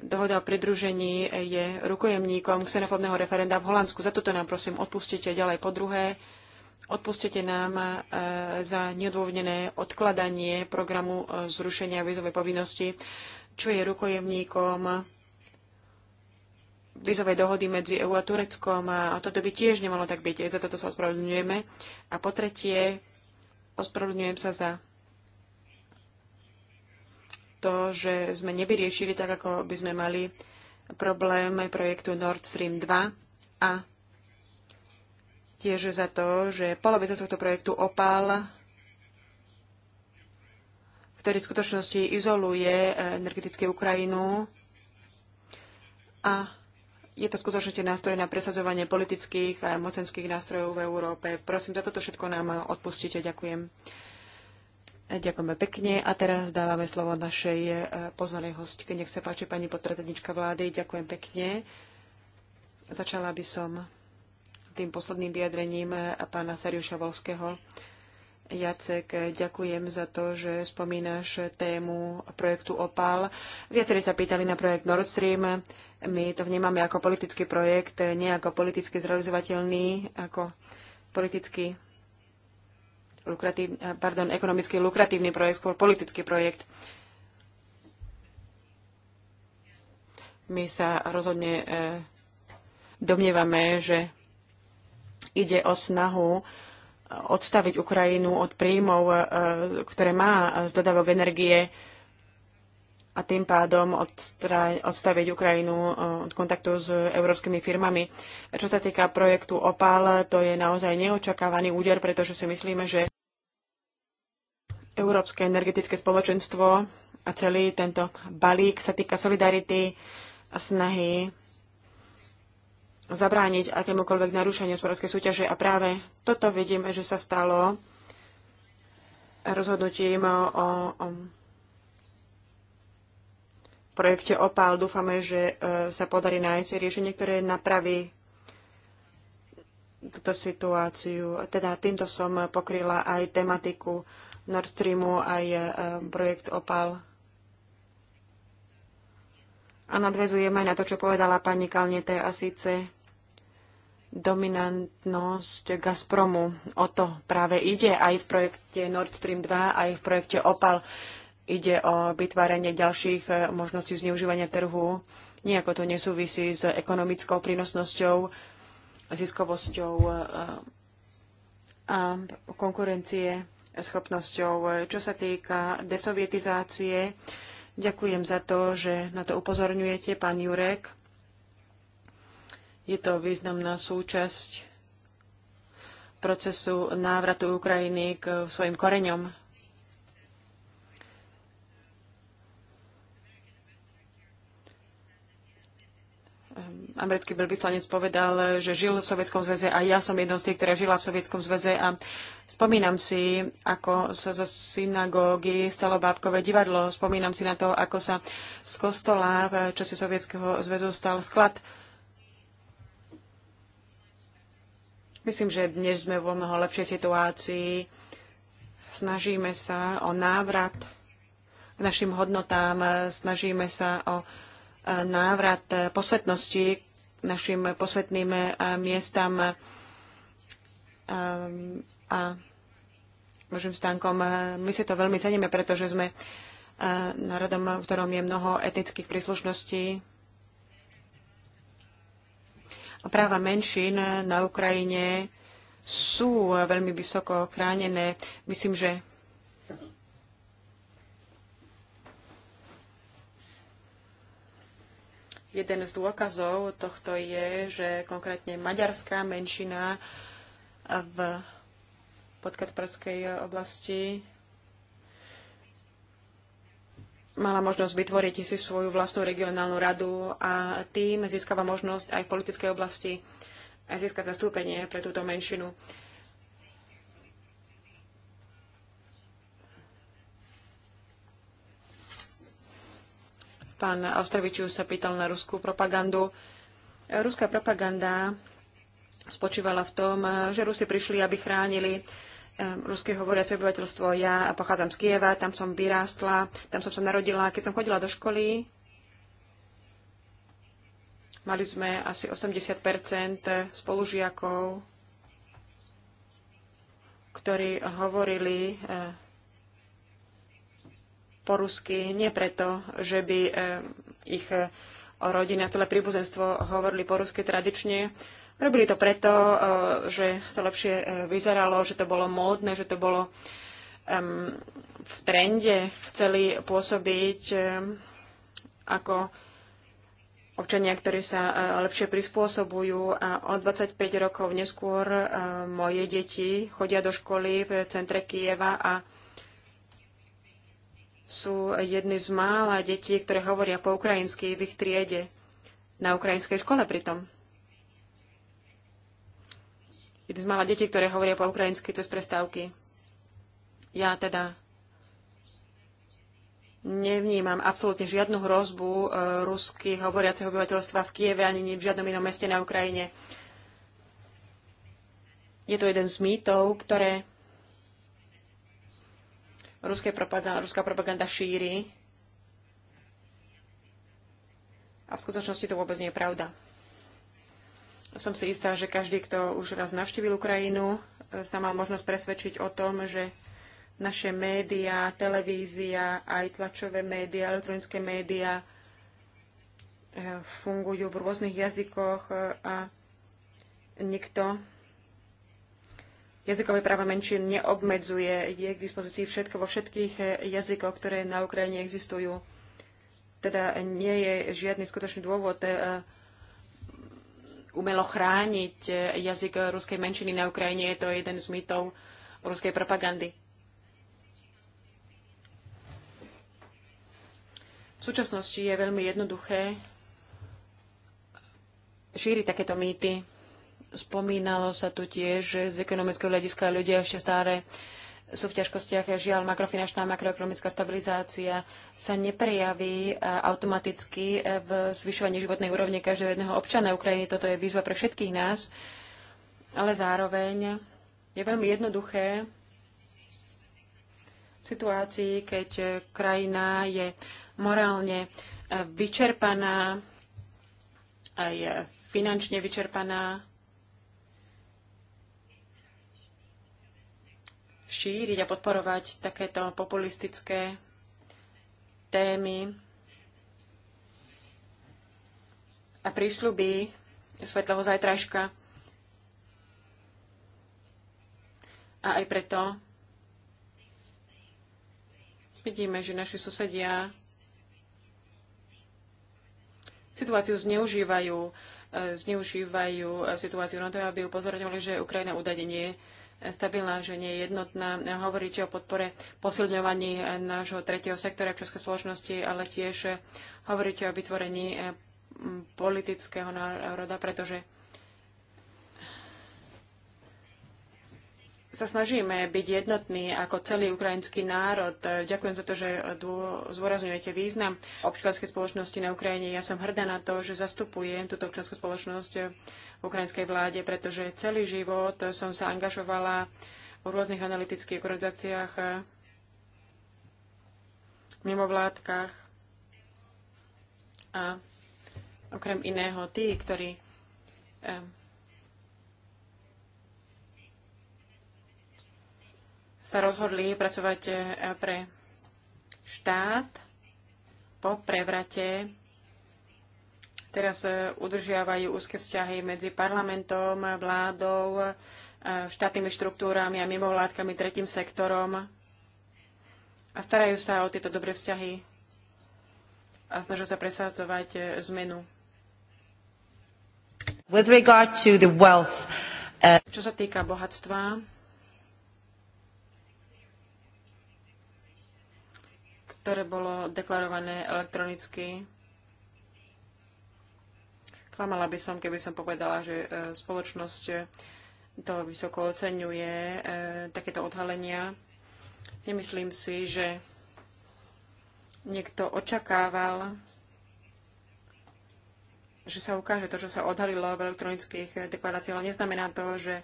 dohoda o pridružení je rukojemníkom xenofobného referenda v Holandsku. Za toto nám prosím odpustite ďalej po druhé. Odpustite nám e, za neodôvodnené odkladanie programu e, zrušenia vízovej povinnosti, čo je rukojemníkom vízovej dohody medzi EU a Tureckom a toto by tiež nemalo tak byť. Za toto sa ospravedlňujeme. A po tretie, ospravedlňujem sa za to, že sme nevyriešili tak, ako by sme mali problém projektu Nord Stream 2 a tiež za to, že polovica tohto projektu opal, ktorý v skutočnosti izoluje e, energetické Ukrajinu a je to skutočne nástroj na presadzovanie politických a mocenských nástrojov v Európe. Prosím, za toto všetko nám odpustite. Ďakujem. Ďakujeme pekne a teraz dávame slovo našej e, pozvanej hostke. Nech sa páči pani podpredsednička vlády. Ďakujem pekne. Začala by som tým posledným vyjadrením pána Sariuša Volského. Jacek, ďakujem za to, že spomínaš tému projektu OPAL. Viacerí sa pýtali na projekt Nord Stream. My to vnímame ako politický projekt, nie ako politicky zrealizovateľný, ako politicky lukratív, pardon, ekonomicky lukratívny projekt, skôr politický projekt. My sa rozhodne e, domnievame, že ide o snahu e, odstaviť Ukrajinu od príjmov, e, ktoré má z dodávok energie a tým pádom odstaviť Ukrajinu od kontaktu s európskymi firmami. Čo sa týka projektu OPAL, to je naozaj neočakávaný úder, pretože si myslíme, že Európske energetické spoločenstvo a celý tento balík sa týka solidarity a snahy zabrániť akémukoľvek narušeniu hospodárskej súťaže. A práve toto vidíme, že sa stalo rozhodnutím o, o projekte OPAL. Dúfame, že e, sa podarí nájsť riešenie, ktoré napraví túto situáciu. Teda týmto som pokryla aj tematiku Nord Streamu aj e, projekt Opal. A aj na to, čo povedala pani Kalnete a síce dominantnosť Gazpromu. O to práve ide aj v projekte Nord Stream 2, aj v projekte Opal. Ide o vytváranie ďalších e, možností zneužívania trhu. Nijako to nesúvisí s ekonomickou prínosnosťou, ziskovosťou e, a konkurencie schopnosťou. Čo sa týka desovietizácie, ďakujem za to, že na to upozorňujete, pán Jurek. Je to významná súčasť procesu návratu Ukrajiny k svojim koreňom. Ehm, americký veľvyslanec povedal, že žil v Sovietskom zväze a ja som jednou z tých, ktorá žila v Sovietskom zväze a spomínam si, ako sa zo synagógy stalo bábkové divadlo. Spomínam si na to, ako sa z kostola v čase Sovietskeho zväzu stal sklad. Myslím, že dnes sme vo mnoho lepšej situácii. Snažíme sa o návrat k našim hodnotám, snažíme sa o návrat posvetnosti k našim posvetným eh, miestam eh, a Božím stánkom. Eh, my si to veľmi ceníme, pretože sme národom, v ktorom je mnoho etnických príslušností. A práva menšín na Ukrajine sú veľmi vysoko chránené. Myslím, že Jeden z dôkazov tohto je, že konkrétne maďarská menšina v podkatprskej oblasti mala možnosť vytvoriť si svoju vlastnú regionálnu radu a tým získava možnosť aj v politickej oblasti získať zastúpenie pre túto menšinu. Pán Austravičius sa pýtal na ruskú propagandu. Ruská propaganda spočívala v tom, že Rusi prišli, aby chránili ruské hovoriace obyvateľstvo. Ja pochádzam z Kieva, tam som vyrástla, tam som sa narodila. Keď som chodila do školy, mali sme asi 80 spolužiakov, ktorí hovorili eh, rusky, nie preto, že by e, ich e, rodina, celé príbuzenstvo hovorili po rusky tradične. Robili to preto, e, že to lepšie vyzeralo, že to bolo módne, že to bolo v trende. Chceli pôsobiť ako občania, ktorí sa lepšie prispôsobujú. A o 25 rokov neskôr moje deti chodia do školy v centre Kieva a sú jedny z mála detí, ktoré hovoria po ukrajinsky v ich triede, na ukrajinskej škole pritom. Jedny z mála detí, ktoré hovoria po ukrajinsky cez prestávky. Ja teda nevnímam absolútne žiadnu hrozbu e, rusky hovoriaceho obyvateľstva v Kieve ani v žiadnom inom meste na Ukrajine. Je to jeden z mýtov, ktoré ruské propaganda, ruská propaganda šíri. A v skutočnosti to vôbec nie je pravda. Som si istá, že každý, kto už raz navštívil Ukrajinu, e, sa mal možnosť presvedčiť o tom, že naše médiá, televízia, aj tlačové médiá, elektronické médiá e, fungujú v rôznych jazykoch e, a nikto jazykové práva menšín neobmedzuje. Je k dispozícii všetko vo všetkých eh, jazykoch, ktoré na Ukrajine existujú. Teda nie je žiadny skutočný dôvod eh, umelo chrániť eh, jazyk ruskej menšiny na Ukrajine. Je to jeden z mýtov ruskej propagandy. V súčasnosti je veľmi jednoduché šíriť takéto mýty. Spomínalo sa tu tiež, že z ekonomického hľadiska ľudia ešte stále sú v ťažkostiach. Žiaľ, makrofinančná makroekonomická stabilizácia sa neprejaví e, automaticky e, v zvyšovaní životnej úrovne každého jedného občana Ukrajiny. Toto je výzva pre všetkých nás, ale zároveň je veľmi jednoduché v situácii, keď e, krajina je morálne vyčerpaná, aj finančne vyčerpaná, šíriť a podporovať takéto populistické témy a prísľuby svetlého zajtražka. A aj preto vidíme, že naši susedia situáciu zneužívajú, e, zneužívajú situáciu na to, aby upozorňovali, že Ukrajina údajne nie je stabilná, že nie je jednotná. Hovoríte o podpore posilňovaní nášho tretieho sektora českej spoločnosti, ale tiež hovoríte o vytvorení eh, politického národa, pretože sa snažíme byť jednotní ako celý ukrajinský národ. Ďakujem za to, že zvorazňujete význam občianskej spoločnosti na Ukrajine. Ja som hrdá na to, že zastupujem túto občianskú spoločnosť v ukrajinskej vláde, pretože celý život som sa angažovala v rôznych analytických organizáciách, mimovládkach a okrem iného tí, ktorí sa rozhodli pracovať e, pre štát po prevrate. Teraz e, udržiavajú úzke vzťahy medzi parlamentom, vládou, e, štátnymi štruktúrami a mimovládkami, tretím sektorom a starajú sa o tieto dobré vzťahy a snažia sa presadzovať zmenu. With regard to the wealth, uh... Čo sa týka bohatstva, ktoré bolo deklarované elektronicky. Klamala by som, keby som povedala, že e, spoločnosť e, to vysoko oceňuje, e, takéto odhalenia. Nemyslím si, že niekto očakával, že sa ukáže to, čo sa odhalilo v elektronických deklaráciách, ale neznamená to, že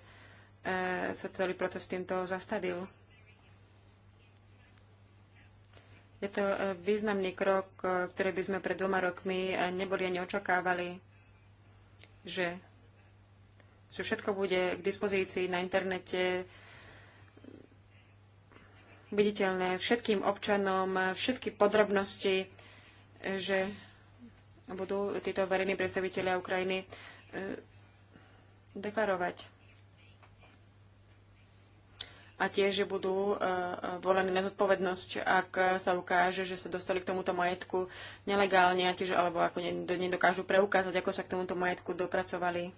sa celý proces týmto zastavil. Je to e, významný krok, e, ktorý by sme pred dvoma rokmi e, neboli ani očakávali, že, že všetko bude k dispozícii na internete, viditeľné všetkým občanom, všetky podrobnosti, že budú títo verejní predstaviteľia Ukrajiny deklarovať a tiež budú e, e, volení na zodpovednosť, ak sa ukáže, že sa dostali k tomuto majetku nelegálne a tiež, alebo ako nedokážu preukázať, ako sa k tomuto majetku dopracovali.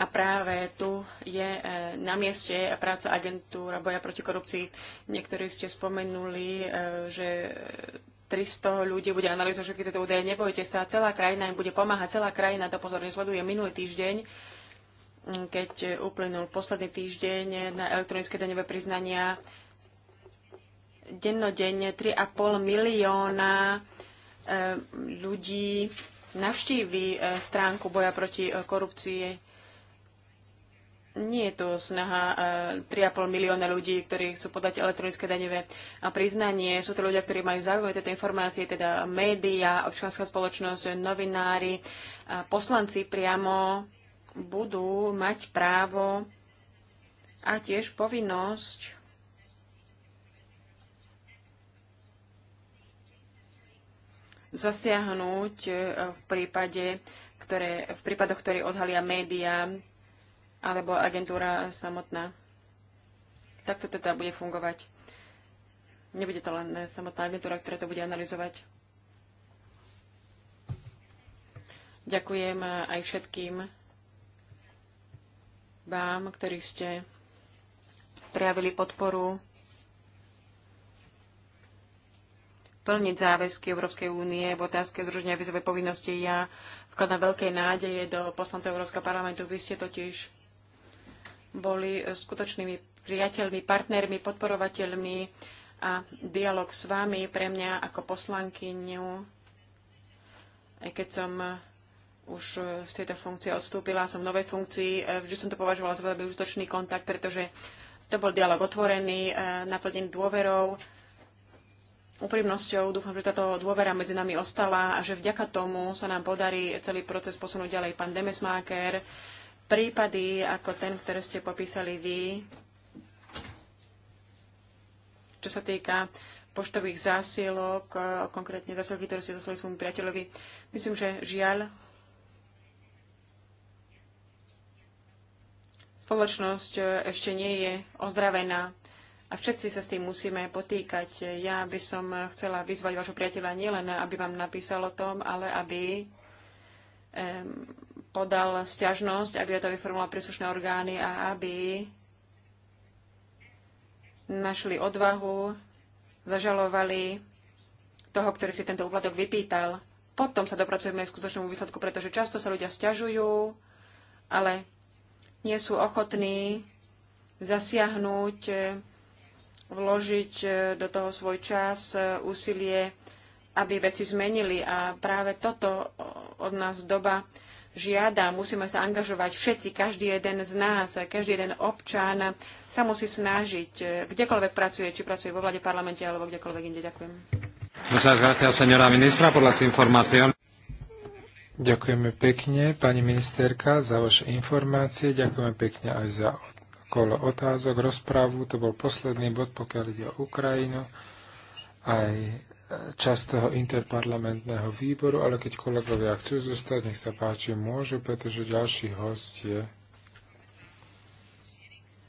A práve tu je e, na mieste práca agentúra boja proti korupcii. Niektorí ste spomenuli, že 300 ľudí bude analýzovať všetky tieto údaje. Nebojte sa, celá krajina im bude pomáhať, celá krajina to pozorne sleduje. Minulý týždeň, mm, keď uplynul posledný týždeň na elektronické daňové priznania, dennodenne 3,5 milióna eh, ľudí navštívi eh, stránku boja proti eh, korupcii nie je to snaha 3,5 eh, milióna ľudí, ktorí chcú podať elektronické daňové priznanie. Sú to ľudia, ktorí majú záujem tieto informácie, teda média, občianská spoločnosť, novinári, poslanci priamo budú mať právo a tiež povinnosť zasiahnuť eh, v prípade, ktoré, v prípadoch, ktoré odhalia médiá alebo agentúra samotná. Takto to teda bude fungovať. Nebude to len samotná agentúra, ktorá to bude analyzovať. Ďakujem aj všetkým vám, ktorí ste prejavili podporu plniť záväzky Európskej únie v otázke zruženia vizovej povinnosti. Ja vkladám veľké nádeje do poslancov Európskeho parlamentu. Vy ste totiž boli e, skutočnými priateľmi, partnermi, podporovateľmi a dialog s vami pre mňa ako poslankyňu, aj keď som e, už e, z tejto funkcie odstúpila, som v novej funkcii, vždy som to považovala za veľmi užitočný kontakt, pretože to bol dialog otvorený, naplnený dôverou, úprimnosťou. Dúfam, že táto dôvera medzi nami ostala a že vďaka tomu sa nám podarí celý proces posunúť ďalej. Pán Demesmáker prípady ako ten, ktoré ste popísali vy, čo sa týka poštových zásielok, e, konkrétne zásilky, ktoré ste zaslali svojmu priateľovi. Myslím, že žiaľ, spoločnosť e, ešte nie je ozdravená a všetci sa s tým musíme potýkať. Ja by som chcela vyzvať vašho priateľa nielen, aby vám napísal o tom, ale aby um, podal stiažnosť, aby o to vyformoval príslušné orgány a aby našli odvahu, zažalovali toho, ktorý si tento úplatok vypýtal. Potom sa dopracujeme k skutočnému výsledku, pretože často sa ľudia stiažujú, ale nie sú ochotní zasiahnuť, vložiť do toho svoj čas, úsilie, aby veci zmenili. A práve toto od nás doba žiada. Musíme sa angažovať všetci, každý jeden z nás, každý jeden občan sa musí snažiť, eh, kdekoľvek pracuje, či pracuje vo vlade, parlamente alebo kdekoľvek inde. Ďakujem. Ďakujeme pekne, pani ministerka, za vaše informácie. Ďakujeme pekne aj za kolo otázok, rozprávu. To bol posledný bod, pokiaľ ide o Ukrajinu. Aj časť toho interparlamentného výboru, ale keď kolegovia chcú zostať, nech sa páči, môžu, pretože ďalší host je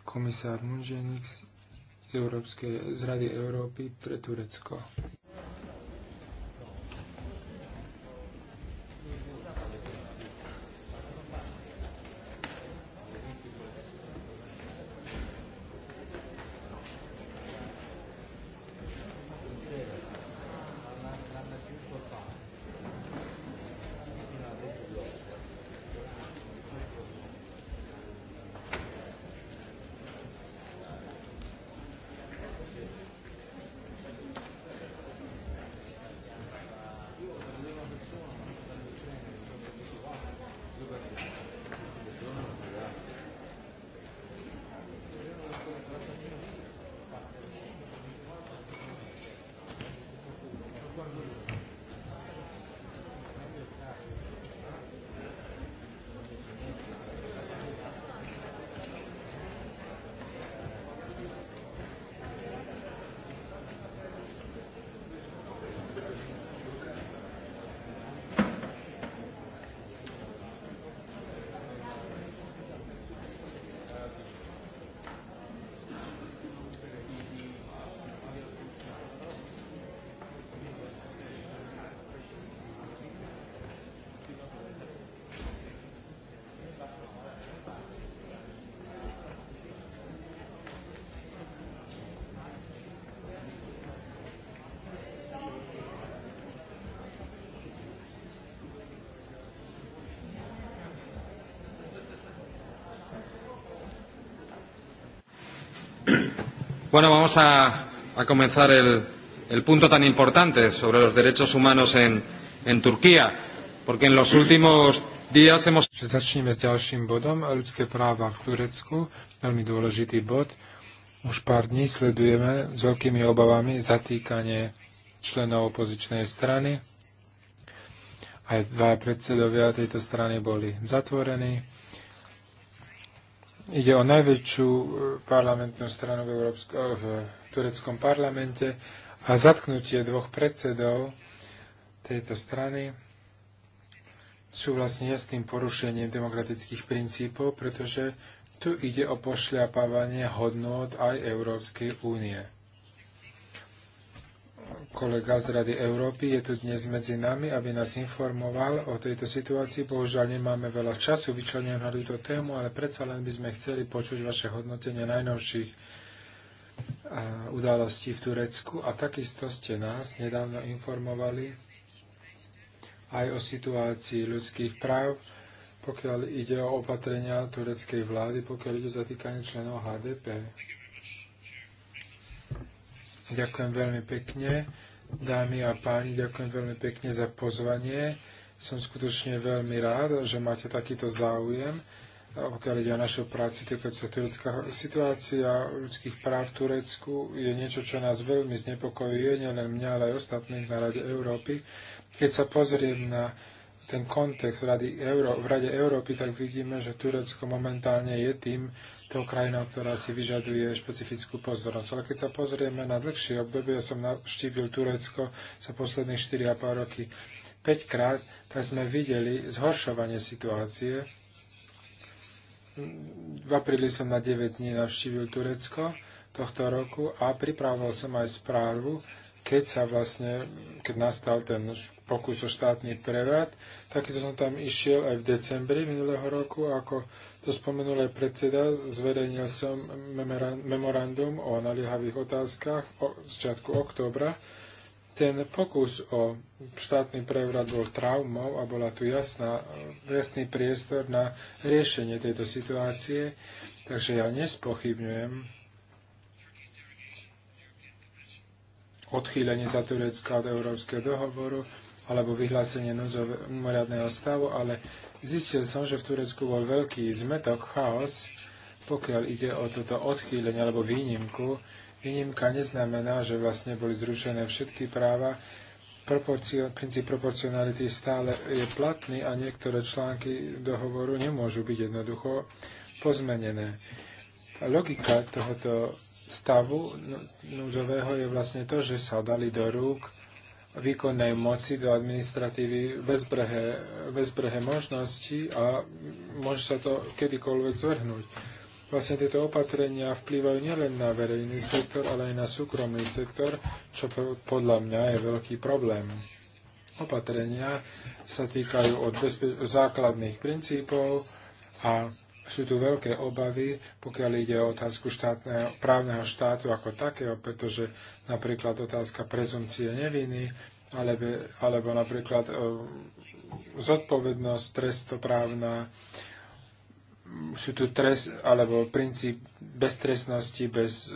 komisár Munženik z, z Rady Európy pre Turecko. Bueno, vamos a, a comenzar el, el punto tan importante sobre los derechos humanos en, en Turquía, porque en los últimos días hemos... Začneme s ďalším bodom, ľudské práva v Turecku, veľmi dôležitý bod. Už pár dní sledujeme s veľkými obavami zatýkanie členov opozičnej strany. Aj dva predsedovia tejto strany boli zatvorení. Ide o najväčšiu e, parlamentnú stranu v, Európsk- e, v tureckom parlamente a zatknutie dvoch predsedov tejto strany sú vlastne jasným porušením demokratických princípov, pretože tu ide o pošľapávanie hodnot aj Európskej únie kolega z Rady Európy je tu dnes medzi nami, aby nás informoval o tejto situácii. Bohužiaľ nemáme veľa času vyčlenia na túto tému, ale predsa len by sme chceli počuť vaše hodnotenie najnovších udalostí v Turecku a takisto ste nás nedávno informovali aj o situácii ľudských práv, pokiaľ ide o opatrenia tureckej vlády, pokiaľ ide o zatýkanie členov HDP. Ďakujem veľmi pekne. Dámy a páni, ďakujem veľmi pekne za pozvanie. Som skutočne veľmi rád, že máte takýto záujem, pokiaľ ide o našu prácu týkajúcu sa turecká situácia ľudských práv v Turecku. Je niečo, čo nás veľmi znepokojuje, nielen mňa, ale aj ostatných na Rade Európy. Keď sa pozriem na ten kontext Rady Euró- v Rade Európy, tak vidíme, že Turecko momentálne je tým, tou krajinou, ktorá si vyžaduje špecifickú pozornosť. Ale keď sa pozrieme na dlhšie obdobie, ja som navštívil Turecko za posledných 4,5 roky 5 krát, tak sme videli zhoršovanie situácie. V apríli som na 9 dní navštívil Turecko tohto roku a pripravil som aj správu, keď sa vlastne, keď nastal ten pokus o štátny prevrat, takisto som tam išiel aj v decembri minulého roku, ako to spomenul aj predseda, zverejnil som memorandum o naliehavých otázkach o začiatku októbra. Ten pokus o štátny prevrat bol traumou a bola tu jasná, jasný priestor na riešenie tejto situácie, takže ja nespochybňujem odchýlenie za Turecka od Európskeho dohovoru alebo vyhlásenie mimoriadného stavu, ale zistil som, že v Turecku bol veľký zmetok, chaos, pokiaľ ide o toto odchýlenie alebo výnimku. Výnimka neznamená, že vlastne boli zrušené všetky práva, proporcio, princíp proporcionality stále je platný a niektoré články dohovoru nemôžu byť jednoducho pozmenené. Logika tohoto stavu núdzového je vlastne to, že sa dali do rúk výkonnej moci do administratívy bezbrehe bezbrehé možnosti a môže sa to kedykoľvek zvrhnúť. Vlastne tieto opatrenia vplývajú nielen na verejný sektor, ale aj na súkromný sektor, čo podľa mňa je veľký problém. Opatrenia sa týkajú od základných princípov a sú tu veľké obavy, pokiaľ ide o otázku štátneho, právneho štátu ako takého, pretože napríklad otázka prezumcie neviny, alebo, alebo napríklad e, zodpovednosť trestoprávna, sú tu trest, alebo princíp beztrestnosti, bez e,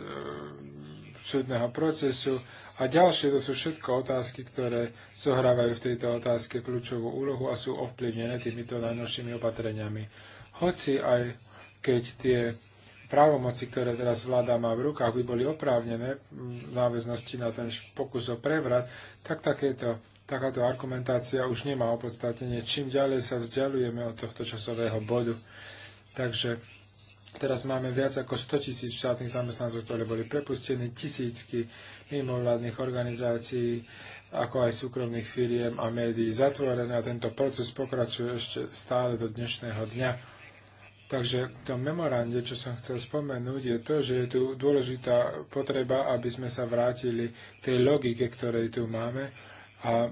súdneho procesu. A ďalšie to sú všetko otázky, ktoré zohrávajú v tejto otázke kľúčovú úlohu a sú ovplyvnené týmito najnovšími opatreniami hoci aj keď tie právomoci, ktoré teraz vláda má v rukách, by boli oprávnené v náväznosti na ten pokus o prevrat, tak takéto, takáto argumentácia už nemá opodstatnenie. Čím ďalej sa vzdialujeme od tohto časového bodu. Takže teraz máme viac ako 100 tisíc štátnych zamestnancov, ktoré boli prepustení, tisícky mimovládnych organizácií, ako aj súkromných firiem a médií zatvorené a tento proces pokračuje ešte stále do dnešného dňa. Takže v tom memorande, čo som chcel spomenúť, je to, že je tu dôležitá potreba, aby sme sa vrátili k tej logike, ktorej tu máme a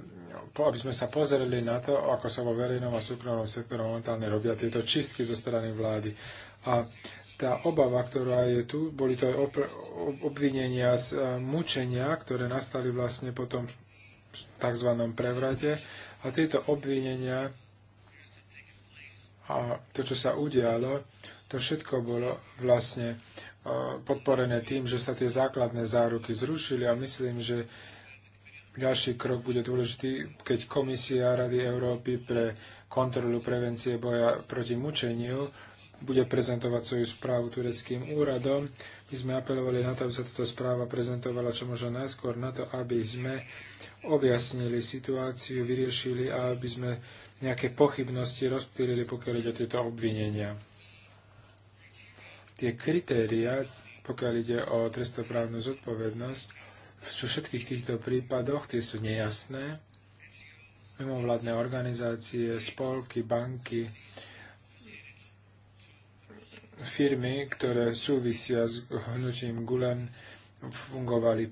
aby sme sa pozreli na to, ako sa vo verejnom a súkromnom sektoru momentálne robia tieto čistky zo strany vlády. A tá obava, ktorá je tu, boli to obvinenia z e, mučenia, ktoré nastali vlastne po tom tzv. prevrate. A tieto obvinenia a to, čo sa udialo, to všetko bolo vlastne e, podporené tým, že sa tie základné záruky zrušili a myslím, že ďalší krok bude dôležitý, keď Komisia Rady Európy pre kontrolu prevencie boja proti mučeniu bude prezentovať svoju správu tureckým úradom. My sme apelovali na to, aby sa táto správa prezentovala čo možno najskôr na to, aby sme objasnili situáciu, vyriešili a aby sme nejaké pochybnosti rozptýlili, pokiaľ ide o tieto obvinenia. Tie kritéria, pokiaľ ide o trestoprávnu zodpovednosť, v všetkých týchto prípadoch tie sú nejasné. Mimovládne organizácie, spolky, banky, firmy, ktoré súvisia s hnutím Gulen, fungovali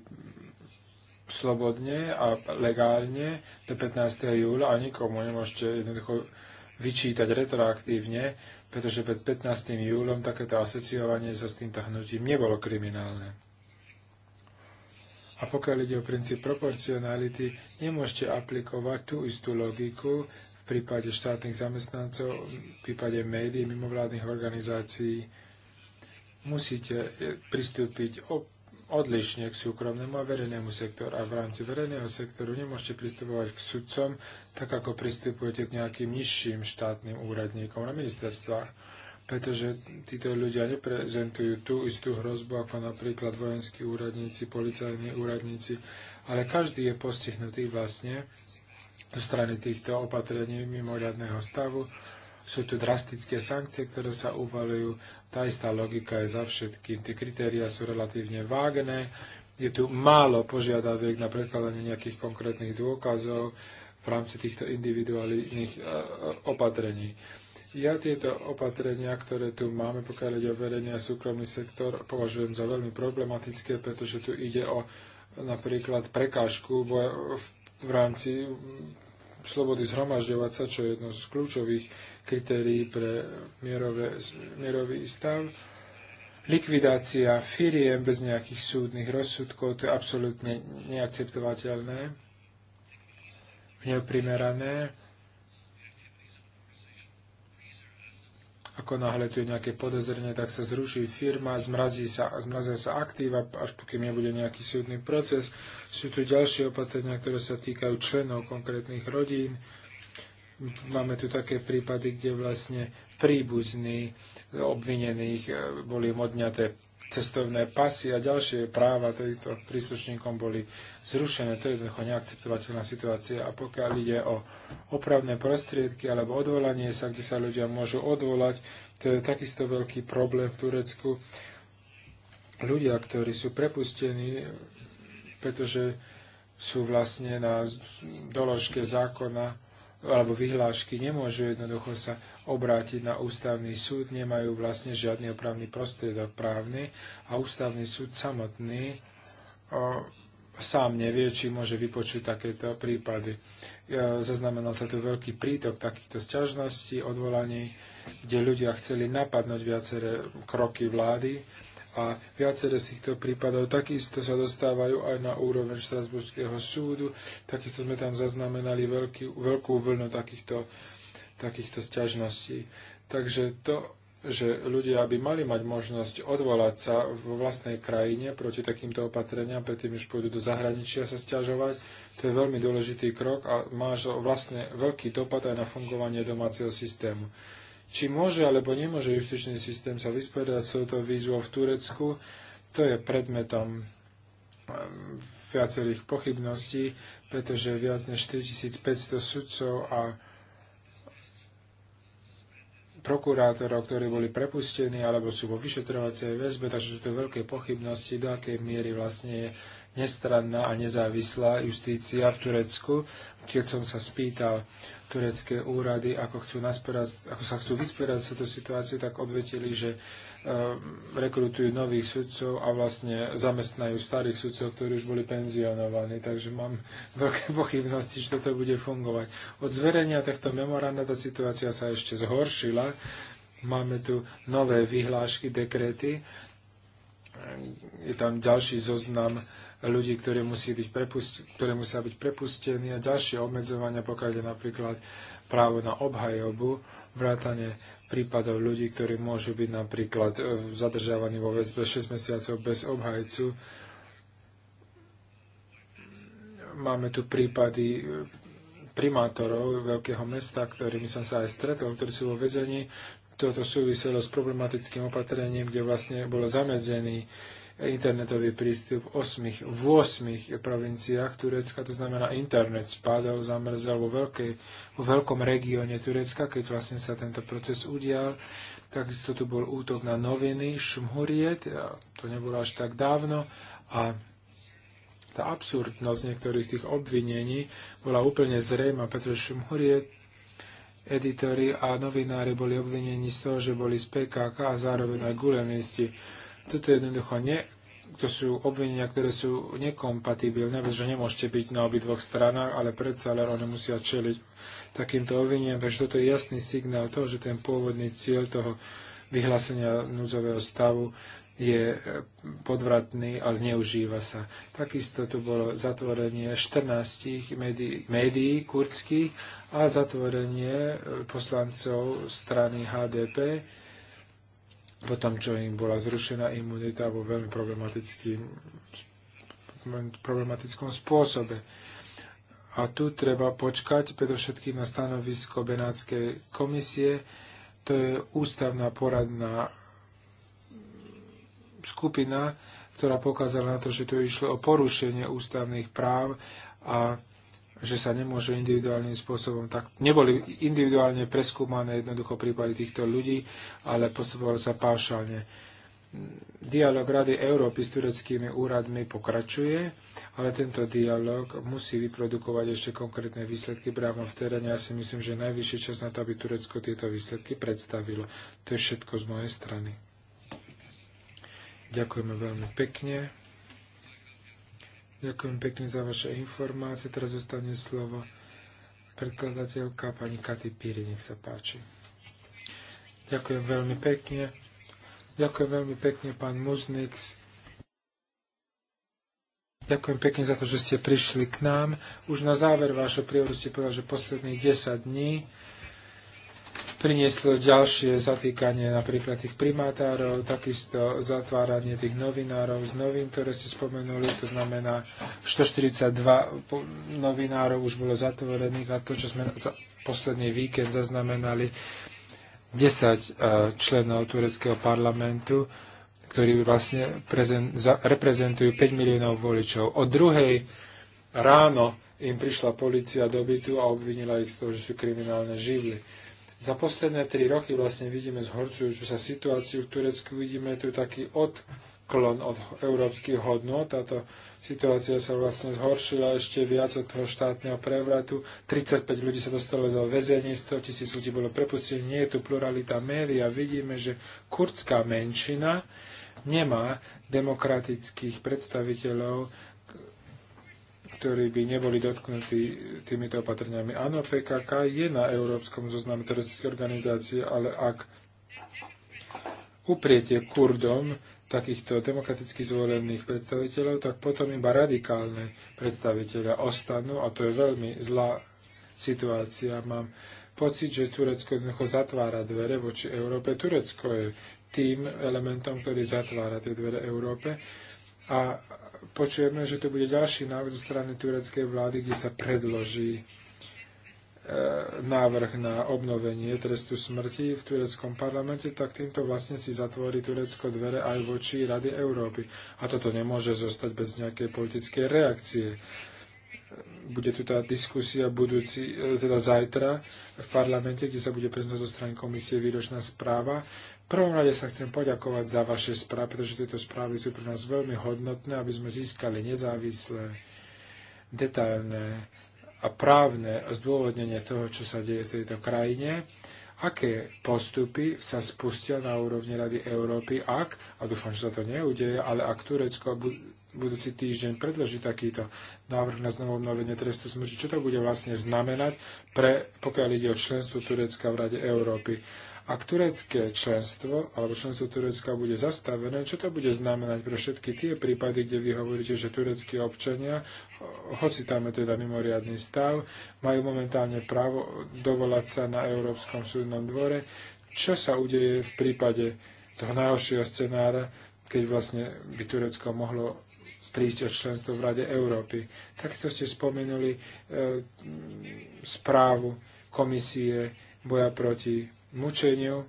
slobodne a legálne do 15. júla a nikomu nemôžete jednoducho vyčítať retroaktívne, pretože pred 15. júlom takéto asociovanie sa s týmto hnutím nebolo kriminálne. A pokiaľ ide o princíp proporcionality, nemôžete aplikovať tú istú logiku v prípade štátnych zamestnancov, v prípade médií, mimovládnych organizácií. Musíte eh, pristúpiť odlišne k súkromnému a verejnému sektoru. A v rámci verejného sektoru nemôžete pristupovať k sudcom tak, ako pristupujete k nejakým nižším štátnym úradníkom na ministerstvách. Pretože títo ľudia neprezentujú tú istú hrozbu ako napríklad vojenskí úradníci, policajní úradníci, ale každý je postihnutý vlastne zo strany týchto opatrení mimoriadného stavu sú tu drastické sankcie, ktoré sa uvalujú. Tá istá logika je za všetkým. Tie kritéria sú relatívne vágné. Je tu málo požiadaviek na prekladanie nejakých konkrétnych dôkazov v rámci týchto individuálnych e, e, opatrení. Ja tieto opatrenia, ktoré tu máme, pokiaľ ide o verejný a súkromný sektor, považujem za veľmi problematické, pretože tu ide o napríklad prekážku v, v rámci slobody zhromažďovať sa, čo je jedno z kľúčových kritérií pre mierové, mierový stav. Likvidácia firiem bez nejakých súdnych rozsudkov, to je absolútne neakceptovateľné, neprimerané. ako náhle tu je nejaké podozrenie, tak sa zruší firma, zmrazí sa, zmrazia sa aktíva, až pokým nebude nejaký súdny proces. Sú tu ďalšie opatrenia, ktoré sa týkajú členov konkrétnych rodín. Máme tu také prípady, kde vlastne príbuzní obvinených e, boli modňaté cestovné pasy a ďalšie práva týchto príslušníkom boli zrušené. To je jednoducho neakceptovateľná situácia. A pokiaľ ide o opravné prostriedky alebo odvolanie sa, kde sa ľudia môžu odvolať, to je takisto veľký problém v Turecku. Ľudia, ktorí sú prepustení, pretože sú vlastne na doložke zákona alebo vyhlášky nemôžu jednoducho sa obrátiť na ústavný súd, nemajú vlastne žiadny opravný prostriedok právny a ústavný súd samotný o, sám nevie, či môže vypočuť takéto prípady. E, zaznamenal sa tu veľký prítok takýchto sťažností, odvolaní, kde ľudia chceli napadnúť viaceré kroky vlády a viacero z týchto prípadov takisto sa dostávajú aj na úroveň Štrasburského súdu. Takisto sme tam zaznamenali veľký, veľkú vlnu takýchto, takýchto sťažností. Takže to, že ľudia by mali mať možnosť odvolať sa vo vlastnej krajine proti takýmto opatreniam, predtým, než pôjdu do zahraničia sa stiažovať, to je veľmi dôležitý krok a má vlastne veľký dopad aj na fungovanie domáceho systému. Či môže alebo nemôže justičný systém sa vysporiadať s touto výzvou v Turecku, to je predmetom um, viacerých pochybností, pretože viac než 4500 sudcov a prokurátorov, ktorí boli prepustení alebo sú vo vyšetrovacej väzbe, takže sú to veľké pochybnosti, do akej miery vlastne je nestranná a nezávislá justícia v Turecku. Keď som sa spýtal turecké úrady, ako, chcú nasporať, ako sa chcú vysporiadať z tejto situácie, tak odvetili, že e, rekrutujú nových sudcov a vlastne zamestnajú starých sudcov, ktorí už boli penzionovaní. Takže mám veľké pochybnosti, že toto bude fungovať. Od zverenia tohto memoranda tá situácia sa ešte zhoršila. Máme tu nové vyhlášky, dekrety. Je tam ďalší zoznam ľudí, ktorí, musí byť prepust- ktoré musia byť prepustení a ďalšie obmedzovania, pokiaľ je napríklad právo na obhajobu, vrátanie prípadov ľudí, ktorí môžu byť napríklad e, zadržávaní vo väzbe 6 mesiacov bez obhajcu. Máme tu prípady e, primátorov veľkého mesta, ktorými som sa aj stretol, ktorí sú vo väzení. Toto súviselo s problematickým opatrením, kde vlastne bolo zamedzený internetový prístup v 8, v 8 provinciách Turecka, to znamená internet spadol, zamrzal vo, veľkej, vo veľkom regióne Turecka, keď vlastne sa tento proces udial. Takisto tu bol útok na noviny, šmhuriet, to nebolo až tak dávno, a tá absurdnosť niektorých tých obvinení bola úplne zrejma, pretože Šmhuriet editori a novinári boli obvinení z toho, že boli z PKK a zároveň aj gulenisti. Toto je jednoducho nie, to sú obvinenia, ktoré sú nekompatibilné, pretože nemôžete byť na obidvoch stranách, ale predsa len oni musia čeliť takýmto obvineniam, pretože toto je jasný signál toho, že ten pôvodný cieľ toho vyhlásenia núdzového stavu je podvratný a zneužíva sa. Takisto tu bolo zatvorenie 14 médií, médií kurdských a zatvorenie poslancov strany HDP po tom, čo im bola zrušená imunita vo veľmi problematickom spôsobe. A tu treba počkať predovšetkým na stanovisko Benátskej komisie. To je ústavná poradná skupina, ktorá pokázala na to, že tu išlo o porušenie ústavných práv a že sa nemôžu individuálnym spôsobom tak... Neboli individuálne preskúmané jednoducho prípady týchto ľudí, ale postupovalo sa paušálne. Dialóg Rady Európy s tureckými úradmi pokračuje, ale tento dialóg musí vyprodukovať ešte konkrétne výsledky právom v teréne. Ja si myslím, že je najvyšší čas na to, aby Turecko tieto výsledky predstavilo. To je všetko z mojej strany. Ďakujeme veľmi pekne. Ďakujem pekne za vaše informácie. Teraz zostane slovo predkladateľka pani Katy Píri. Nech sa páči. Ďakujem veľmi pekne. Ďakujem veľmi pekne, pán Muznix. Ďakujem pekne za to, že ste prišli k nám. Už na záver vášho prievodu ste povedali, že posledných 10 dní prinieslo ďalšie zatýkanie napríklad tých primátárov, takisto zatváranie tých novinárov z novín, ktoré ste spomenuli, to znamená 142 novinárov už bolo zatvorených a to, čo sme za posledný víkend zaznamenali, 10 členov tureckého parlamentu, ktorí vlastne reprezentujú 5 miliónov voličov. Od druhej ráno im prišla policia do bytu a obvinila ich z toho, že sú kriminálne živly. Za posledné tri roky vlastne vidíme zhorcujúcu sa situáciu v Turecku, vidíme tu taký odklon od európskych hodnot. Táto situácia sa vlastne zhoršila ešte viac od toho štátneho prevratu. 35 ľudí sa dostalo do väzení, 100 tisíc ľudí bolo prepustených. Nie je tu pluralita médií a vidíme, že kurdská menšina nemá demokratických predstaviteľov ktorí by neboli dotknutí týmito opatreniami. Áno, PKK je na európskom zozname teroristických organizácií, ale ak upriete Kurdom takýchto demokraticky zvolených predstaviteľov, tak potom iba radikálne predstaviteľa ostanú a to je veľmi zlá situácia. Mám pocit, že Turecko jednoducho zatvára dvere voči Európe. Turecko je tým elementom, ktorý zatvára tie dvere Európe. A počujeme, že to bude ďalší návrh zo strany tureckej vlády, kde sa predloží e, návrh na obnovenie trestu smrti v tureckom parlamente, tak týmto vlastne si zatvorí Turecko dvere aj voči Rady Európy. A toto nemôže zostať bez nejakej politickej reakcie. Bude tu tá diskusia budúci, e, teda zajtra v parlamente, kde sa bude prezentovať zo strany komisie výročná správa prvom rade sa chcem poďakovať za vaše správy, pretože tieto správy sú pre nás veľmi hodnotné, aby sme získali nezávislé, detailné a právne zdôvodnenie toho, čo sa deje v tejto krajine, aké postupy sa spustia na úrovni Rady Európy, ak, a dúfam, že sa to neudeje, ale ak Turecko budúci týždeň predloží takýto návrh na znovu obnovenie trestu smrti, čo to bude vlastne znamenať, pre, pokiaľ ide o členstvo Turecka v Rade Európy. Ak turecké členstvo alebo členstvo Turecka bude zastavené, čo to bude znamenať pre všetky tie prípady, kde vy hovoríte, že tureckí občania, hoci tam je teda mimoriadný stav, majú momentálne právo dovolať sa na Európskom súdnom dvore, čo sa udeje v prípade toho najhoršieho scenára, keď vlastne by Turecko mohlo prísť od členstvo v Rade Európy. Takisto ste spomenuli e, správu komisie boja proti mučeniu.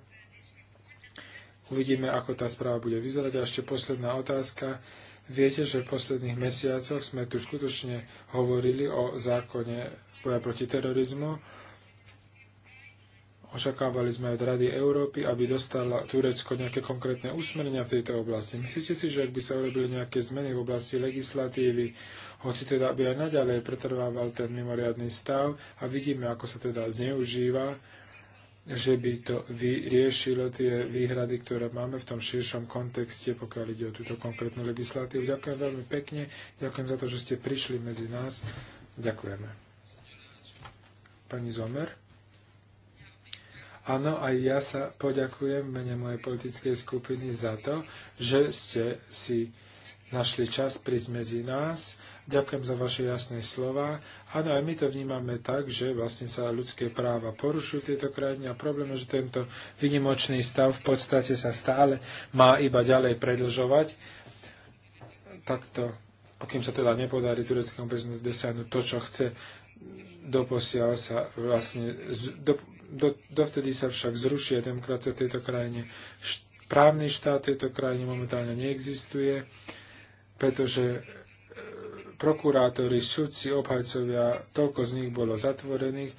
Uvidíme, ako tá správa bude vyzerať. A ešte posledná otázka. Viete, že v posledných mesiacoch sme tu skutočne hovorili o zákone boja proti terorizmu. Očakávali sme od Rady Európy, aby dostala Turecko nejaké konkrétne usmerenia v tejto oblasti. Myslíte si, že ak by sa urobili nejaké zmeny v oblasti legislatívy, hoci teda by aj naďalej pretrvával ten mimoriadný stav a vidíme, ako sa teda zneužíva že by to vyriešilo tie výhrady, ktoré máme v tom širšom kontexte, pokiaľ ide o túto konkrétnu legislatívu. Ďakujem veľmi pekne, ďakujem za to, že ste prišli medzi nás. Ďakujeme. Pani Zomer? Áno, aj ja sa poďakujem mene mojej politickej skupiny za to, že ste si našli čas prísť medzi nás. Ďakujem za vaše jasné slova. Áno, aj my to vnímame tak, že vlastne sa ľudské práva porušujú tieto krajiny a problém je, že tento vynimočný stav v podstate sa stále má iba ďalej predlžovať. Takto, pokým sa teda nepodarí tureckému prezidentu dosiahnuť to, čo chce, doposiaľ sa vlastne, do, do, dovtedy sa však zrušia demokracia v tejto krajine. Právny štát v tejto krajine momentálne neexistuje pretože e, prokurátori, sudci, obhajcovia, toľko z nich bolo zatvorených,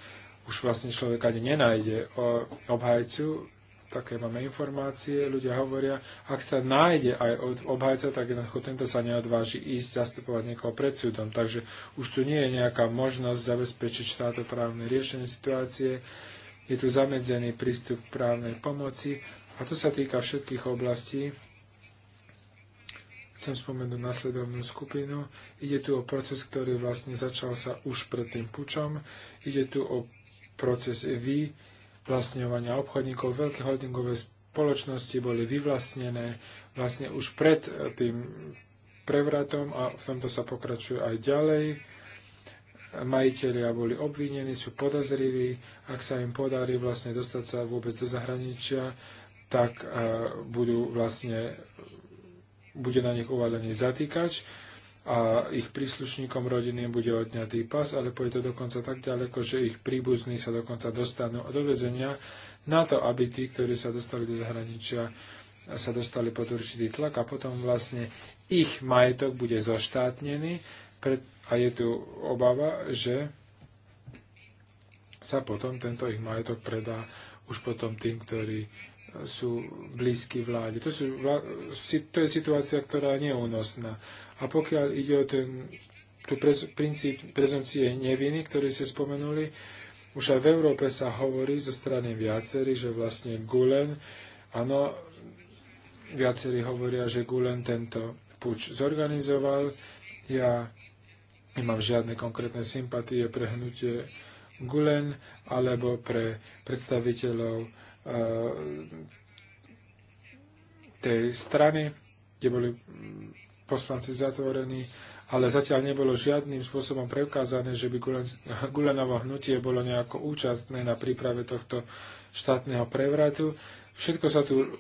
už vlastne človek ani nenájde o obhajcu, také máme informácie, ľudia hovoria, ak sa nájde aj od obhajca, tak jednoducho tento sa neodváži ísť zastupovať niekoho pred súdom. Takže už tu nie je nejaká možnosť zabezpečiť štáto právne riešenie situácie, je tu zamedzený prístup k právnej pomoci a to sa týka všetkých oblastí, chcem spomenúť nasledovnú skupinu. Ide tu o proces, ktorý vlastne začal sa už pred tým pučom. Ide tu o proces vlastňovania obchodníkov. Veľké holdingové spoločnosti boli vyvlastnené vlastne už pred eh, tým prevratom a v tomto sa pokračuje aj ďalej. Majiteľia boli obvinení, sú podozriví. Ak sa im podarí vlastne dostať sa vôbec do zahraničia, tak eh, budú vlastne bude na nich uvalený zatýkač a ich príslušníkom rodiny bude odňatý pas, ale pôjde to dokonca tak ďaleko, že ich príbuzní sa dokonca dostanú do vezenia na to, aby tí, ktorí sa dostali do zahraničia, sa dostali pod určitý tlak a potom vlastne ich majetok bude zoštátnený a je tu obava, že sa potom tento ich majetok predá už potom tým, ktorí sú blízky vláde. To, sú, to je situácia, ktorá je neúnosná. A pokiaľ ide o ten tu prez, princíp prezumcie neviny, ktorý ste spomenuli, už aj v Európe sa hovorí zo strany viacerých, že vlastne Gulen, áno, viacerí hovoria, že Gulen tento puč zorganizoval. Ja nemám žiadne konkrétne sympatie pre hnutie Gulen alebo pre predstaviteľov Eh, tej strany, kde boli mm, poslanci zatvorení, ale zatiaľ nebolo žiadnym spôsobom preukázané, že by Gulenovo hnutie bolo nejako účastné na príprave tohto štátneho prevratu. Všetko sa tu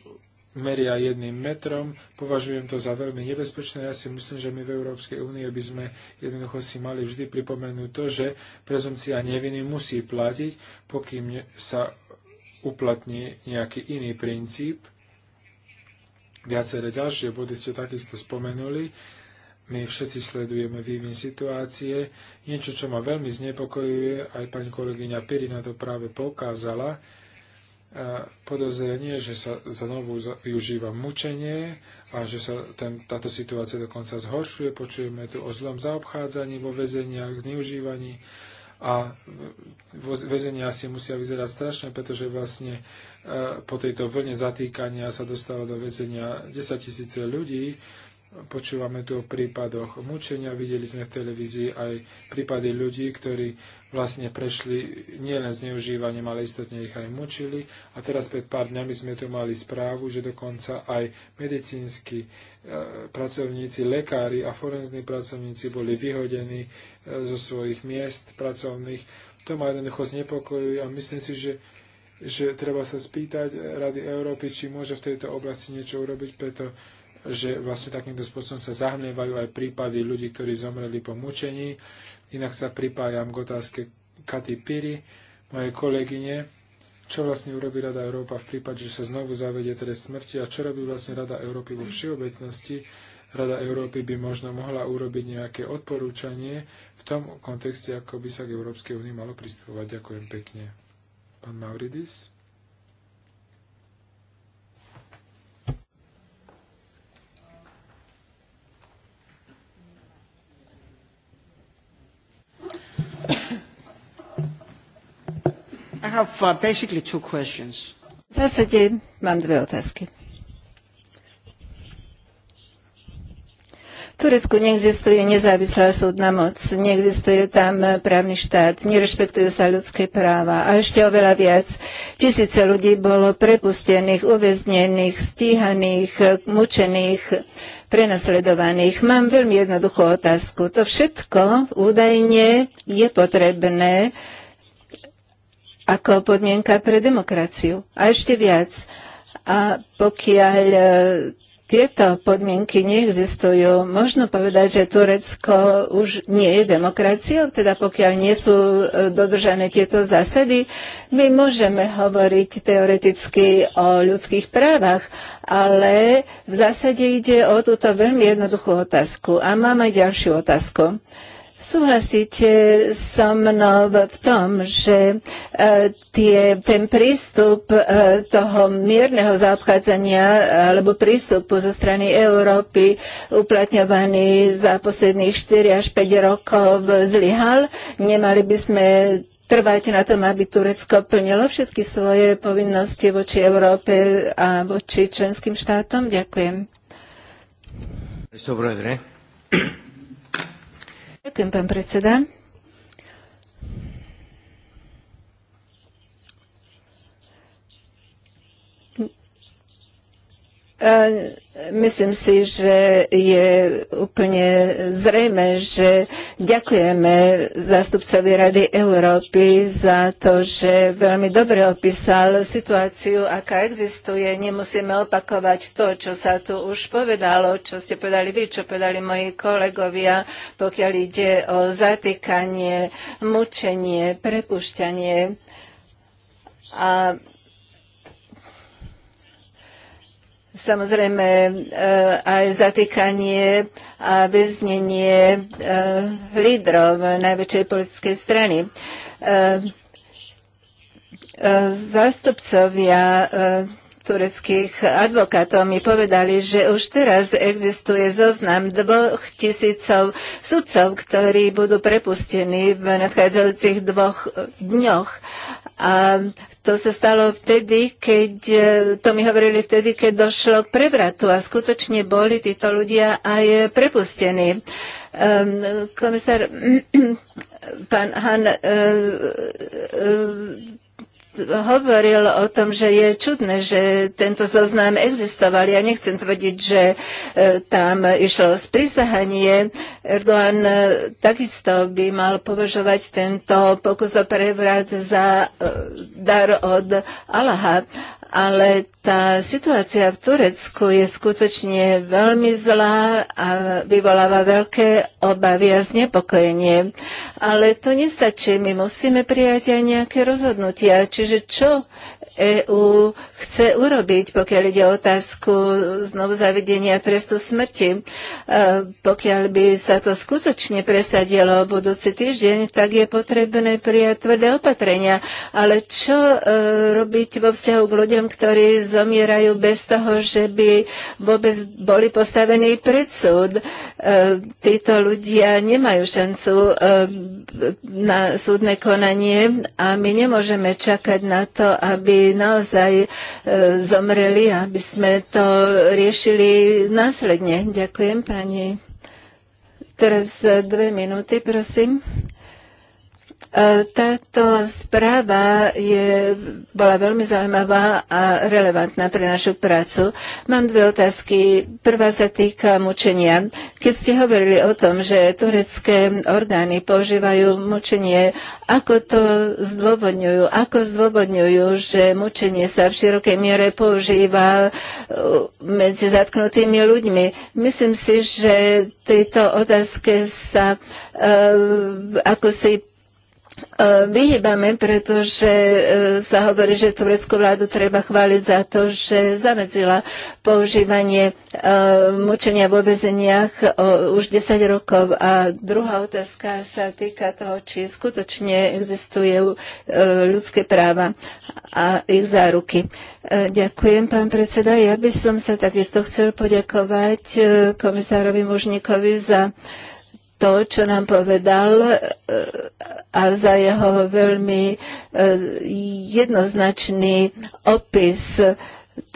meria jedným metrom, považujem to za veľmi nebezpečné. Ja si myslím, že my v Európskej únie by sme jednoducho si mali vždy pripomenúť to, že prezumcia neviny musí platiť, pokým sa uplatní nejaký iný princíp. Viaceré ďalšie body ste takisto spomenuli. My všetci sledujeme vývin situácie. Niečo, čo ma veľmi znepokojuje, aj pani kolegyňa Pirina to práve poukázala, podozrenie, že sa znovu využíva mučenie a že sa ten, táto situácia dokonca zhoršuje. Počujeme tu o zlom zaobchádzaní vo väzeniach, zneužívaní a väzenia si musia vyzerať strašne, pretože vlastne e, po tejto vlne zatýkania sa dostalo do väzenia 10 tisíce ľudí Počúvame tu o prípadoch mučenia, videli sme v televízii aj prípady ľudí, ktorí vlastne prešli nielen zneužívaním, ale istotne ich aj mučili. A teraz pred pár dňami sme tu mali správu, že dokonca aj medicínsky e, pracovníci, lekári a forenzní pracovníci boli vyhodení e, zo svojich miest pracovných. To ma jednoducho znepokojuje a myslím si, že, že treba sa spýtať Rady Európy, či môže v tejto oblasti niečo urobiť, preto, že vlastne takýmto spôsobom sa zahmlievajú aj prípady ľudí, ktorí zomreli po mučení. Inak sa pripájam k otázke Katy Piri, mojej kolegyne, čo vlastne urobí Rada Európa v prípade, že sa znovu zavedie trest smrti a čo robí vlastne Rada Európy vo všeobecnosti. Rada Európy by možno mohla urobiť nejaké odporúčanie v tom kontexte, ako by sa k Európskej únii malo pristupovať. Ďakujem pekne. Pán Mauridis? I have uh, basically two questions. V zásade mám dve otázky. V Turecku neexistuje nezávislá súdna moc, neexistuje tam právny štát, nerešpektujú sa ľudské práva a ešte oveľa viac. Tisíce ľudí bolo prepustených, uväznených, stíhaných, mučených, prenasledovaných. Mám veľmi jednoduchú otázku. To všetko údajne je potrebné ako podmienka pre demokraciu. A ešte viac. A pokiaľ e, tieto podmienky neexistujú. Možno povedať, že Turecko už nie je demokraciou, teda pokiaľ nie sú e, dodržané tieto zásady, my môžeme hovoriť teoreticky o ľudských právach, ale v zásade ide o túto veľmi jednoduchú otázku. A máme ďalšiu otázku. Uh, Súhlasíte so mnou v tom, že e, tie, ten prístup e, toho mierneho zaobchádzania alebo prístupu zo strany Európy uplatňovaný za posledných 4 až 5 rokov zlyhal. Nemali by sme trvať na tom, aby Turecko plnilo všetky svoje povinnosti voči Európe a voči členským štátom? Ďakujem. Dobre, Ďakujem, pán predseda. Uh, Myslím si, že je úplne zrejme, že ďakujeme zástupcovi Rady Európy za to, že veľmi dobre opísal situáciu, aká existuje. Nemusíme opakovať to, čo sa tu už povedalo, čo ste povedali vy, čo povedali moji kolegovia, pokiaľ ide o zatýkanie, mučenie, prepušťanie a Samozrejme e, aj zatýkanie a väznenie e, lídrov najväčšej politickej strany e, zástupcovia tureckých advokátov mi povedali, že už teraz existuje zoznam dvoch tisícov sudcov, ktorí budú prepustení v nadchádzajúcich dvoch dňoch. A to sa stalo vtedy, keď, e, to mi hovorili vtedy, keď došlo k prevratu a skutočne boli títo ľudia aj prepustení. Um, komisár, pán Han, uh, uh, hovoril o tom, že je čudné, že tento zoznam existoval. Ja nechcem tvrdiť, že e, tam išlo sprísahanie. Erdogan e, takisto by mal považovať tento pokus o prevrat za e, dar od Allaha ale tá situácia v Turecku je skutočne veľmi zlá a vyvoláva veľké obavy a znepokojenie. Ale to nestačí, my musíme prijať aj nejaké rozhodnutia. Čiže čo EÚ chce urobiť, pokiaľ ide o otázku znovu zavedenia trestu smrti. E, pokiaľ by sa to skutočne presadilo budúci týždeň, tak je potrebné prijať tvrdé opatrenia. Ale čo e, robiť vo vzťahu k ľuďom, ktorí zomierajú bez toho, že by vôbec boli postavení pred súd? E, títo ľudia nemajú šancu na súdne konanie a my nemôžeme čakať na to, aby naozaj e, zomreli, aby sme to riešili následne. Ďakujem pani. Teraz e, dve minúty, prosím. E, táto správa je, bola veľmi zaujímavá a relevantná pre našu prácu. Mám dve otázky. Prvá sa týka mučenia. Keď ste hovorili o tom, že turecké orgány používajú mučenie, ako to zdôvodňujú? Ako zdôvodňujú, že mučenie sa v širokej miere používa e, medzi zatknutými ľuďmi? Myslím si, že tejto otázke sa uh, ako si E, vyhýbame, pretože e, sa hovorí, že tureckú vládu treba chváliť za to, že zamedzila používanie e, mučenia vo vezeniach už 10 rokov. A druhá otázka sa týka toho, či skutočne existujú ľudské práva a ich záruky. Ďakujem, pán predseda. Ja by som sa takisto chcel poďakovať komisárovi Mužníkovi za to, čo nám povedal e, a za jeho veľmi e, jednoznačný opis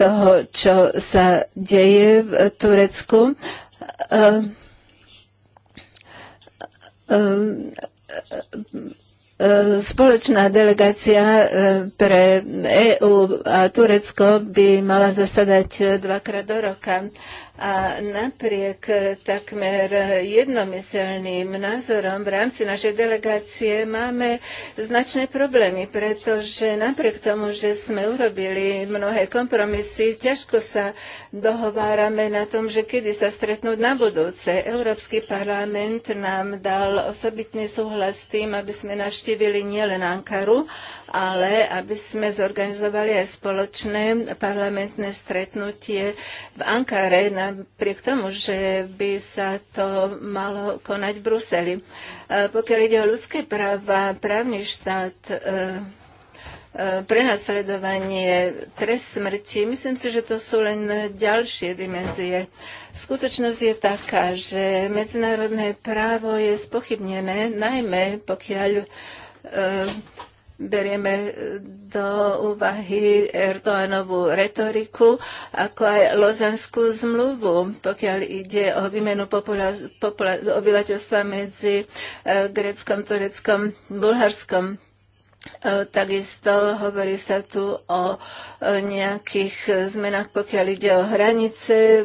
toho, čo sa deje v Turecku. E, spoločná delegácia pre EÚ a Turecko by mala zasadať dvakrát do roka a napriek takmer jednomyselným názorom v rámci našej delegácie máme značné problémy, pretože napriek tomu, že sme urobili mnohé kompromisy, ťažko sa dohovárame na tom, že kedy sa stretnúť na budúce. Európsky parlament nám dal osobitný súhlas s tým, aby sme navštívili nielen Ankaru, ale aby sme zorganizovali aj spoločné parlamentné stretnutie v Ankare na napriek tomu, že by sa to malo konať v Bruseli. E, pokiaľ ide o ľudské práva, právny štát, e, e, prenasledovanie, trest smrti. Myslím si, že to sú len ďalšie dimenzie. Skutočnosť je taká, že medzinárodné právo je spochybnené, najmä pokiaľ berieme eh, do úvahy Erdoganovú retoriku, ako aj Lozanskú zmluvu, pokiaľ ide o výmenu popula- popula- obyvateľstva medzi eh, Greckom, Tureckom, Bulharskom E, takisto hovorí sa tu o e, nejakých zmenách, pokiaľ ide o hranice e,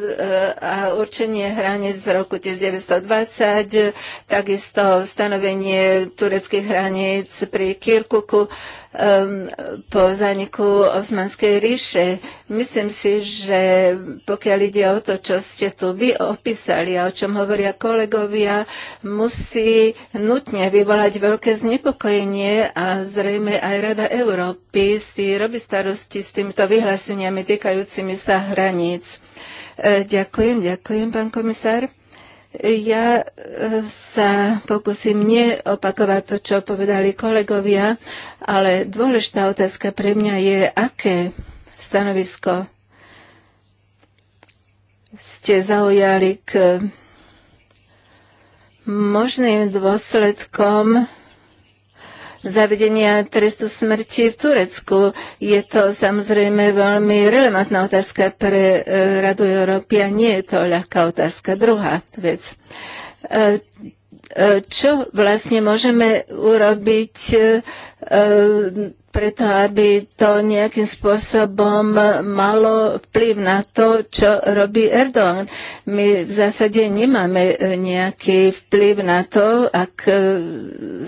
a určenie hranic z roku 1920, takisto stanovenie tureckých hraníc pri Kirkuku po zaniku Osmanskej ríše. Myslím si, že pokiaľ ide o to, čo ste tu vy opísali a o čom hovoria kolegovia, musí nutne vyvolať veľké znepokojenie a zrejme aj Rada Európy si robí starosti s týmito vyhláseniami týkajúcimi sa hraníc. E, ďakujem, ďakujem, pán komisár. Ja e, sa pokúsim neopakovať to, čo povedali kolegovia, ale dôležitá otázka pre mňa je, aké stanovisko ste zaujali k možným dôsledkom zavedenia trestu smrti v Turecku. Je to samozrejme veľmi relevantná otázka pre e, Radu Európy a nie je to ľahká otázka. Druhá vec e, e, čo vlastne môžeme urobiť preto aby to nejakým spôsobom malo vplyv na to, čo robí Erdogan. My v zásade nemáme e, nejaký vplyv na to, ak e,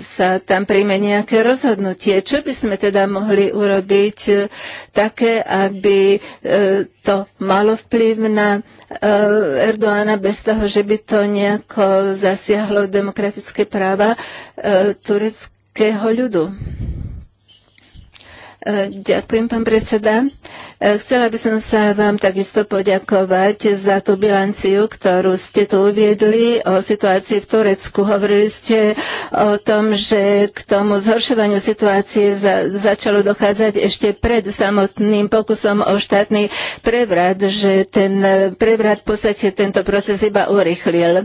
sa tam príjme nejaké rozhodnutie. Čo by sme teda mohli urobiť e, také, aby to malo vplyv na Erdoána bez toho, že by to nejako zasiahlo demokratické práva tureckého ľudu. Ďakujem, pán predseda. E, chcela by som sa vám takisto poďakovať za tú bilanciu, ktorú ste tu uviedli o situácii v Turecku. Hovorili ste o tom, že k tomu zhoršovaniu situácie za, začalo dochádzať ešte pred samotným pokusom o štátny prevrat, že ten prevrat v podstate tento proces iba urychlil. E,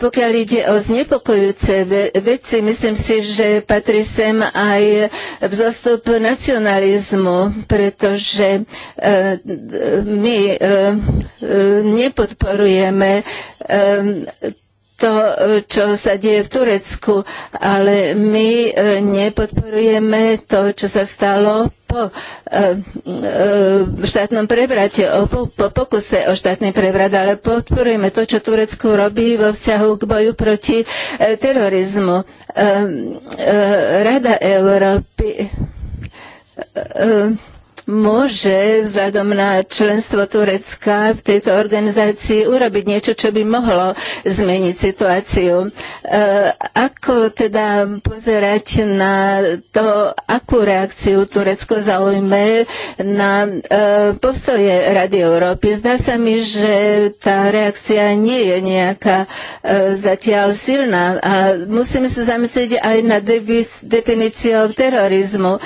pokiaľ ide o znepokojúce veci, myslím si, že patrí sem aj vzostup nacionálnych nacionalizmu, pretože e, my e, e, nepodporujeme to, čo sa deje v Turecku, ale my nepodporujeme to, čo sa stalo po štátnom prevrate, po, pokuse o štátny prevrat, ale podporujeme to, čo Turecko robí vo vzťahu k boju proti terorizmu. Rada Európy Uh, môže vzhľadom na členstvo Turecka v tejto organizácii urobiť niečo, čo by mohlo zmeniť situáciu. E, ako teda pozerať na to, akú reakciu Turecko zaujme na e, postoje Rady Európy? Zdá sa mi, že tá reakcia nie je nejaká e, zatiaľ silná a musíme sa zamyslieť aj na definíciou terorizmu.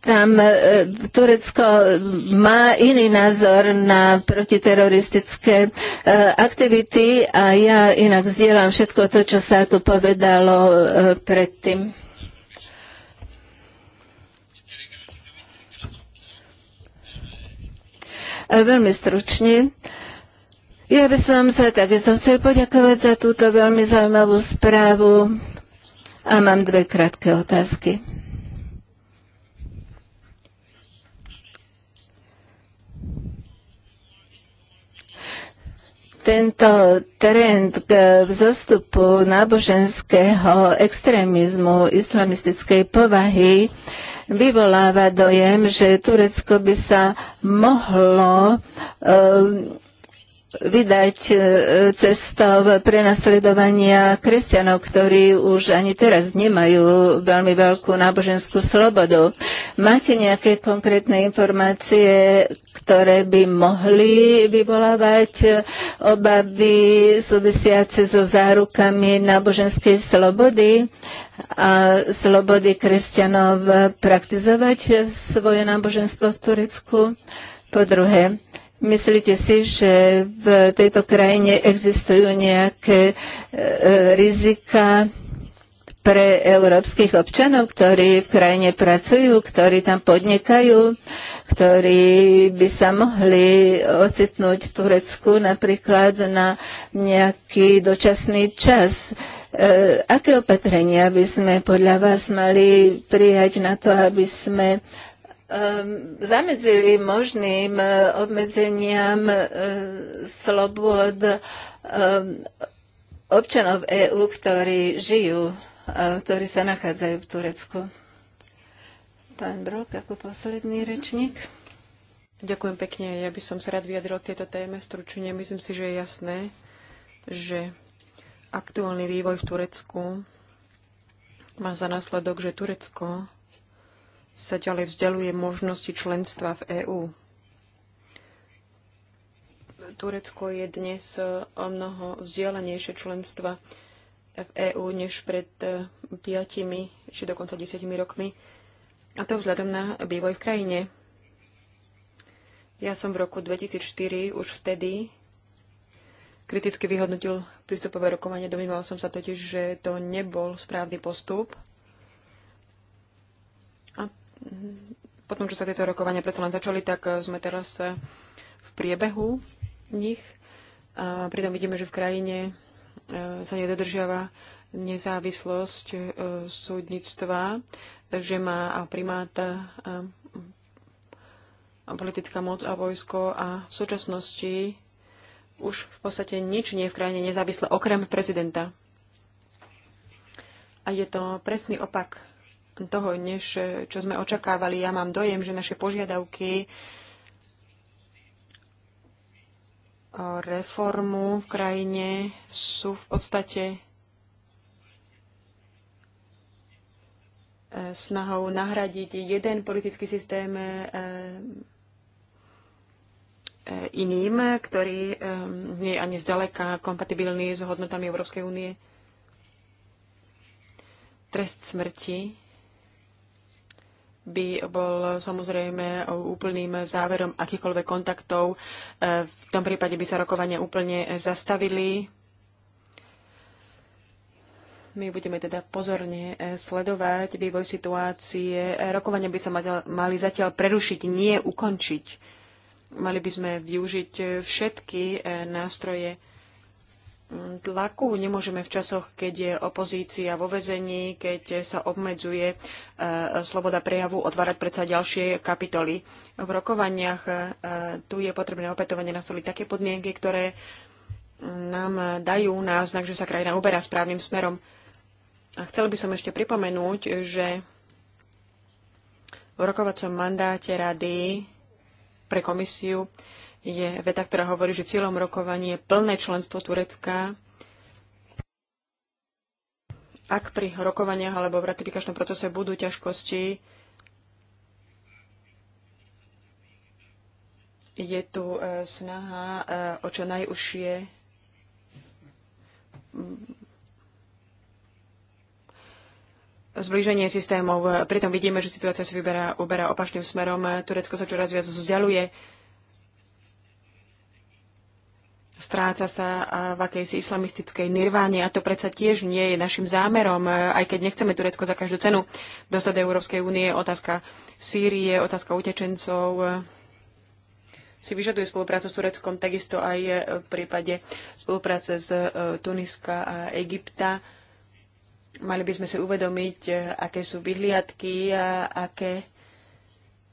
Tam Hm, e, Turecko má iný názor na protiteroristické e, aktivity a ja inak vzdielam všetko to, čo sa tu povedalo e, predtým. Veľmi stručne. Ja by som sa takisto chcel poďakovať za túto veľmi zaujímavú správu a mám dve krátke otázky. Tento trend k vzostupu náboženského extrémizmu islamistickej povahy vyvoláva dojem, že Turecko by sa mohlo vydať e, cestou prenasledovania kresťanov, ktorí už ani teraz nemajú veľmi veľkú náboženskú slobodu. Máte nejaké konkrétne informácie, ktoré by mohli vyvolávať obavy súvisiace so zárukami náboženskej slobody a slobody kresťanov praktizovať svoje náboženstvo v Turecku? Po druhé, Myslíte si, že v tejto krajine existujú nejaké e, e, rizika pre európskych občanov, ktorí v krajine pracujú, ktorí tam podnikajú, ktorí by sa mohli ocitnúť v Turecku napríklad na nejaký dočasný čas. E, aké opatrenia by sme podľa vás mali prijať na to, aby sme Ehm, zamedzili možným e, obmedzeniam e, slobod e, občanov EÚ, ktorí žijú, ktorí sa nachádzajú v Turecku. Pán Brok, ako posledný rečník. Ďakujem pekne. Ja by som sa rád vyjadril k tejto téme stručne. Myslím si, že je jasné, že aktuálny vývoj v Turecku má za následok, že Turecko sa ďalej vzdialuje možnosti členstva v EÚ. Turecko je dnes e, o mnoho vzdialenejšie členstva v EÚ než pred e, piatimi či dokonca desiatimi rokmi. A to vzhľadom na vývoj v krajine. Ja som v roku 2004 už vtedy kriticky vyhodnotil prístupové rokovanie. Domýval som sa totiž, že to nebol správny postup potom, čo sa tieto rokovania predsa len začali, tak eh, sme teraz eh, v priebehu nich. A pritom vidíme, že v krajine eh, sa nedodržiava nezávislosť súdnictva, že má primát politická moc a vojsko a v súčasnosti už v podstate nič nie je v krajine nezávislé okrem prezidenta. A je to presný opak toho, než eh, čo sme očakávali. Ja mám dojem, že naše požiadavky eh, o reformu v krajine sú v podstate eh, snahou nahradiť jeden politický systém iným, ktorý nie je ani zďaleka kompatibilný s hodnotami Európskej únie. Trest smrti by bol samozrejme úplným záverom akýchkoľvek kontaktov. E, v tom prípade by sa rokovania úplne zastavili. My budeme teda pozorne e, sledovať vývoj situácie. E, rokovania by sa mali zatiaľ prerušiť, nie ukončiť. Mali by sme využiť všetky nástroje tlaku. Nemôžeme v časoch, keď je opozícia vo vezení, keď sa obmedzuje e, sloboda prejavu, otvárať predsa ďalšie kapitoly. V rokovaniach e, tu je potrebné opätovane nastoliť také podmienky, ktoré mm, nám dajú náznak, že sa krajina uberá správnym smerom. A chcel by som ešte pripomenúť, že v rokovacom mandáte rady pre komisiu je veta, ktorá hovorí, že cieľom rokovanie je plné členstvo Turecka. Ak pri rokovaniach alebo v ratifikačnom procese budú ťažkosti, je tu e, snaha e, o čo najúžšie zblíženie systémov. Pritom vidíme, že situácia sa vyberá, uberá opačným smerom. Turecko sa čoraz viac vzdialuje stráca sa v akejsi islamistickej nirváne a to predsa tiež nie je našim zámerom, e, aj keď nechceme Turecko za každú cenu dostať do Európskej únie. Otázka Sýrie, otázka utečencov e, si vyžaduje spoluprácu s Tureckom, takisto aj e, v prípade spolupráce z Tuniska a Egypta. Mali by sme si uvedomiť, aké sú vyhliadky, a aké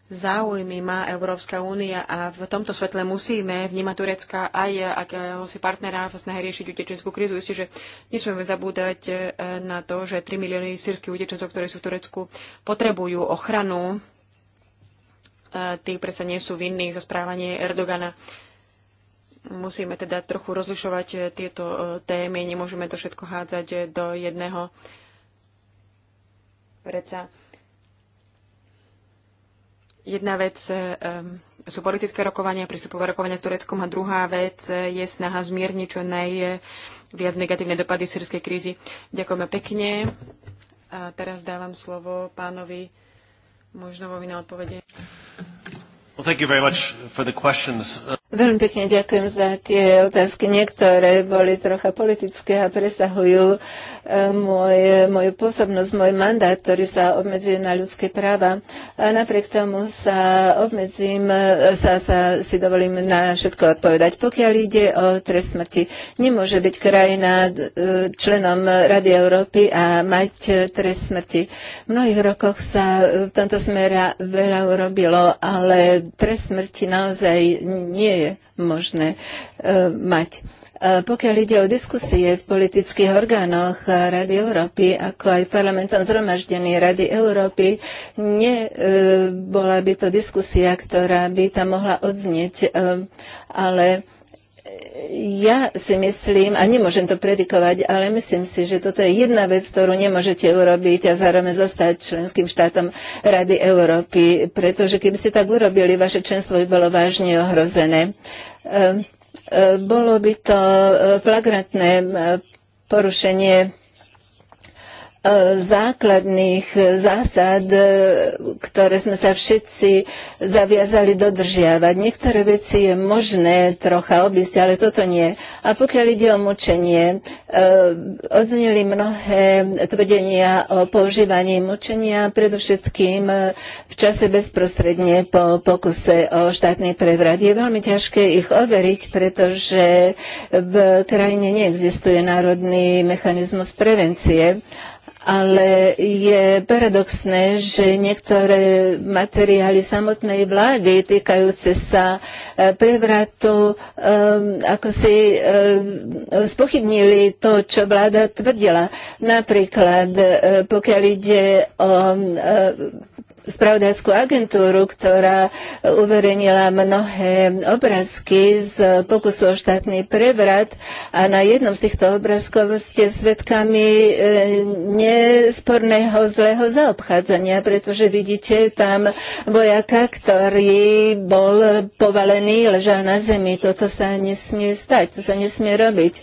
záujmy má Európska únia a v tomto svetle musíme vnímať Turecka aj si partnera v snahe riešiť utečenskú krízu. Isté, že nesmieme zabúdať e, na to, že 3 milióny sírskych utečencov, ktorí sú v Turecku, potrebujú ochranu. E, tí predsa nie sú vinní za správanie Erdogana. Musíme teda trochu rozlišovať e, tieto témy, nemôžeme to všetko hádzať do jedného predsa. Jedna vec e, sú politické rokovania, prístupové rokovania s Tureckom a druhá vec e, je snaha zmierniť čo najviac negatívne dopady sírskej krízy. Ďakujeme pekne. A teraz dávam slovo pánovi vo na odpovede. Well, thank you very much for the questions. Veľmi pekne ďakujem za tie otázky. Niektoré boli trocha politické a presahujú e, môj, moju pôsobnosť, môj mandát, ktorý sa obmedzuje na ľudské práva. A napriek tomu sa obmedzím, e, sa, sa si dovolím na všetko odpovedať. Pokiaľ ide o trest smrti, nemôže byť krajina e, členom Rady Európy a mať trest smrti. V mnohých rokoch sa v tomto smere veľa urobilo, ale trest smrti naozaj nie je možné e, mať. E, pokiaľ ide o diskusie v politických orgánoch Rady Európy, ako aj v parlamentom zhromaždení Rady Európy, nebola e, by to diskusia, ktorá by tam mohla odznieť, ale ja si myslím, a nemôžem to predikovať, ale myslím si, že toto je jedna vec, ktorú nemôžete urobiť a zároveň zostať členským štátom Rady Európy, pretože keby ste tak urobili, vaše členstvo by bolo vážne ohrozené. Ehm, e, bolo by to e, flagrantné e, porušenie E, základných zásad, e, ktoré sme sa všetci zaviazali dodržiavať. Niektoré veci je možné trocha obísť, ale toto nie. A pokiaľ ide o mučenie, e, odzneli mnohé tvrdenia o používaní mučenia, predovšetkým v čase bezprostredne po pokuse o štátny prevrat. Je veľmi ťažké ich overiť, pretože v krajine neexistuje národný mechanizmus prevencie ale je paradoxné, že niektoré materiály samotnej vlády týkajúce sa e, prevratu e, ako si e, spochybnili to, čo vláda tvrdila. Napríklad, pokiaľ ide o spravodajskú agentúru, ktorá uverejnila mnohé obrázky z pokusu o štátny prevrat a na jednom z týchto obrázkov ste svedkami e, nesporného zlého zaobchádzania, pretože vidíte tam vojaka, ktorý bol povalený, ležal na zemi. Toto sa nesmie stať, to sa nesmie robiť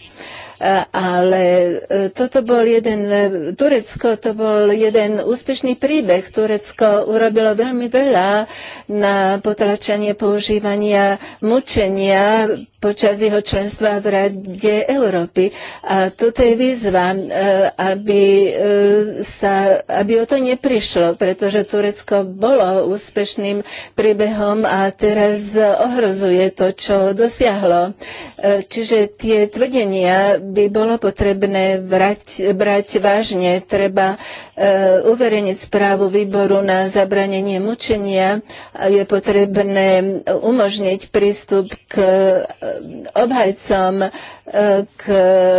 ale e, toto bol jeden, e, Turecko to bol jeden úspešný príbeh. Turecko urobilo veľmi veľa na potlačanie používania mučenia počas jeho členstva v Rade Európy. A toto je výzva, e, aby, sa, aby o to neprišlo, pretože Turecko bolo úspešným príbehom a teraz ohrozuje to, čo dosiahlo. Čiže tie tvrdenia by bolo potrebné vrať, brať vážne. Treba e, uverejniť správu výboru na zabranenie mučenia. Je potrebné umožniť prístup k e, obhajcom k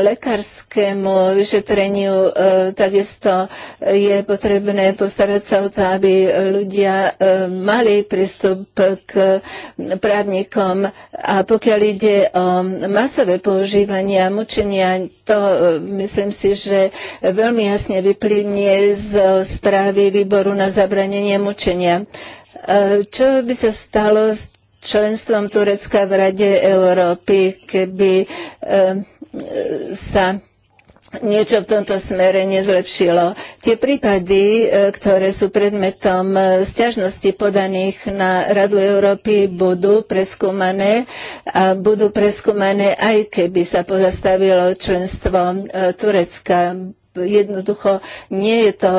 lekárskému vyšetreniu e, takisto je potrebné postarať sa o to, aby ľudia e, mali prístup k právnikom a pokiaľ ide o masové používanie a mučenia, to e, myslím si, že veľmi jasne vyplynie z správy výboru na zabranenie mučenia. Čo by sa stalo s členstvom Turecka v Rade Európy, keby eh, sa niečo v tomto smere nezlepšilo. Tie prípady, eh, ktoré sú predmetom eh, sťažnosti podaných na Radu Európy, budú preskúmané a budú preskúmané aj keby sa pozastavilo členstvo Turecka. Jednoducho nie je to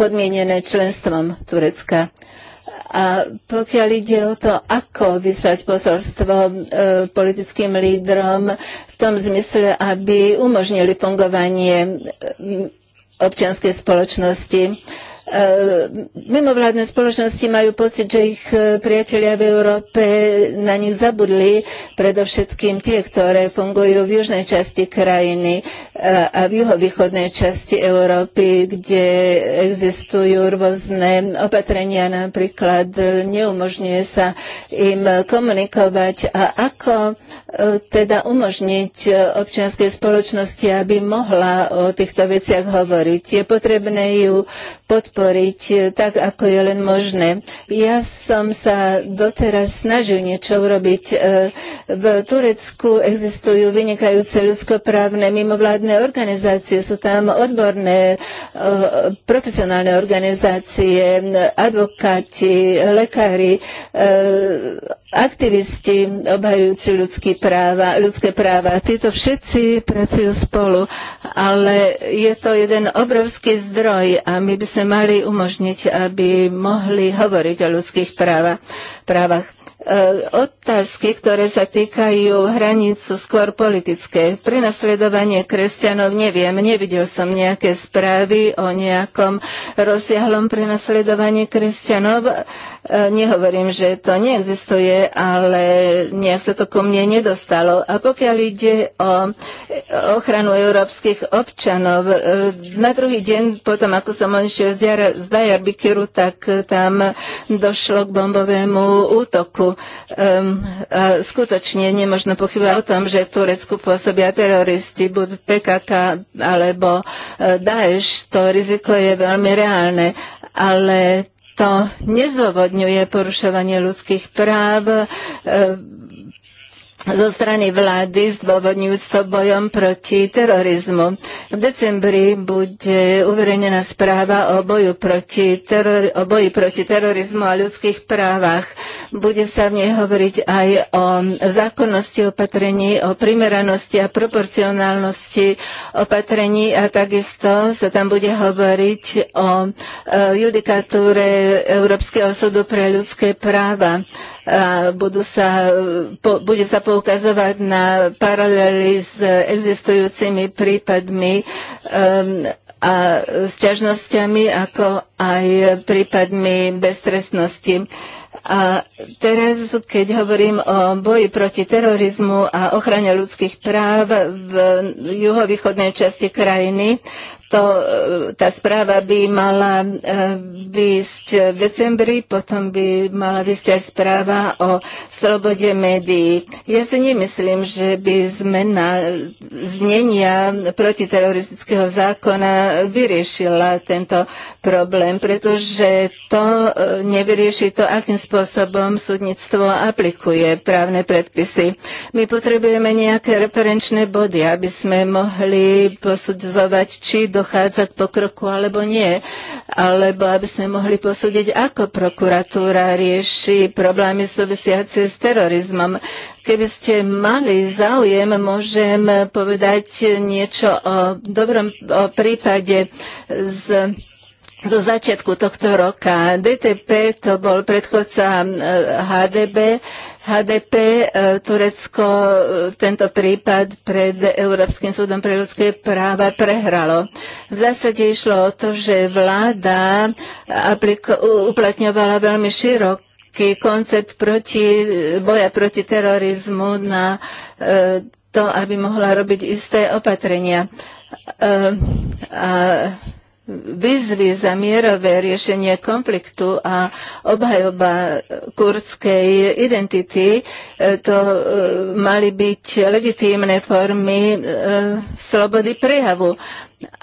podmienené členstvom Turecka. A pokiaľ ide o to, ako vyslať posolstvo e, politickým lídrom v tom zmysle, aby umožnili fungovanie občianskej spoločnosti, E, mimovládne spoločnosti majú pocit, že ich e, priatelia v Európe na nich zabudli, predovšetkým tie, ktoré fungujú v južnej časti krajiny e, a v juhovýchodnej časti Európy, kde existujú rôzne opatrenia, napríklad neumožňuje sa im komunikovať a ako teda umožniť občianskej spoločnosti, aby mohla o týchto veciach hovoriť. Je potrebné ju podporovať podporiť e, tak, ako je len možné. Ja som sa doteraz snažil niečo urobiť. E, v Turecku existujú vynikajúce ľudskoprávne mimovládne organizácie, sú tam odborné e, profesionálne organizácie, advokáti, lekári, aktivisti obhajujúci ľudské práva, ľudské práva. Títo všetci pracujú spolu, ale je to jeden obrovský zdroj a my by sme mali mali umožniť, aby mohli hovoriť o ľudských práva, právach. E, otázky, ktoré sa týkajú hraníc, sú skôr politické. Prenasledovanie kresťanov neviem, nevidel som nejaké správy o nejakom rozsiahlom prenasledovaní kresťanov. E, nehovorím, že to neexistuje, ale nejak sa to ku mne nedostalo. A pokiaľ ide o ochranu európskych občanov, e, na druhý deň potom, ako som odišiel z Dajarbikiru, tak tam došlo k bombovému útoku Um, a skutočne nemožno pochybovať o tom, že v Turecku pôsobia teroristi, buď PKK alebo e, Daesh. To riziko je veľmi reálne, ale to nezôvodňuje porušovanie ľudských práv, Uh, zo strany vlády zdôvodňujúc to bojom proti terorizmu. V decembri bude uverejnená správa o, boju proti teror- o boji proti terorizmu a ľudských právach. Bude sa v nej hovoriť aj o zákonnosti opatrení, o primeranosti a proporcionálnosti opatrení a takisto sa tam bude hovoriť o e, judikatúre Európskeho súdu pre ľudské práva. A budú sa, e, po, bude sa pou- poukazovať na paralely s existujúcimi prípadmi um, a sťažnosťami, ako aj prípadmi beztrestnosti. A teraz, keď hovorím o boji proti terorizmu a ochrane ľudských práv v juhovýchodnej časti krajiny, to, e, tá správa by mala e, výsť v decembri, potom by mala výsť aj správa o slobode médií. Ja si nemyslím, že by zmena znenia protiteroristického zákona vyriešila tento problém, pretože to e, nevyrieši to, akým spôsobom súdnictvo aplikuje právne predpisy. My potrebujeme nejaké referenčné body, aby sme mohli posudzovať, či dochádza k pokroku alebo nie, alebo aby sme mohli posúdiť, ako prokuratúra rieši problémy súvisiace s terorizmom. Keby ste mali záujem, môžem povedať niečo o dobrom o prípade z zo začiatku tohto roka. DTP to bol predchodca e, HDB. HDP e, Turecko e, tento prípad pred Európskym súdom pre ľudské práva prehralo. V zásade išlo o to, že vláda uplatňovala veľmi širok koncept proti, boja proti terorizmu na e, to, aby mohla robiť isté opatrenia. E, a, výzvy za mierové riešenie konfliktu a obhajoba kurdskej identity e, to e, mali byť legitímne formy e, slobody prejavu.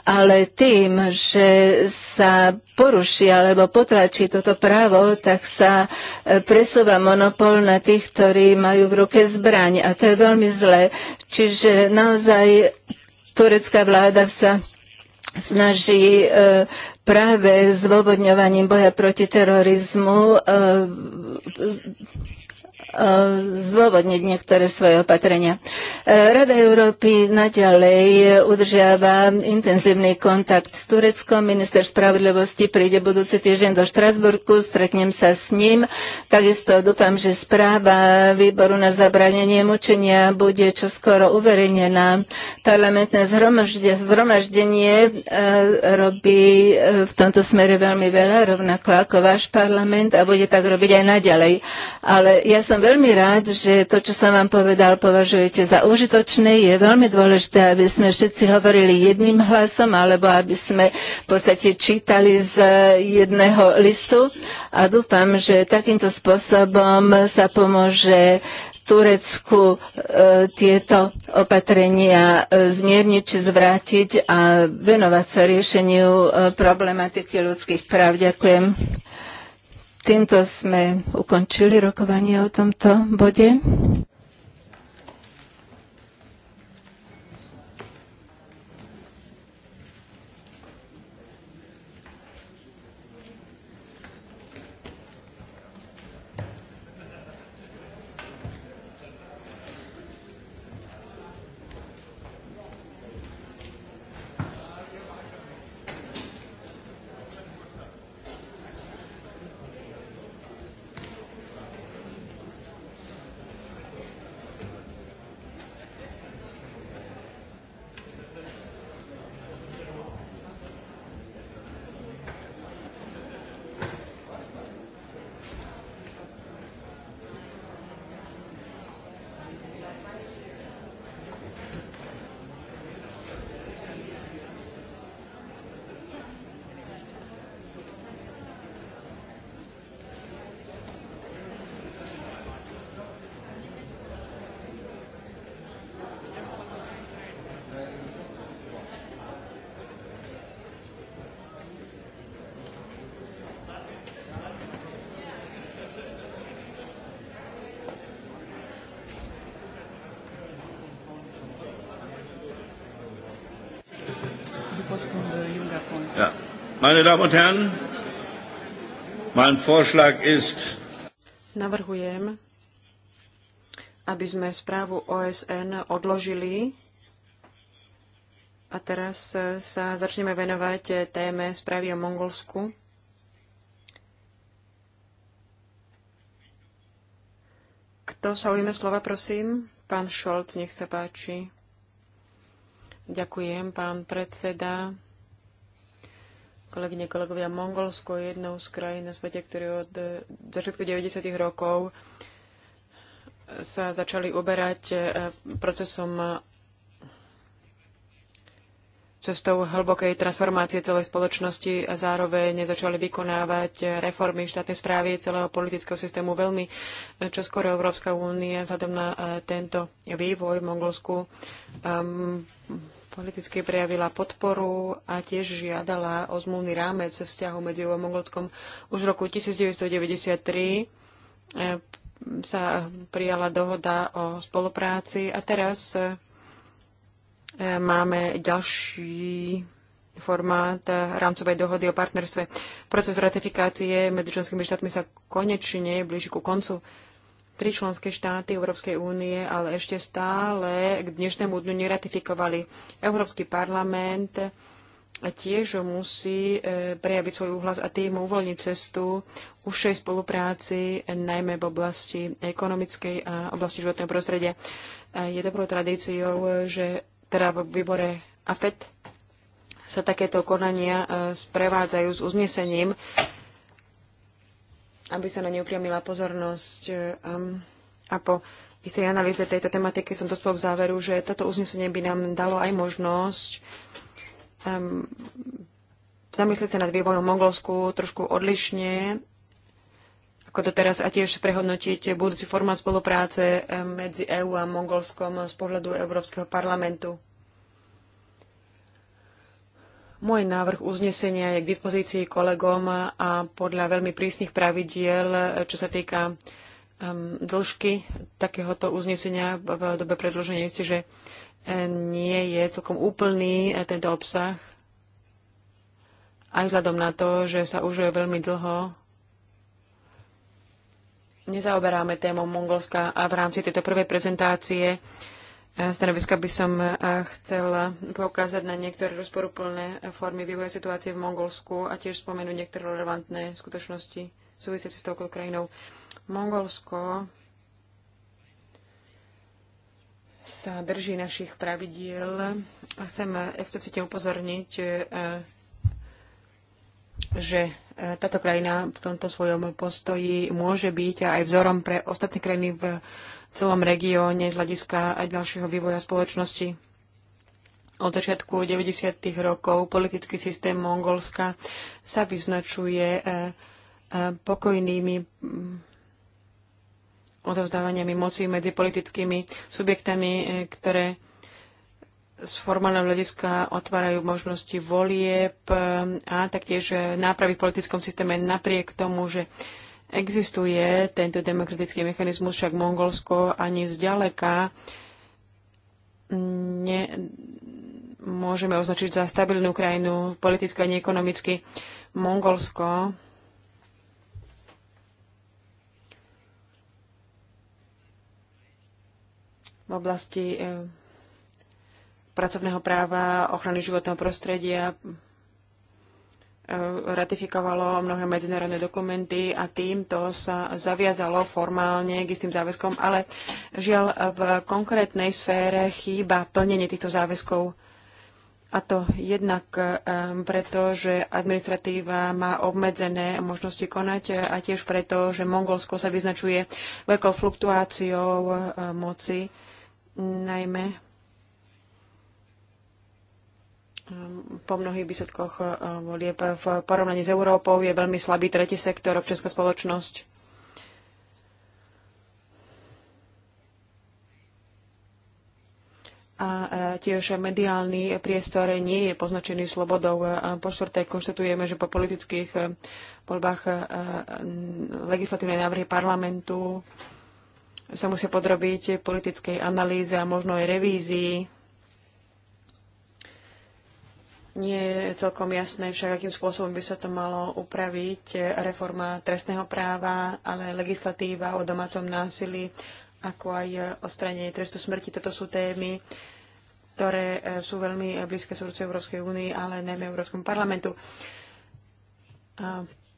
Ale tým, že sa poruší alebo potlačí toto právo, tak sa presúva monopol na tých, ktorí majú v ruke zbraň. A to je veľmi zlé. Čiže naozaj turecká vláda sa snaží e, práve zdôvodňovaním boja proti terorizmu e, E, zdôvodniť niektoré svoje opatrenia. E, Rada Európy naďalej udržiava intenzívny kontakt s Tureckom. Minister spravodlivosti príde budúci týždeň do Štrasburku, stretnem sa s ním. Takisto dúfam, že správa výboru na zabranenie mučenia bude čoskoro uverejnená. Parlamentné zhromaždenie e, robí v tomto smere veľmi veľa, rovnako ako váš parlament a bude tak robiť aj naďalej. Ale ja som veľmi rád, že to, čo som vám povedal, považujete za užitočné. Je veľmi dôležité, aby sme všetci hovorili jedným hlasom, alebo aby sme v podstate čítali z jedného listu. A dúfam, že takýmto spôsobom sa pomôže Turecku e, tieto opatrenia e, zmierniť či zvrátiť a venovať sa riešeniu e, problematiky ľudských práv. Ďakujem. Týmto sme ukončili rokovanie o tomto bode. Meine Damen und Herren, mein Vorschlag ist, Navrhujem, aby sme správu OSN odložili a teraz sa začneme venovať téme správy o Mongolsku. Kto sa ujme slova, prosím? Pán Šolc, nech sa páči. Ďakujem, pán predseda. Kolegyne, kolegovia, Mongolsko je jednou z krajín na svete, ktoré od e, začiatku 90. rokov sa začali uberať e, procesom e, cestou hlbokej transformácie celej spoločnosti a zároveň začali vykonávať reformy štátnej správy celého politického systému. Veľmi čoskoro Európska únia vzhľadom na tento vývoj v Mongolsku um, politicky prejavila podporu a tiež žiadala o zmluvný rámec vzťahu medzi EU a Mongolskom. Už v roku 1993 eh, sa prijala dohoda o spolupráci a teraz eh, máme ďalší formát eh, rámcovej dohody o partnerstve. Proces ratifikácie medzi členskými štátmi sa konečne blíži ku koncu tri členské štáty Európskej únie ale ešte stále k dnešnému dňu neratifikovali. Európsky parlament tiež musí e, prejaviť svoj úhlas a tým uvoľniť cestu užšej spolupráci, najmä v oblasti ekonomickej a oblasti životného prostredia. Je dobrou tradíciou, že teda v výbore AFET sa takéto konania e, sprevádzajú s uznesením, aby sa na ne upriamila pozornosť. Eh, um, a po istej analýze tejto tematiky som dospel k záveru, že toto uznesenie by nám dalo aj možnosť um, zamyslieť sa nad vývojom Mongolsku trošku odlišne ako to teraz a tiež prehodnotiť budúci formát spolupráce eh, medzi EÚ a Mongolskom z pohľadu Európskeho parlamentu. Môj návrh uznesenia je k dispozícii kolegom a podľa veľmi prísnych pravidiel, čo sa týka um, dĺžky takéhoto uznesenia v dobe predloženia, isté, že e, nie je celkom úplný e, tento obsah. Aj vzhľadom na to, že sa už veľmi dlho nezaoberáme témou Mongolska a v rámci tejto prvej prezentácie stanoviska by som eh, chcela poukázať na niektoré rozporuplné eh, formy vývoja situácie v Mongolsku a tiež spomenúť niektoré relevantné skutočnosti súvisiaci s touto krajinou. Mongolsko sa drží našich pravidiel a chcem eh, explicitne upozorniť, že táto krajina v tomto svojom postoji môže byť aj vzorom pre ostatné krajiny v celom regióne z hľadiska aj ďalšieho vývoja spoločnosti. Od začiatku 90. rokov politický systém Mongolska sa vyznačuje eh, eh, pokojnými mm, odovzdávaniami moci medzi politickými subjektami, eh, ktoré z formálneho hľadiska otvárajú možnosti volieb a taktiež nápravy v politickom systéme napriek tomu, že Existuje tento demokratický mechanizmus, však Mongolsko ani zďaleka ne, môžeme označiť za stabilnú krajinu politicky ani ekonomicky. Mongolsko v oblasti eh, pracovného práva, ochrany životného prostredia, ratifikovalo mnohé medzinárodné dokumenty a týmto sa zaviazalo formálne k istým záväzkom, ale žiaľ v konkrétnej sfére chýba plnenie týchto záväzkov. A to jednak um, eh, preto, že administratíva má obmedzené možnosti konať eh, a tiež preto, že Mongolsko sa vyznačuje veľkou fluktuáciou eh, moci, najmä po mnohých výsledkoch eh, volieb v porovnaní s Európou je veľmi slabý tretí sektor, občianská spoločnosť. A eh, tiež mediálny priestor nie je poznačený slobodou. Eh, po štvrté konštatujeme, že po politických voľbách legislatívne návrhy parlamentu sa musia podrobiť politickej analýze a možno aj revízii nie je celkom jasné však, akým spôsobom by sa to malo upraviť. Reforma trestného práva, ale legislatíva o domácom násilí, ako aj o strane trestu smrti. Toto sú témy, ktoré e, sú veľmi blízke súdce Európskej únii, ale najmä Európskom parlamentu.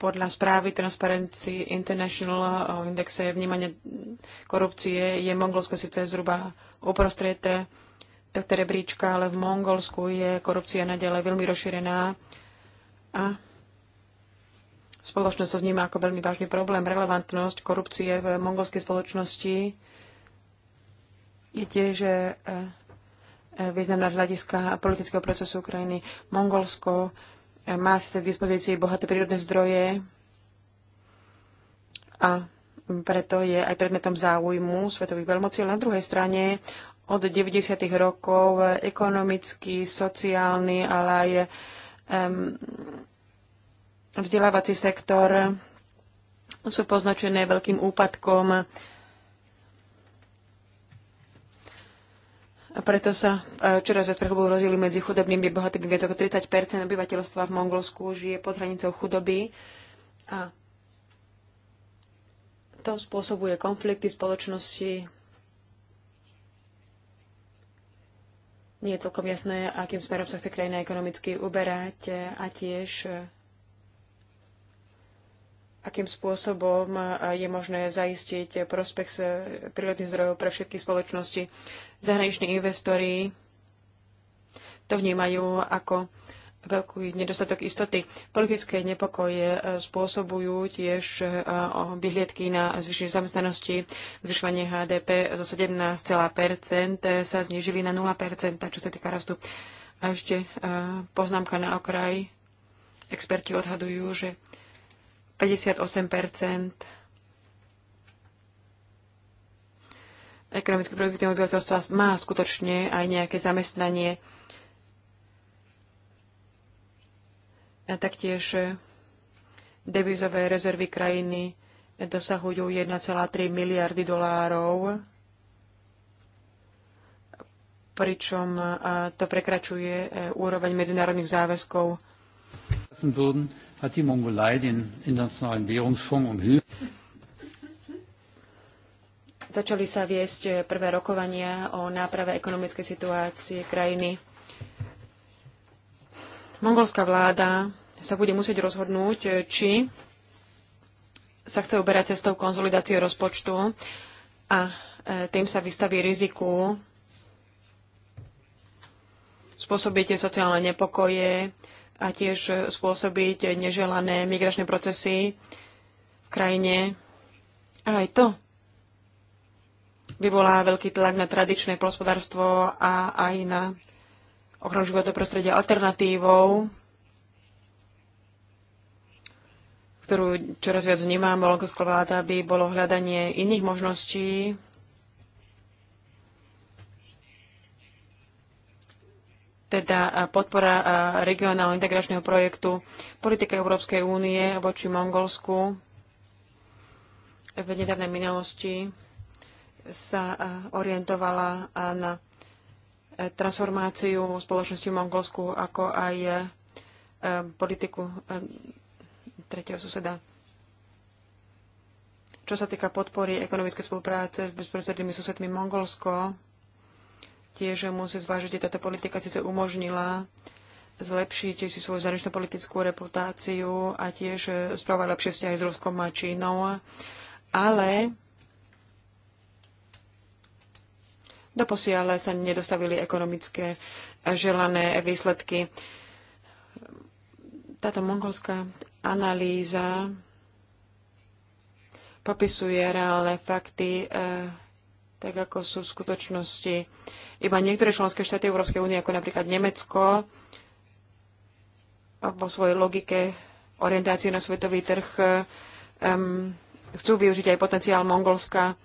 Podľa správy Transparency International o indexe vnímania korupcie je Mongolsko síce zhruba uprostred tohto rebríčka, ale v Mongolsku je korupcia naďalej veľmi rozšírená a spoločnosť to vníma ako veľmi vážny problém. Relevantnosť korupcie v mongolskej spoločnosti je tiež e, e, významná z hľadiska politického procesu Ukrajiny. Mongolsko e, má sice k dispozícii bohaté prírodné zdroje a preto je aj predmetom záujmu svetových veľmocí. Ale na druhej strane od 90. rokov eh, ekonomický, sociálny, ale aj um, vzdelávací sektor sú poznačené veľkým úpadkom. A preto sa eh, čoraz viac prechobov rozdielujú medzi chudobnými a bohatými. Viac ako 30 obyvateľstva v Mongolsku žije pod hranicou chudoby a to spôsobuje konflikty v spoločnosti, nie je celkom jasné, akým smerom sa chce krajina ekonomicky uberať a tiež akým spôsobom je možné zaistiť prospekt prírodných zdrojov pre všetky spoločnosti. Zahraniční investori to vnímajú ako veľký nedostatok istoty. Politické nepokoje e, spôsobujú tiež e, vyhliadky na zvyšenie zamestnanosti, zvyšovanie HDP zo 17,5% e, sa znižili na 0%, čo sa týka rastu. A ešte poznámka na okraj. Experti odhadujú, že 58% ekonomické produkty obyvateľstva má skutočne aj nejaké zamestnanie A taktiež e, devizové rezervy krajiny dosahujú 1,3 miliardy dolárov, pričom e, to prekračuje e, úroveň medzinárodných záväzkov. Um začali sa viesť prvé rokovania o náprave ekonomickej situácie krajiny. Mongolská vláda sa bude musieť rozhodnúť, či sa chce uberať cestou konzolidácie rozpočtu a e, tým sa vystaví riziku spôsobiť sociálne nepokoje a tiež spôsobiť neželané migračné procesy v krajine. A aj to vyvolá veľký tlak na tradičné hospodárstvo a aj na ochranu životného prostredia alternatívou, ktorú čoraz viac vnímam, bolo vláda, aby bolo hľadanie iných možností, teda podpora regionálneho integračného projektu politika Európskej únie voči Mongolsku v nedávnej minulosti sa orientovala na transformáciu spoločnosti v Mongolsku, ako aj e, politiku e, tretieho suseda. Čo sa týka podpory ekonomické spolupráce s bezprostrednými susedmi Mongolsko, tiež musí zvážiť, že táto politika síce umožnila zlepšiť si svoju zahraničnú politickú reputáciu a tiež e, spravovať lepšie vzťahy s Ruskom a Čínou, ale Doposiaľ sa nedostavili ekonomické želané výsledky. Táto mongolská analýza popisuje reálne fakty e, tak, ako sú v skutočnosti. Iba niektoré členské štáty Európskej únie, ako napríklad Nemecko, vo svojej logike orientácie na svetový trh e, chcú využiť aj potenciál Mongolska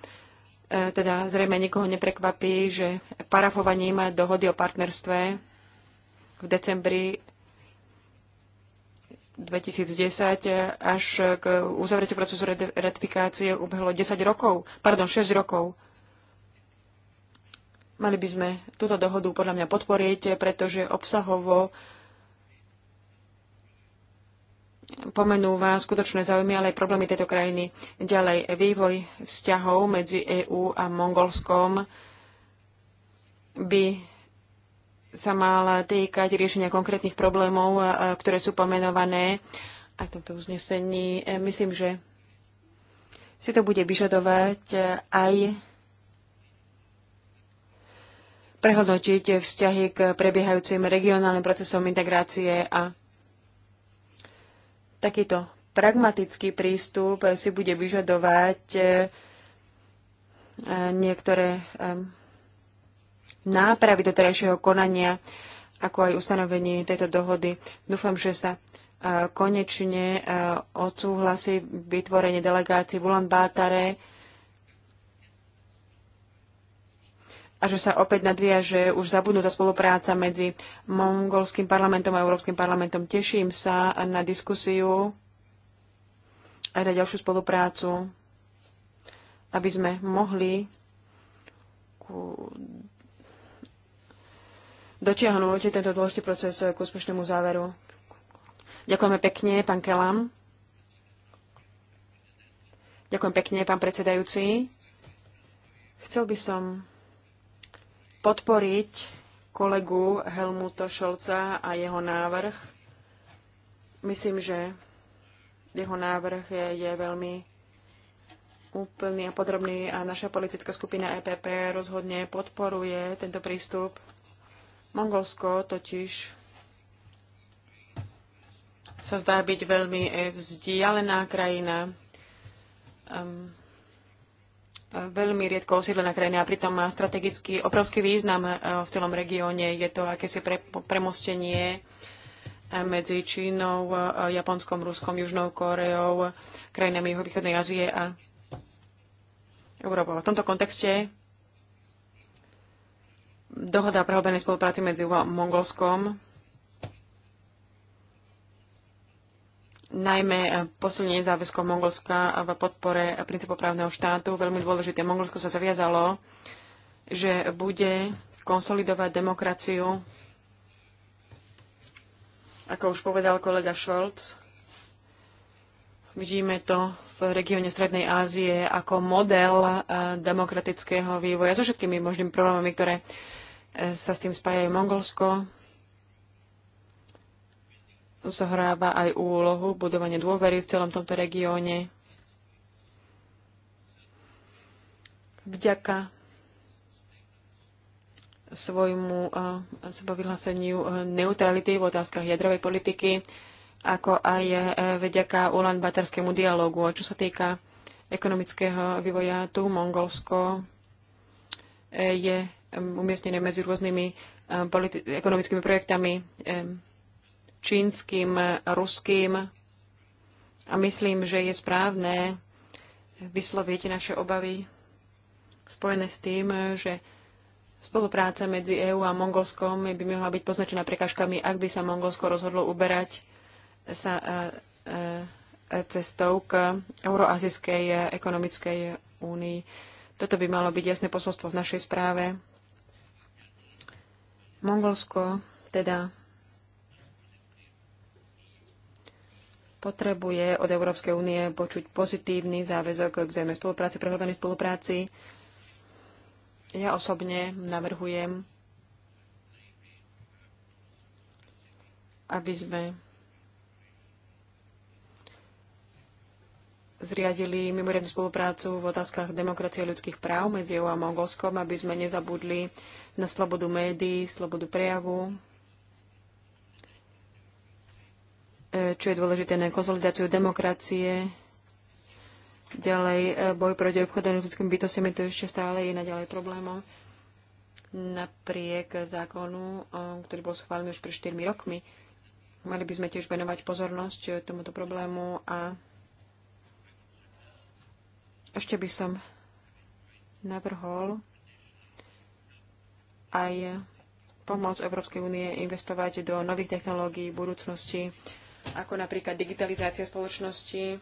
E, teda zrejme nikoho neprekvapí, že parafovaním dohody o partnerstve v decembri 2010 e, až k uzavretiu procesu ratifikácie ubehlo 10 rokov, pardon, 6 rokov. Mali by sme túto dohodu podľa mňa podporiť, pretože obsahovo pomenúva skutočné záujmy, ale aj problémy tejto krajiny. Ďalej, vývoj vzťahov medzi EÚ a Mongolskom by sa mal týkať riešenia konkrétnych problémov, e, ktoré sú pomenované aj v tomto uznesení. E, myslím, že si to bude vyžadovať e, aj prehodnotiť vzťahy k prebiehajúcim regionálnym procesom integrácie a Takýto pragmatický prístup si bude vyžadovať e, e, niektoré e, nápravy do terajšieho konania, ako aj ustanovenie tejto dohody. Dúfam, že sa konečne odsúhlasí vytvorenie delegácií v Ulan Bátare, a že sa opäť nadvia, že už zabudnutá spolupráca medzi mongolským parlamentom a Európskym parlamentom. Teším sa na diskusiu aj na ďalšiu spoluprácu, aby sme mohli ku... dotiahnuť tento dôležitý proces k úspešnému záveru. Ďakujeme pekne, pán Kelam. Ďakujem pekne, pán predsedajúci. Chcel by som podporiť kolegu Helmuta Šolca a jeho návrh. Myslím, že jeho návrh je, je veľmi úplný a podrobný a naša politická skupina EPP rozhodne podporuje tento prístup. Mongolsko totiž sa zdá byť veľmi vzdialená e krajina. Um, veľmi riedko osídlená krajina a pritom má strategický obrovský význam e, v celom regióne. Je to akési pre, premostenie e, medzi Čínou, e, Japonskom, Ruskom, Južnou Kóreou, krajinami východnej Ázie a Európou. V tomto kontexte dohoda o prehobenej spolupráci medzi Mongolskom najmä eh, posilnenie záväzkov Mongolska v podpore princípov právneho štátu. Veľmi dôležité, Mongolsko sa zaviazalo, že bude konsolidovať demokraciu, ako už povedal kolega Scholz. Vidíme to v regióne Strednej Ázie ako model eh, demokratického vývoja so všetkými možnými problémami, ktoré eh, sa s tým spájajú Mongolsko zohráva aj úlohu budovania dôvery v celom tomto regióne. Vďaka svojmu eh, vyhláseniu eh, neutrality v otázkach jadrovej politiky, ako aj eh, vďaka Ulan Batarskému dialogu. A čo sa týka ekonomického vývoja tu, Mongolsko je umiestnené medzi rôznymi ekonomickými projektami čínskym, ruským. A myslím, že je správne vysloviť naše obavy spojené s tým, že spolupráca medzi EÚ a Mongolskom by mohla byť poznačená prekážkami, ak by sa Mongolsko rozhodlo uberať sa e, e, cestou k Euroazijskej ekonomickej únii. Toto by malo byť jasné posolstvo v našej správe. Mongolsko teda potrebuje od Európskej únie počuť pozitívny záväzok k zájme spolupráci, prehlbenej spolupráci. Ja osobne navrhujem, aby sme zriadili mimoriadnu spoluprácu v otázkach demokracie a ľudských práv medzi EU a Mongolskom, aby sme nezabudli na slobodu médií, slobodu prejavu, čo je dôležité na konsolidáciu demokracie, ďalej e, boj proti obchodovaniu s ľudskými bytostiami, to ešte stále je naďalej problémom. Napriek zákonu, e, ktorý bol schválený už pred 4 rokmi, mali by sme tiež venovať pozornosť e, tomuto problému a ešte by som navrhol aj pomoc Európskej únie investovať do nových technológií v budúcnosti, ako napríklad digitalizácia spoločnosti.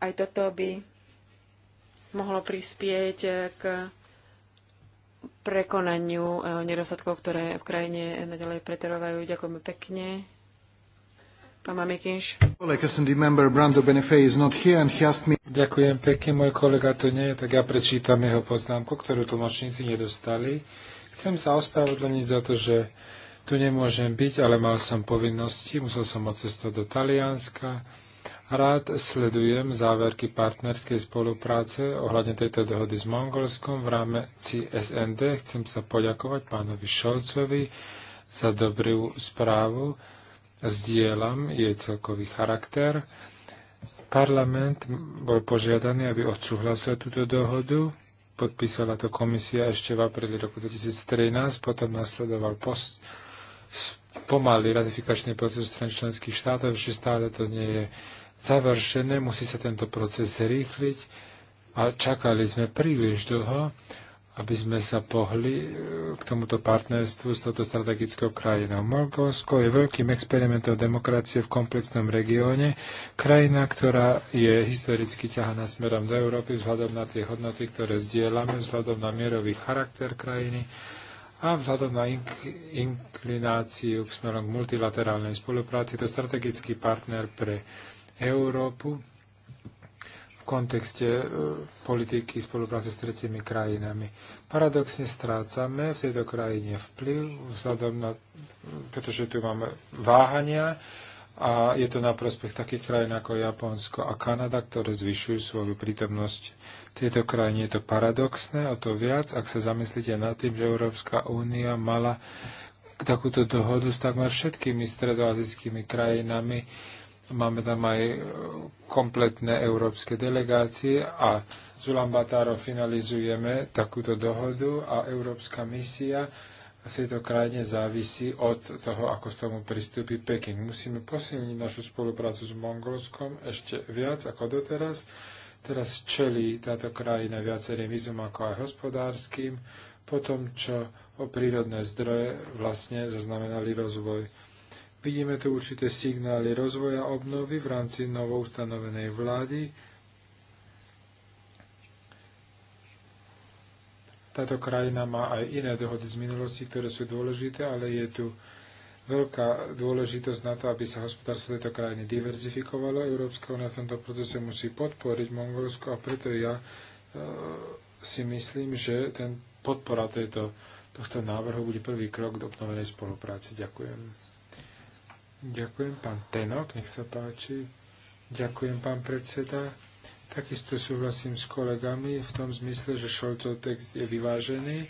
Aj toto by mohlo prispieť k prekonaniu e, nedostatkov, ktoré v krajine nadalej preterovajú. Ďakujem pekne. Pán Mamikinš. Ďakujem pekne, môj kolega to nie tak ja prečítam jeho poznámku, ktorú tlmočníci nedostali. Chcem sa ospravedlniť za to, že tu nemôžem byť, ale mal som povinnosti, musel som odcestovať do Talianska. Rád sledujem záverky partnerskej spolupráce ohľadne tejto dohody s Mongolskom v rámci SND. Chcem sa poďakovať pánovi Šolcovi za dobrú správu. Zdieľam jej celkový charakter. Parlament bol požiadaný, aby odsúhlasil túto dohodu. Podpísala to komisia ešte v apríli roku 2013, potom nasledoval post pomaly ratifikačný proces strane členských štátov, ešte stále to nie je završené, musí sa tento proces zrýchliť a čakali sme príliš dlho, aby sme sa pohli e, k tomuto partnerstvu s touto strategickou krajinou. Moldavsko je veľkým experimentom demokracie v komplexnom regióne, krajina, ktorá je historicky ťahaná smerom do Európy vzhľadom na tie hodnoty, ktoré zdieľame, vzhľadom na mierový charakter krajiny a vzhľadom na inklináciu k smerom k multilaterálnej spolupráci, to strategický partner pre Európu v kontexte e, politiky spolupráce s tretimi krajinami. Paradoxne strácame v tejto krajine vplyv, vzhľadom na, pretože tu máme váhania a je to na prospech takých krajín ako Japonsko a Kanada, ktoré zvyšujú svoju prítomnosť tieto krajiny je to paradoxné, o to viac, ak sa zamyslíte nad tým, že Európska únia mala takúto dohodu s takmer všetkými stredoazijskými krajinami. Máme tam aj kompletné európske delegácie a z Ulambatárov finalizujeme takúto dohodu a európska misia v tejto krajine závisí od toho, ako s tomu pristúpi Peking. Musíme posilniť našu spoluprácu s Mongolskom ešte viac ako doteraz Teraz čelí táto krajina viacerým výzum ako aj hospodárským, potom, čo o prírodné zdroje vlastne zaznamenali rozvoj. Vidíme tu určité signály rozvoja obnovy v rámci novoustanovenej vlády. Táto krajina má aj iné dohody z minulosti, ktoré sú dôležité, ale je tu veľká dôležitosť na to, aby sa hospodárstvo tejto krajiny diverzifikovalo. Európska únia v tomto procese musí podporiť Mongolsko a preto ja e, si myslím, že ten podpora tejto, tohto návrhu bude prvý krok do obnovenej spolupráci. Ďakujem. Ďakujem, pán Tenok, nech sa páči. Ďakujem, pán predseda. Takisto súhlasím s kolegami v tom zmysle, že Šolcov text je vyvážený.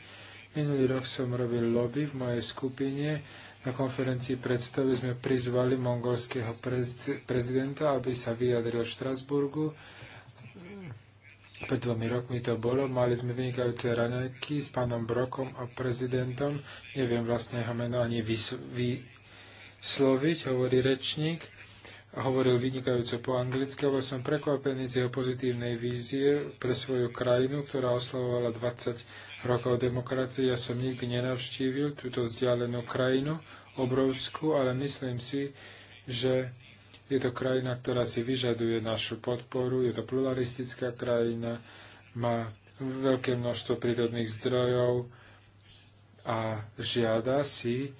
Minulý rok som robil lobby v mojej skupine na konferencii predstavy sme prizvali mongolského prezidenta, aby sa vyjadril v Štrasburgu. Pred dvomi rokmi to bolo. Mali sme vynikajúce raňajky s pánom Brokom a prezidentom. Neviem vlastne jeho meno ani vysloviť, hovorí rečník. Hovoril vynikajúco po anglicky, ale som prekvapený z jeho pozitívnej vízie pre svoju krajinu, ktorá oslavovala 20 rokov demokracie. Ja som nikdy nenavštívil túto vzdialenú krajinu, obrovskú, ale myslím si, že je to krajina, ktorá si vyžaduje našu podporu, je to pluralistická krajina, má veľké množstvo prírodných zdrojov a žiada si,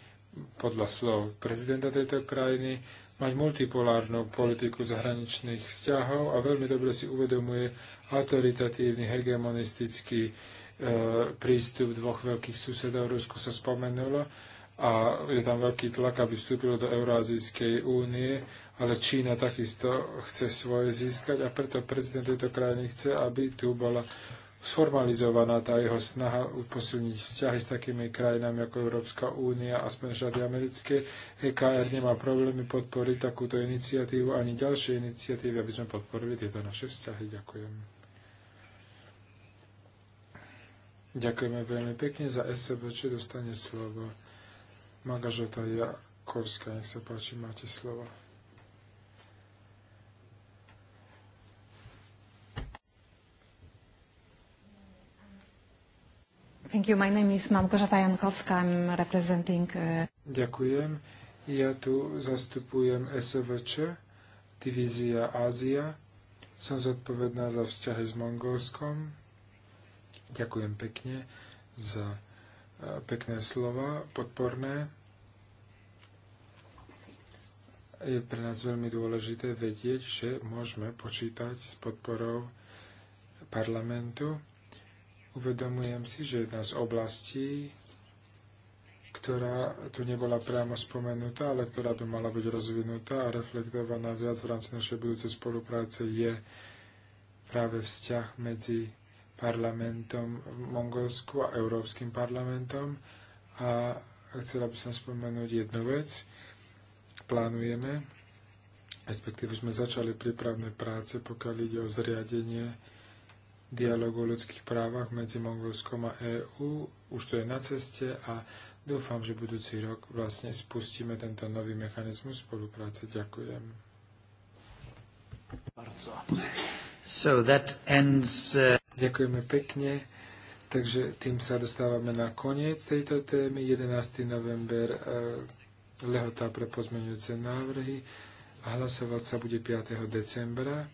podľa slov prezidenta tejto krajiny, mať multipolárnu politiku zahraničných vzťahov a veľmi dobre si uvedomuje autoritatívny hegemonistický E, prístup dvoch veľkých susedov, Rusko sa spomenulo, a je tam veľký tlak, aby vstúpilo do Eurázijskej únie, ale Čína takisto chce svoje získať a preto prezident tejto krajiny chce, aby tu bola sformalizovaná tá jeho snaha posilniť vzťahy s takými krajinami ako Európska únia a Spojené štáty americké. EKR nemá problémy podporiť takúto iniciatívu ani ďalšie iniciatívy, aby sme podporili tieto naše vzťahy. Ďakujem. Ďakujeme veľmi pekne za SB, či dostane slovo Magažota Jakorská. Nech sa páči, máte slovo. Thank you. My name is Małgorzata Jankowska. I'm representing... Uh... Ďakujem. Ja tu zastupujem SVČ, Divízia Ázia. Som zodpovedná za vzťahy s Mongolskom. Ďakujem pekne za e, pekné slova, podporné. Je pre nás veľmi dôležité vedieť, že môžeme počítať s podporou parlamentu. Uvedomujem si, že jedna z oblastí, ktorá tu nebola priamo spomenutá, ale ktorá by mala byť rozvinutá a reflektovaná viac v rámci našej budúcej spolupráce, je práve vzťah medzi parlamentom v Mongolsku a Európskym parlamentom. A chcela by som spomenúť jednu vec. Plánujeme, respektíve sme začali prípravné práce, pokiaľ ide o zriadenie dialogu o ľudských právach medzi Mongolskom a EÚ. Už to je na ceste a dúfam, že budúci rok vlastne spustíme tento nový mechanizmus spolupráce. Ďakujem. So that ends, uh... Ďakujeme pekne. Takže tým sa dostávame na koniec tejto témy. 11. november eh, lehota pre pozmeňujúce návrhy a hlasovať sa bude 5. decembra.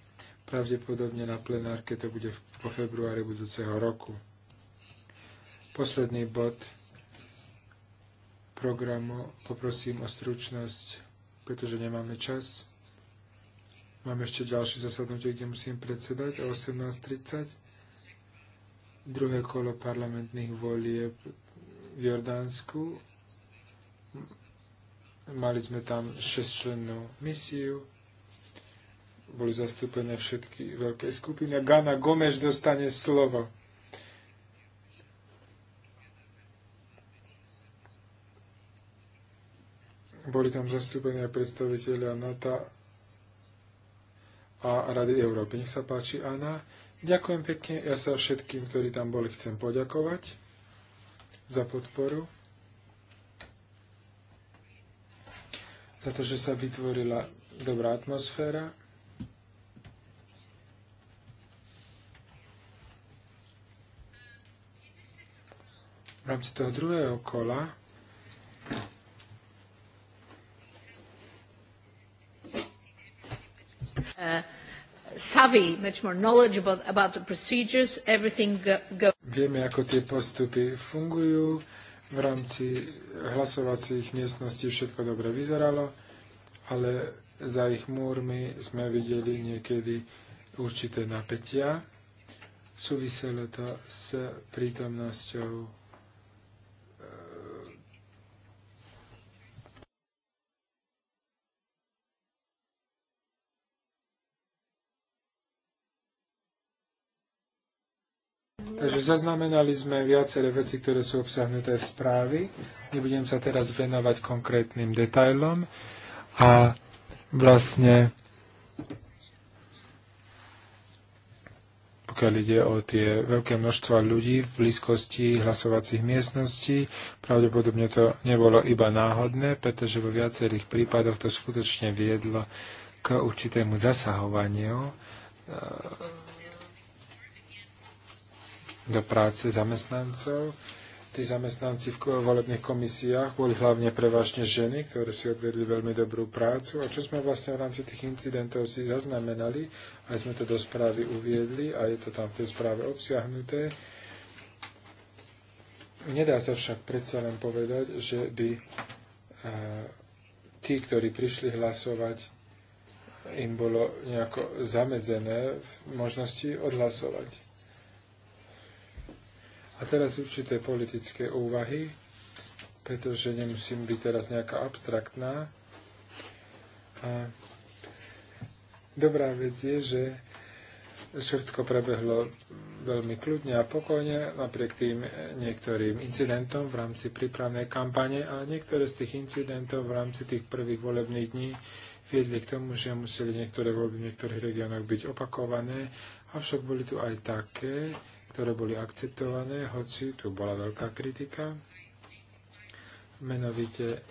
Pravdepodobne na plenárke to bude po februári budúceho roku. Posledný bod programu poprosím o stručnosť, pretože nemáme čas. Mám ešte ďalšie zasadnutie, kde musím predsedať o 18.30 druhé kolo parlamentných volieb v Jordánsku. Mali sme tam šestčlennú misiu, boli zastúpené všetky veľké skupiny. Gana Gomeš dostane slovo. Boli tam zastúpené aj predstaviteľia NATO a Rady Európy. Nech sa páči, Ana. Ďakujem pekne. Ja sa všetkým, ktorí tam boli, chcem poďakovať za podporu. Za to, že sa vytvorila dobrá atmosféra. V rámci toho druhého kola uh, savvy, much more knowledgeable about the procedures, everything go. Vieme, ako tie postupy fungujú. V rámci hlasovacích miestností všetko dobre vyzeralo, ale za ich múrmi sme videli niekedy určité napätia. Súviselo to s prítomnosťou Takže zaznamenali sme viaceré veci, ktoré sú obsahnuté v správy. Nebudem sa teraz venovať konkrétnym detailom. A vlastne, pokiaľ ide o tie veľké množstva ľudí v blízkosti hlasovacích miestností, pravdepodobne to nebolo iba náhodné, pretože vo viacerých prípadoch to skutočne viedlo k určitému zasahovaniu e, do práce zamestnancov. Tí zamestnanci v volebných komisiách boli hlavne prevažne ženy, ktoré si odvedli veľmi dobrú prácu. A čo sme vlastne v rámci tých incidentov si zaznamenali, aj sme to do správy uviedli a je to tam v tej správe obsiahnuté, Nedá sa však predsa len povedať, že by eh, tí, ktorí prišli hlasovať, im bolo nejako zamezené v možnosti odhlasovať. A teraz určité politické úvahy, pretože nemusím byť teraz nejaká abstraktná. A dobrá vec je, že všetko prebehlo veľmi kľudne a pokojne, napriek tým niektorým incidentom v rámci prípravnej kampane, a niektoré z tých incidentov v rámci tých prvých volebných dní viedli k tomu, že museli niektoré voľby v niektorých regiónoch byť opakované, avšak boli tu aj také, ktoré boli akceptované, hoci tu bola veľká kritika, menovite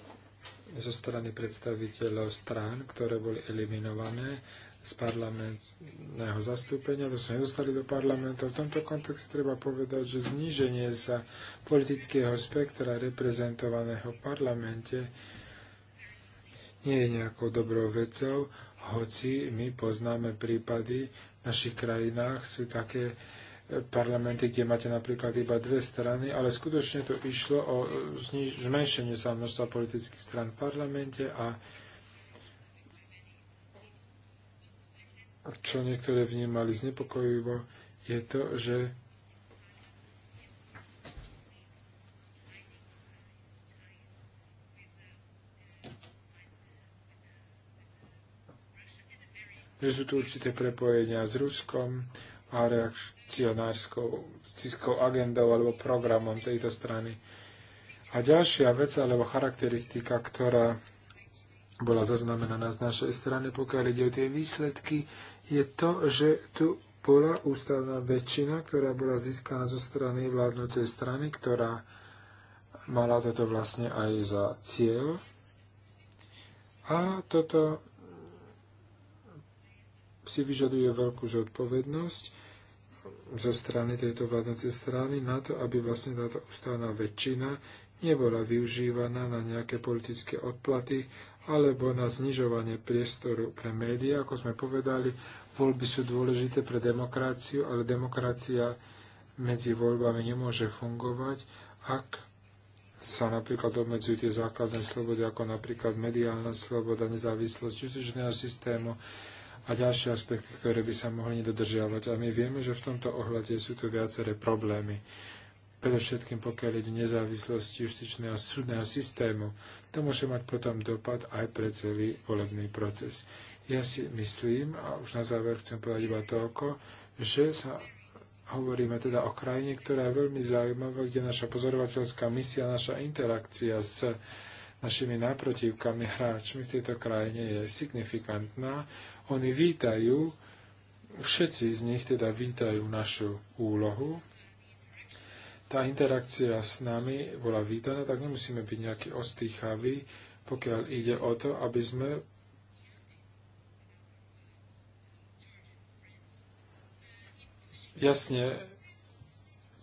zo strany predstaviteľov strán, ktoré boli eliminované z parlamentného zastúpenia, to sa nedostali do parlamentu. V tomto kontexte treba povedať, že zníženie sa politického spektra reprezentovaného v parlamente nie je nejakou dobrou vecou, hoci my poznáme prípady v našich krajinách, sú také parlamenty, kde máte napríklad iba dve strany, ale skutočne to išlo o e, zmenšenie sa množstva politických stran v parlamente a čo niektoré vnímali znepokojivo, je to, že že sú tu určité prepojenia s Ruskom a reakč- akcionárskou agendou alebo programom tejto strany. A ďalšia vec alebo charakteristika, ktorá bola zaznamenaná z našej strany, pokiaľ ide o tie výsledky, je to, že tu bola ústavná väčšina, ktorá bola získaná zo strany vládnocej strany, ktorá mala toto vlastne aj za cieľ. A toto si vyžaduje veľkú zodpovednosť zo strany tejto vládnocej strany na to, aby vlastne táto ústavná väčšina nebola využívaná na nejaké politické odplaty alebo na znižovanie priestoru pre médiá. Ako sme povedali, voľby sú dôležité pre demokraciu, ale demokracia medzi voľbami nemôže fungovať, ak sa napríklad obmedzujú tie základné slobody, ako napríklad mediálna sloboda, nezávislosť justičného systému, a ďalšie aspekty, ktoré by sa mohli nedodržiavať. A my vieme, že v tomto ohľade sú tu viaceré problémy. Predovšetkým pokiaľ ide nezávislosť justičného a súdneho systému, to môže mať potom dopad aj pre celý volebný proces. Ja si myslím, a už na záver chcem povedať iba toľko, že sa hovoríme teda o krajine, ktorá je veľmi zaujímavá, kde naša pozorovateľská misia, naša interakcia s našimi náprotivkami, hráčmi v tejto krajine je signifikantná oni vítajú, všetci z nich teda vítajú našu úlohu. Tá interakcia s nami bola vítaná, tak nemusíme byť nejaký ostýchaví, pokiaľ ide o to, aby sme jasne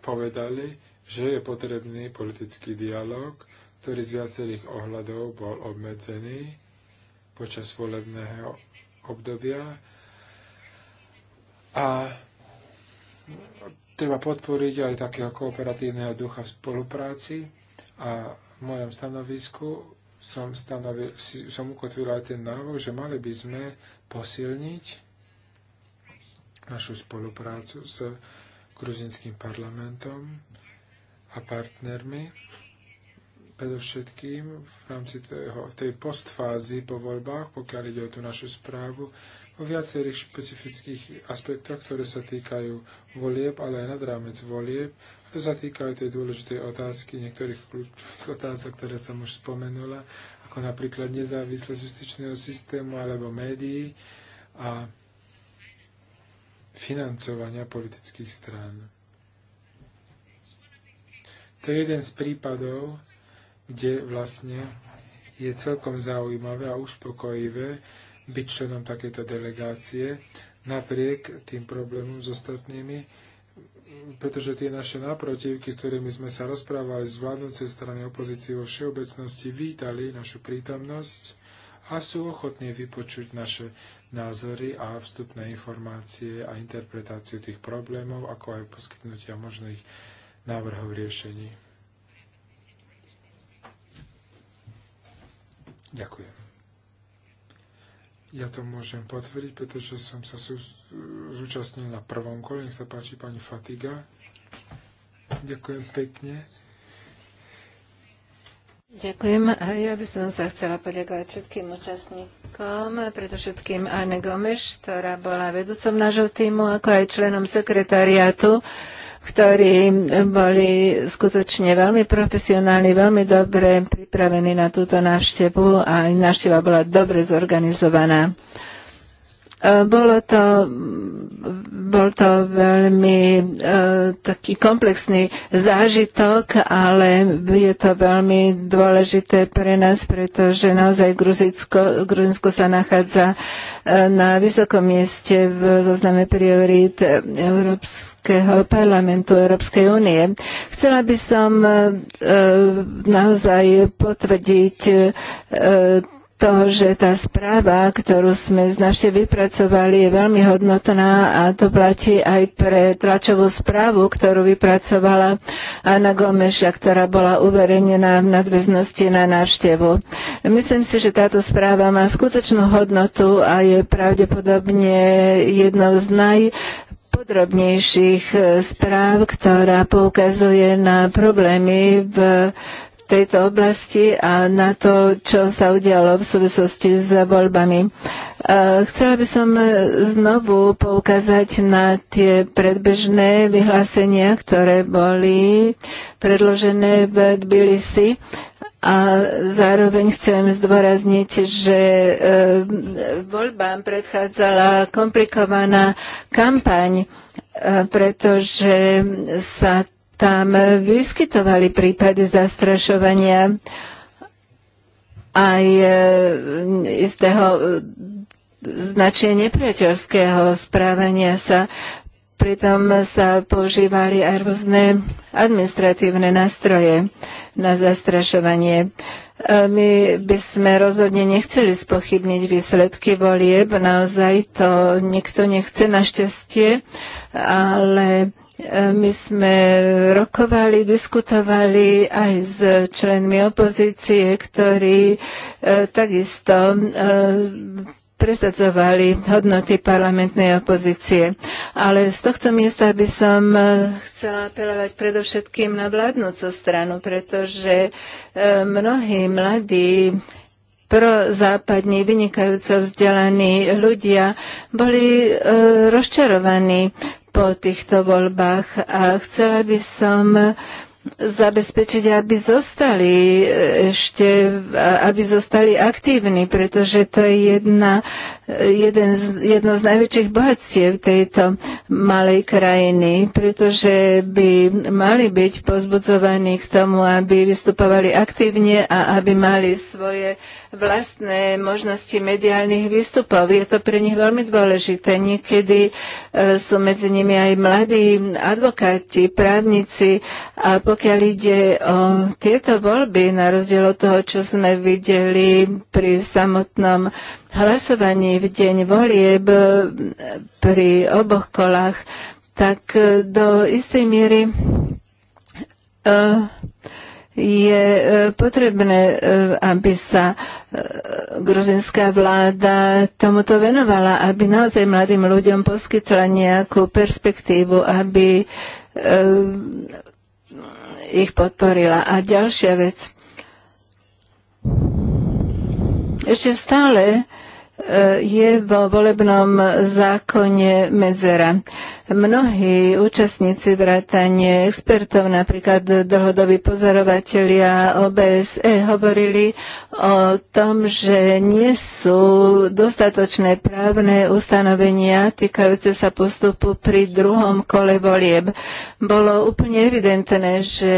povedali, že je potrebný politický dialog, ktorý z viacerých ohľadov bol obmedzený počas volebného obdobia a treba podporiť aj takého kooperatívneho ducha v spolupráci a v mojom stanovisku som, stanovil, som ukotvil aj ten návrh, že mali by sme posilniť našu spoluprácu s gruzinským parlamentom a partnermi predovšetkým v rámci toho, tej postfázy po voľbách, pokiaľ ide o tú našu správu, o viacerých špecifických aspektoch, ktoré sa týkajú volieb, ale aj nad rámec volieb. A to sa týka aj tej dôležitej otázky, niektorých kľúčových otázok, ktoré som už spomenula, ako napríklad nezávislosť justičného systému alebo médií a financovania politických strán. To je jeden z prípadov, kde vlastne je celkom zaujímavé a uspokojivé byť členom takéto delegácie napriek tým problémom s ostatnými, pretože tie naše náprotivky, s ktorými sme sa rozprávali z vládnúcej strany opozície vo všeobecnosti, vítali našu prítomnosť a sú ochotní vypočuť naše názory a vstupné informácie a interpretáciu tých problémov, ako aj poskytnutia možných návrhov riešení. Ďakujem. Ja to môžem potvrdiť, pretože som sa zúčastnil na prvom kole. Nech sa páči pani Fatiga. Ďakujem pekne. Ďakujem. A ja by som sa chcela poďakovať všetkým účastníkom, predovšetkým Anne Gomeš, ktorá bola vedúcom nášho týmu, ako aj členom sekretariátu ktorí boli skutočne veľmi profesionálni, veľmi dobre pripravení na túto návštevu a návšteva bola dobre zorganizovaná. E, bolo to, bol to veľmi e, taký komplexný zážitok, ale je to veľmi dôležité pre nás, pretože naozaj Gruzicko, Gruzinsko sa nachádza e, na vysokom mieste v zozname priorít Európskeho parlamentu Európskej únie. Chcela by som naozaj potvrdiť to, že tá správa, ktorú sme z našej vypracovali, je veľmi hodnotná a to platí aj pre tlačovú správu, ktorú vypracovala Anna Gomeša, ktorá bola uverejnená v nadväznosti na návštevu. Myslím si, že táto správa má skutočnú hodnotu a je pravdepodobne jednou z naj podrobnejších eh, správ, ktorá poukazuje na problémy v tejto oblasti a na to, čo sa udialo v súvislosti s voľbami. E, chcela by som znovu poukázať na tie predbežné vyhlásenia, ktoré boli predložené v Tbilisi. A zároveň chcem zdôrazniť, že e, voľbám predchádzala komplikovaná kampaň, e, pretože sa tam vyskytovali prípady zastrašovania aj e, istého e, značne nepriateľského správania sa. Pritom sa používali aj rôzne administratívne nástroje na zastrašovanie. E, my by sme rozhodne nechceli spochybniť výsledky volieb, naozaj to nikto nechce našťastie, ale E, my sme rokovali, diskutovali aj s členmi opozície, ktorí e, takisto e, presadzovali hodnoty parlamentnej opozície. Ale z tohto miesta by som chcela apelovať predovšetkým na vládnúcu stranu, pretože mnohí mladí prozápadní, vynikajúco vzdelaní ľudia boli rozčarovaní po týchto voľbách. A chcela by som zabezpečiť, aby zostali e, ešte, aby zostali aktívni, pretože to je jedna, jeden z, jedno z najväčších bohatstiev tejto malej krajiny, pretože by mali byť pozbudzovaní k tomu, aby vystupovali aktívne a aby mali svoje vlastné možnosti mediálnych výstupov. Je to pre nich veľmi dôležité. Niekedy e, sú medzi nimi aj mladí advokáti, právnici a po pokiaľ ide o tieto voľby, na rozdiel od toho, čo sme videli pri samotnom hlasovaní v deň volieb eh, pri oboch kolách, tak eh, do istej miery eh, je potrebné, aby sa gruzinská vláda tomuto venovala, aby naozaj mladým ľuďom poskytla nejakú perspektívu, aby ich podporila. A ďalšia vec. Ešte stále Eh, je vo volebnom zákone medzera. Mnohí účastníci vrátane expertov, napríklad dlhodoví pozorovatelia OBSE, hovorili o tom, že nie sú dostatočné právne ustanovenia týkajúce sa postupu pri druhom kole volieb. Bolo úplne evidentné, že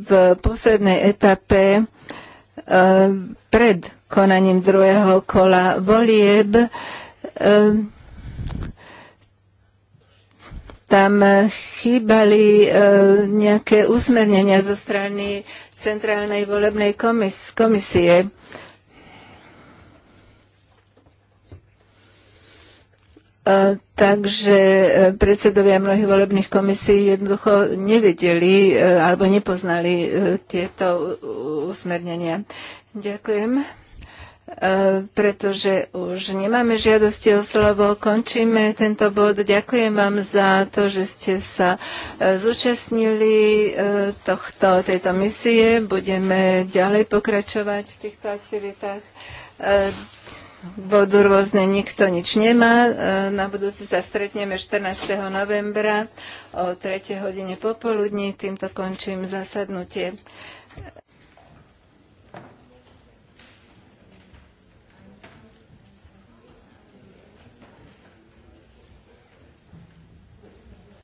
v poslednej etape E, pred konaním druhého kola volieb. E, tam chýbali e, nejaké usmernenia zo strany Centrálnej volebnej komis- komisie. takže e, predsedovia mnohých volebných komisí jednoducho nevedeli e, alebo nepoznali e, tieto usmernenia. Ďakujem. Pretože už nemáme žiadosti o slovo, končíme tento bod. Ďakujem vám za to, že ste sa zúčastnili tohto, tejto misie. Budeme ďalej pokračovať v týchto aktivitách bodu rôzne nikto nič nemá. E, na budúci sa stretneme 14. novembra o 3. hodine popoludní. Týmto končím zasadnutie.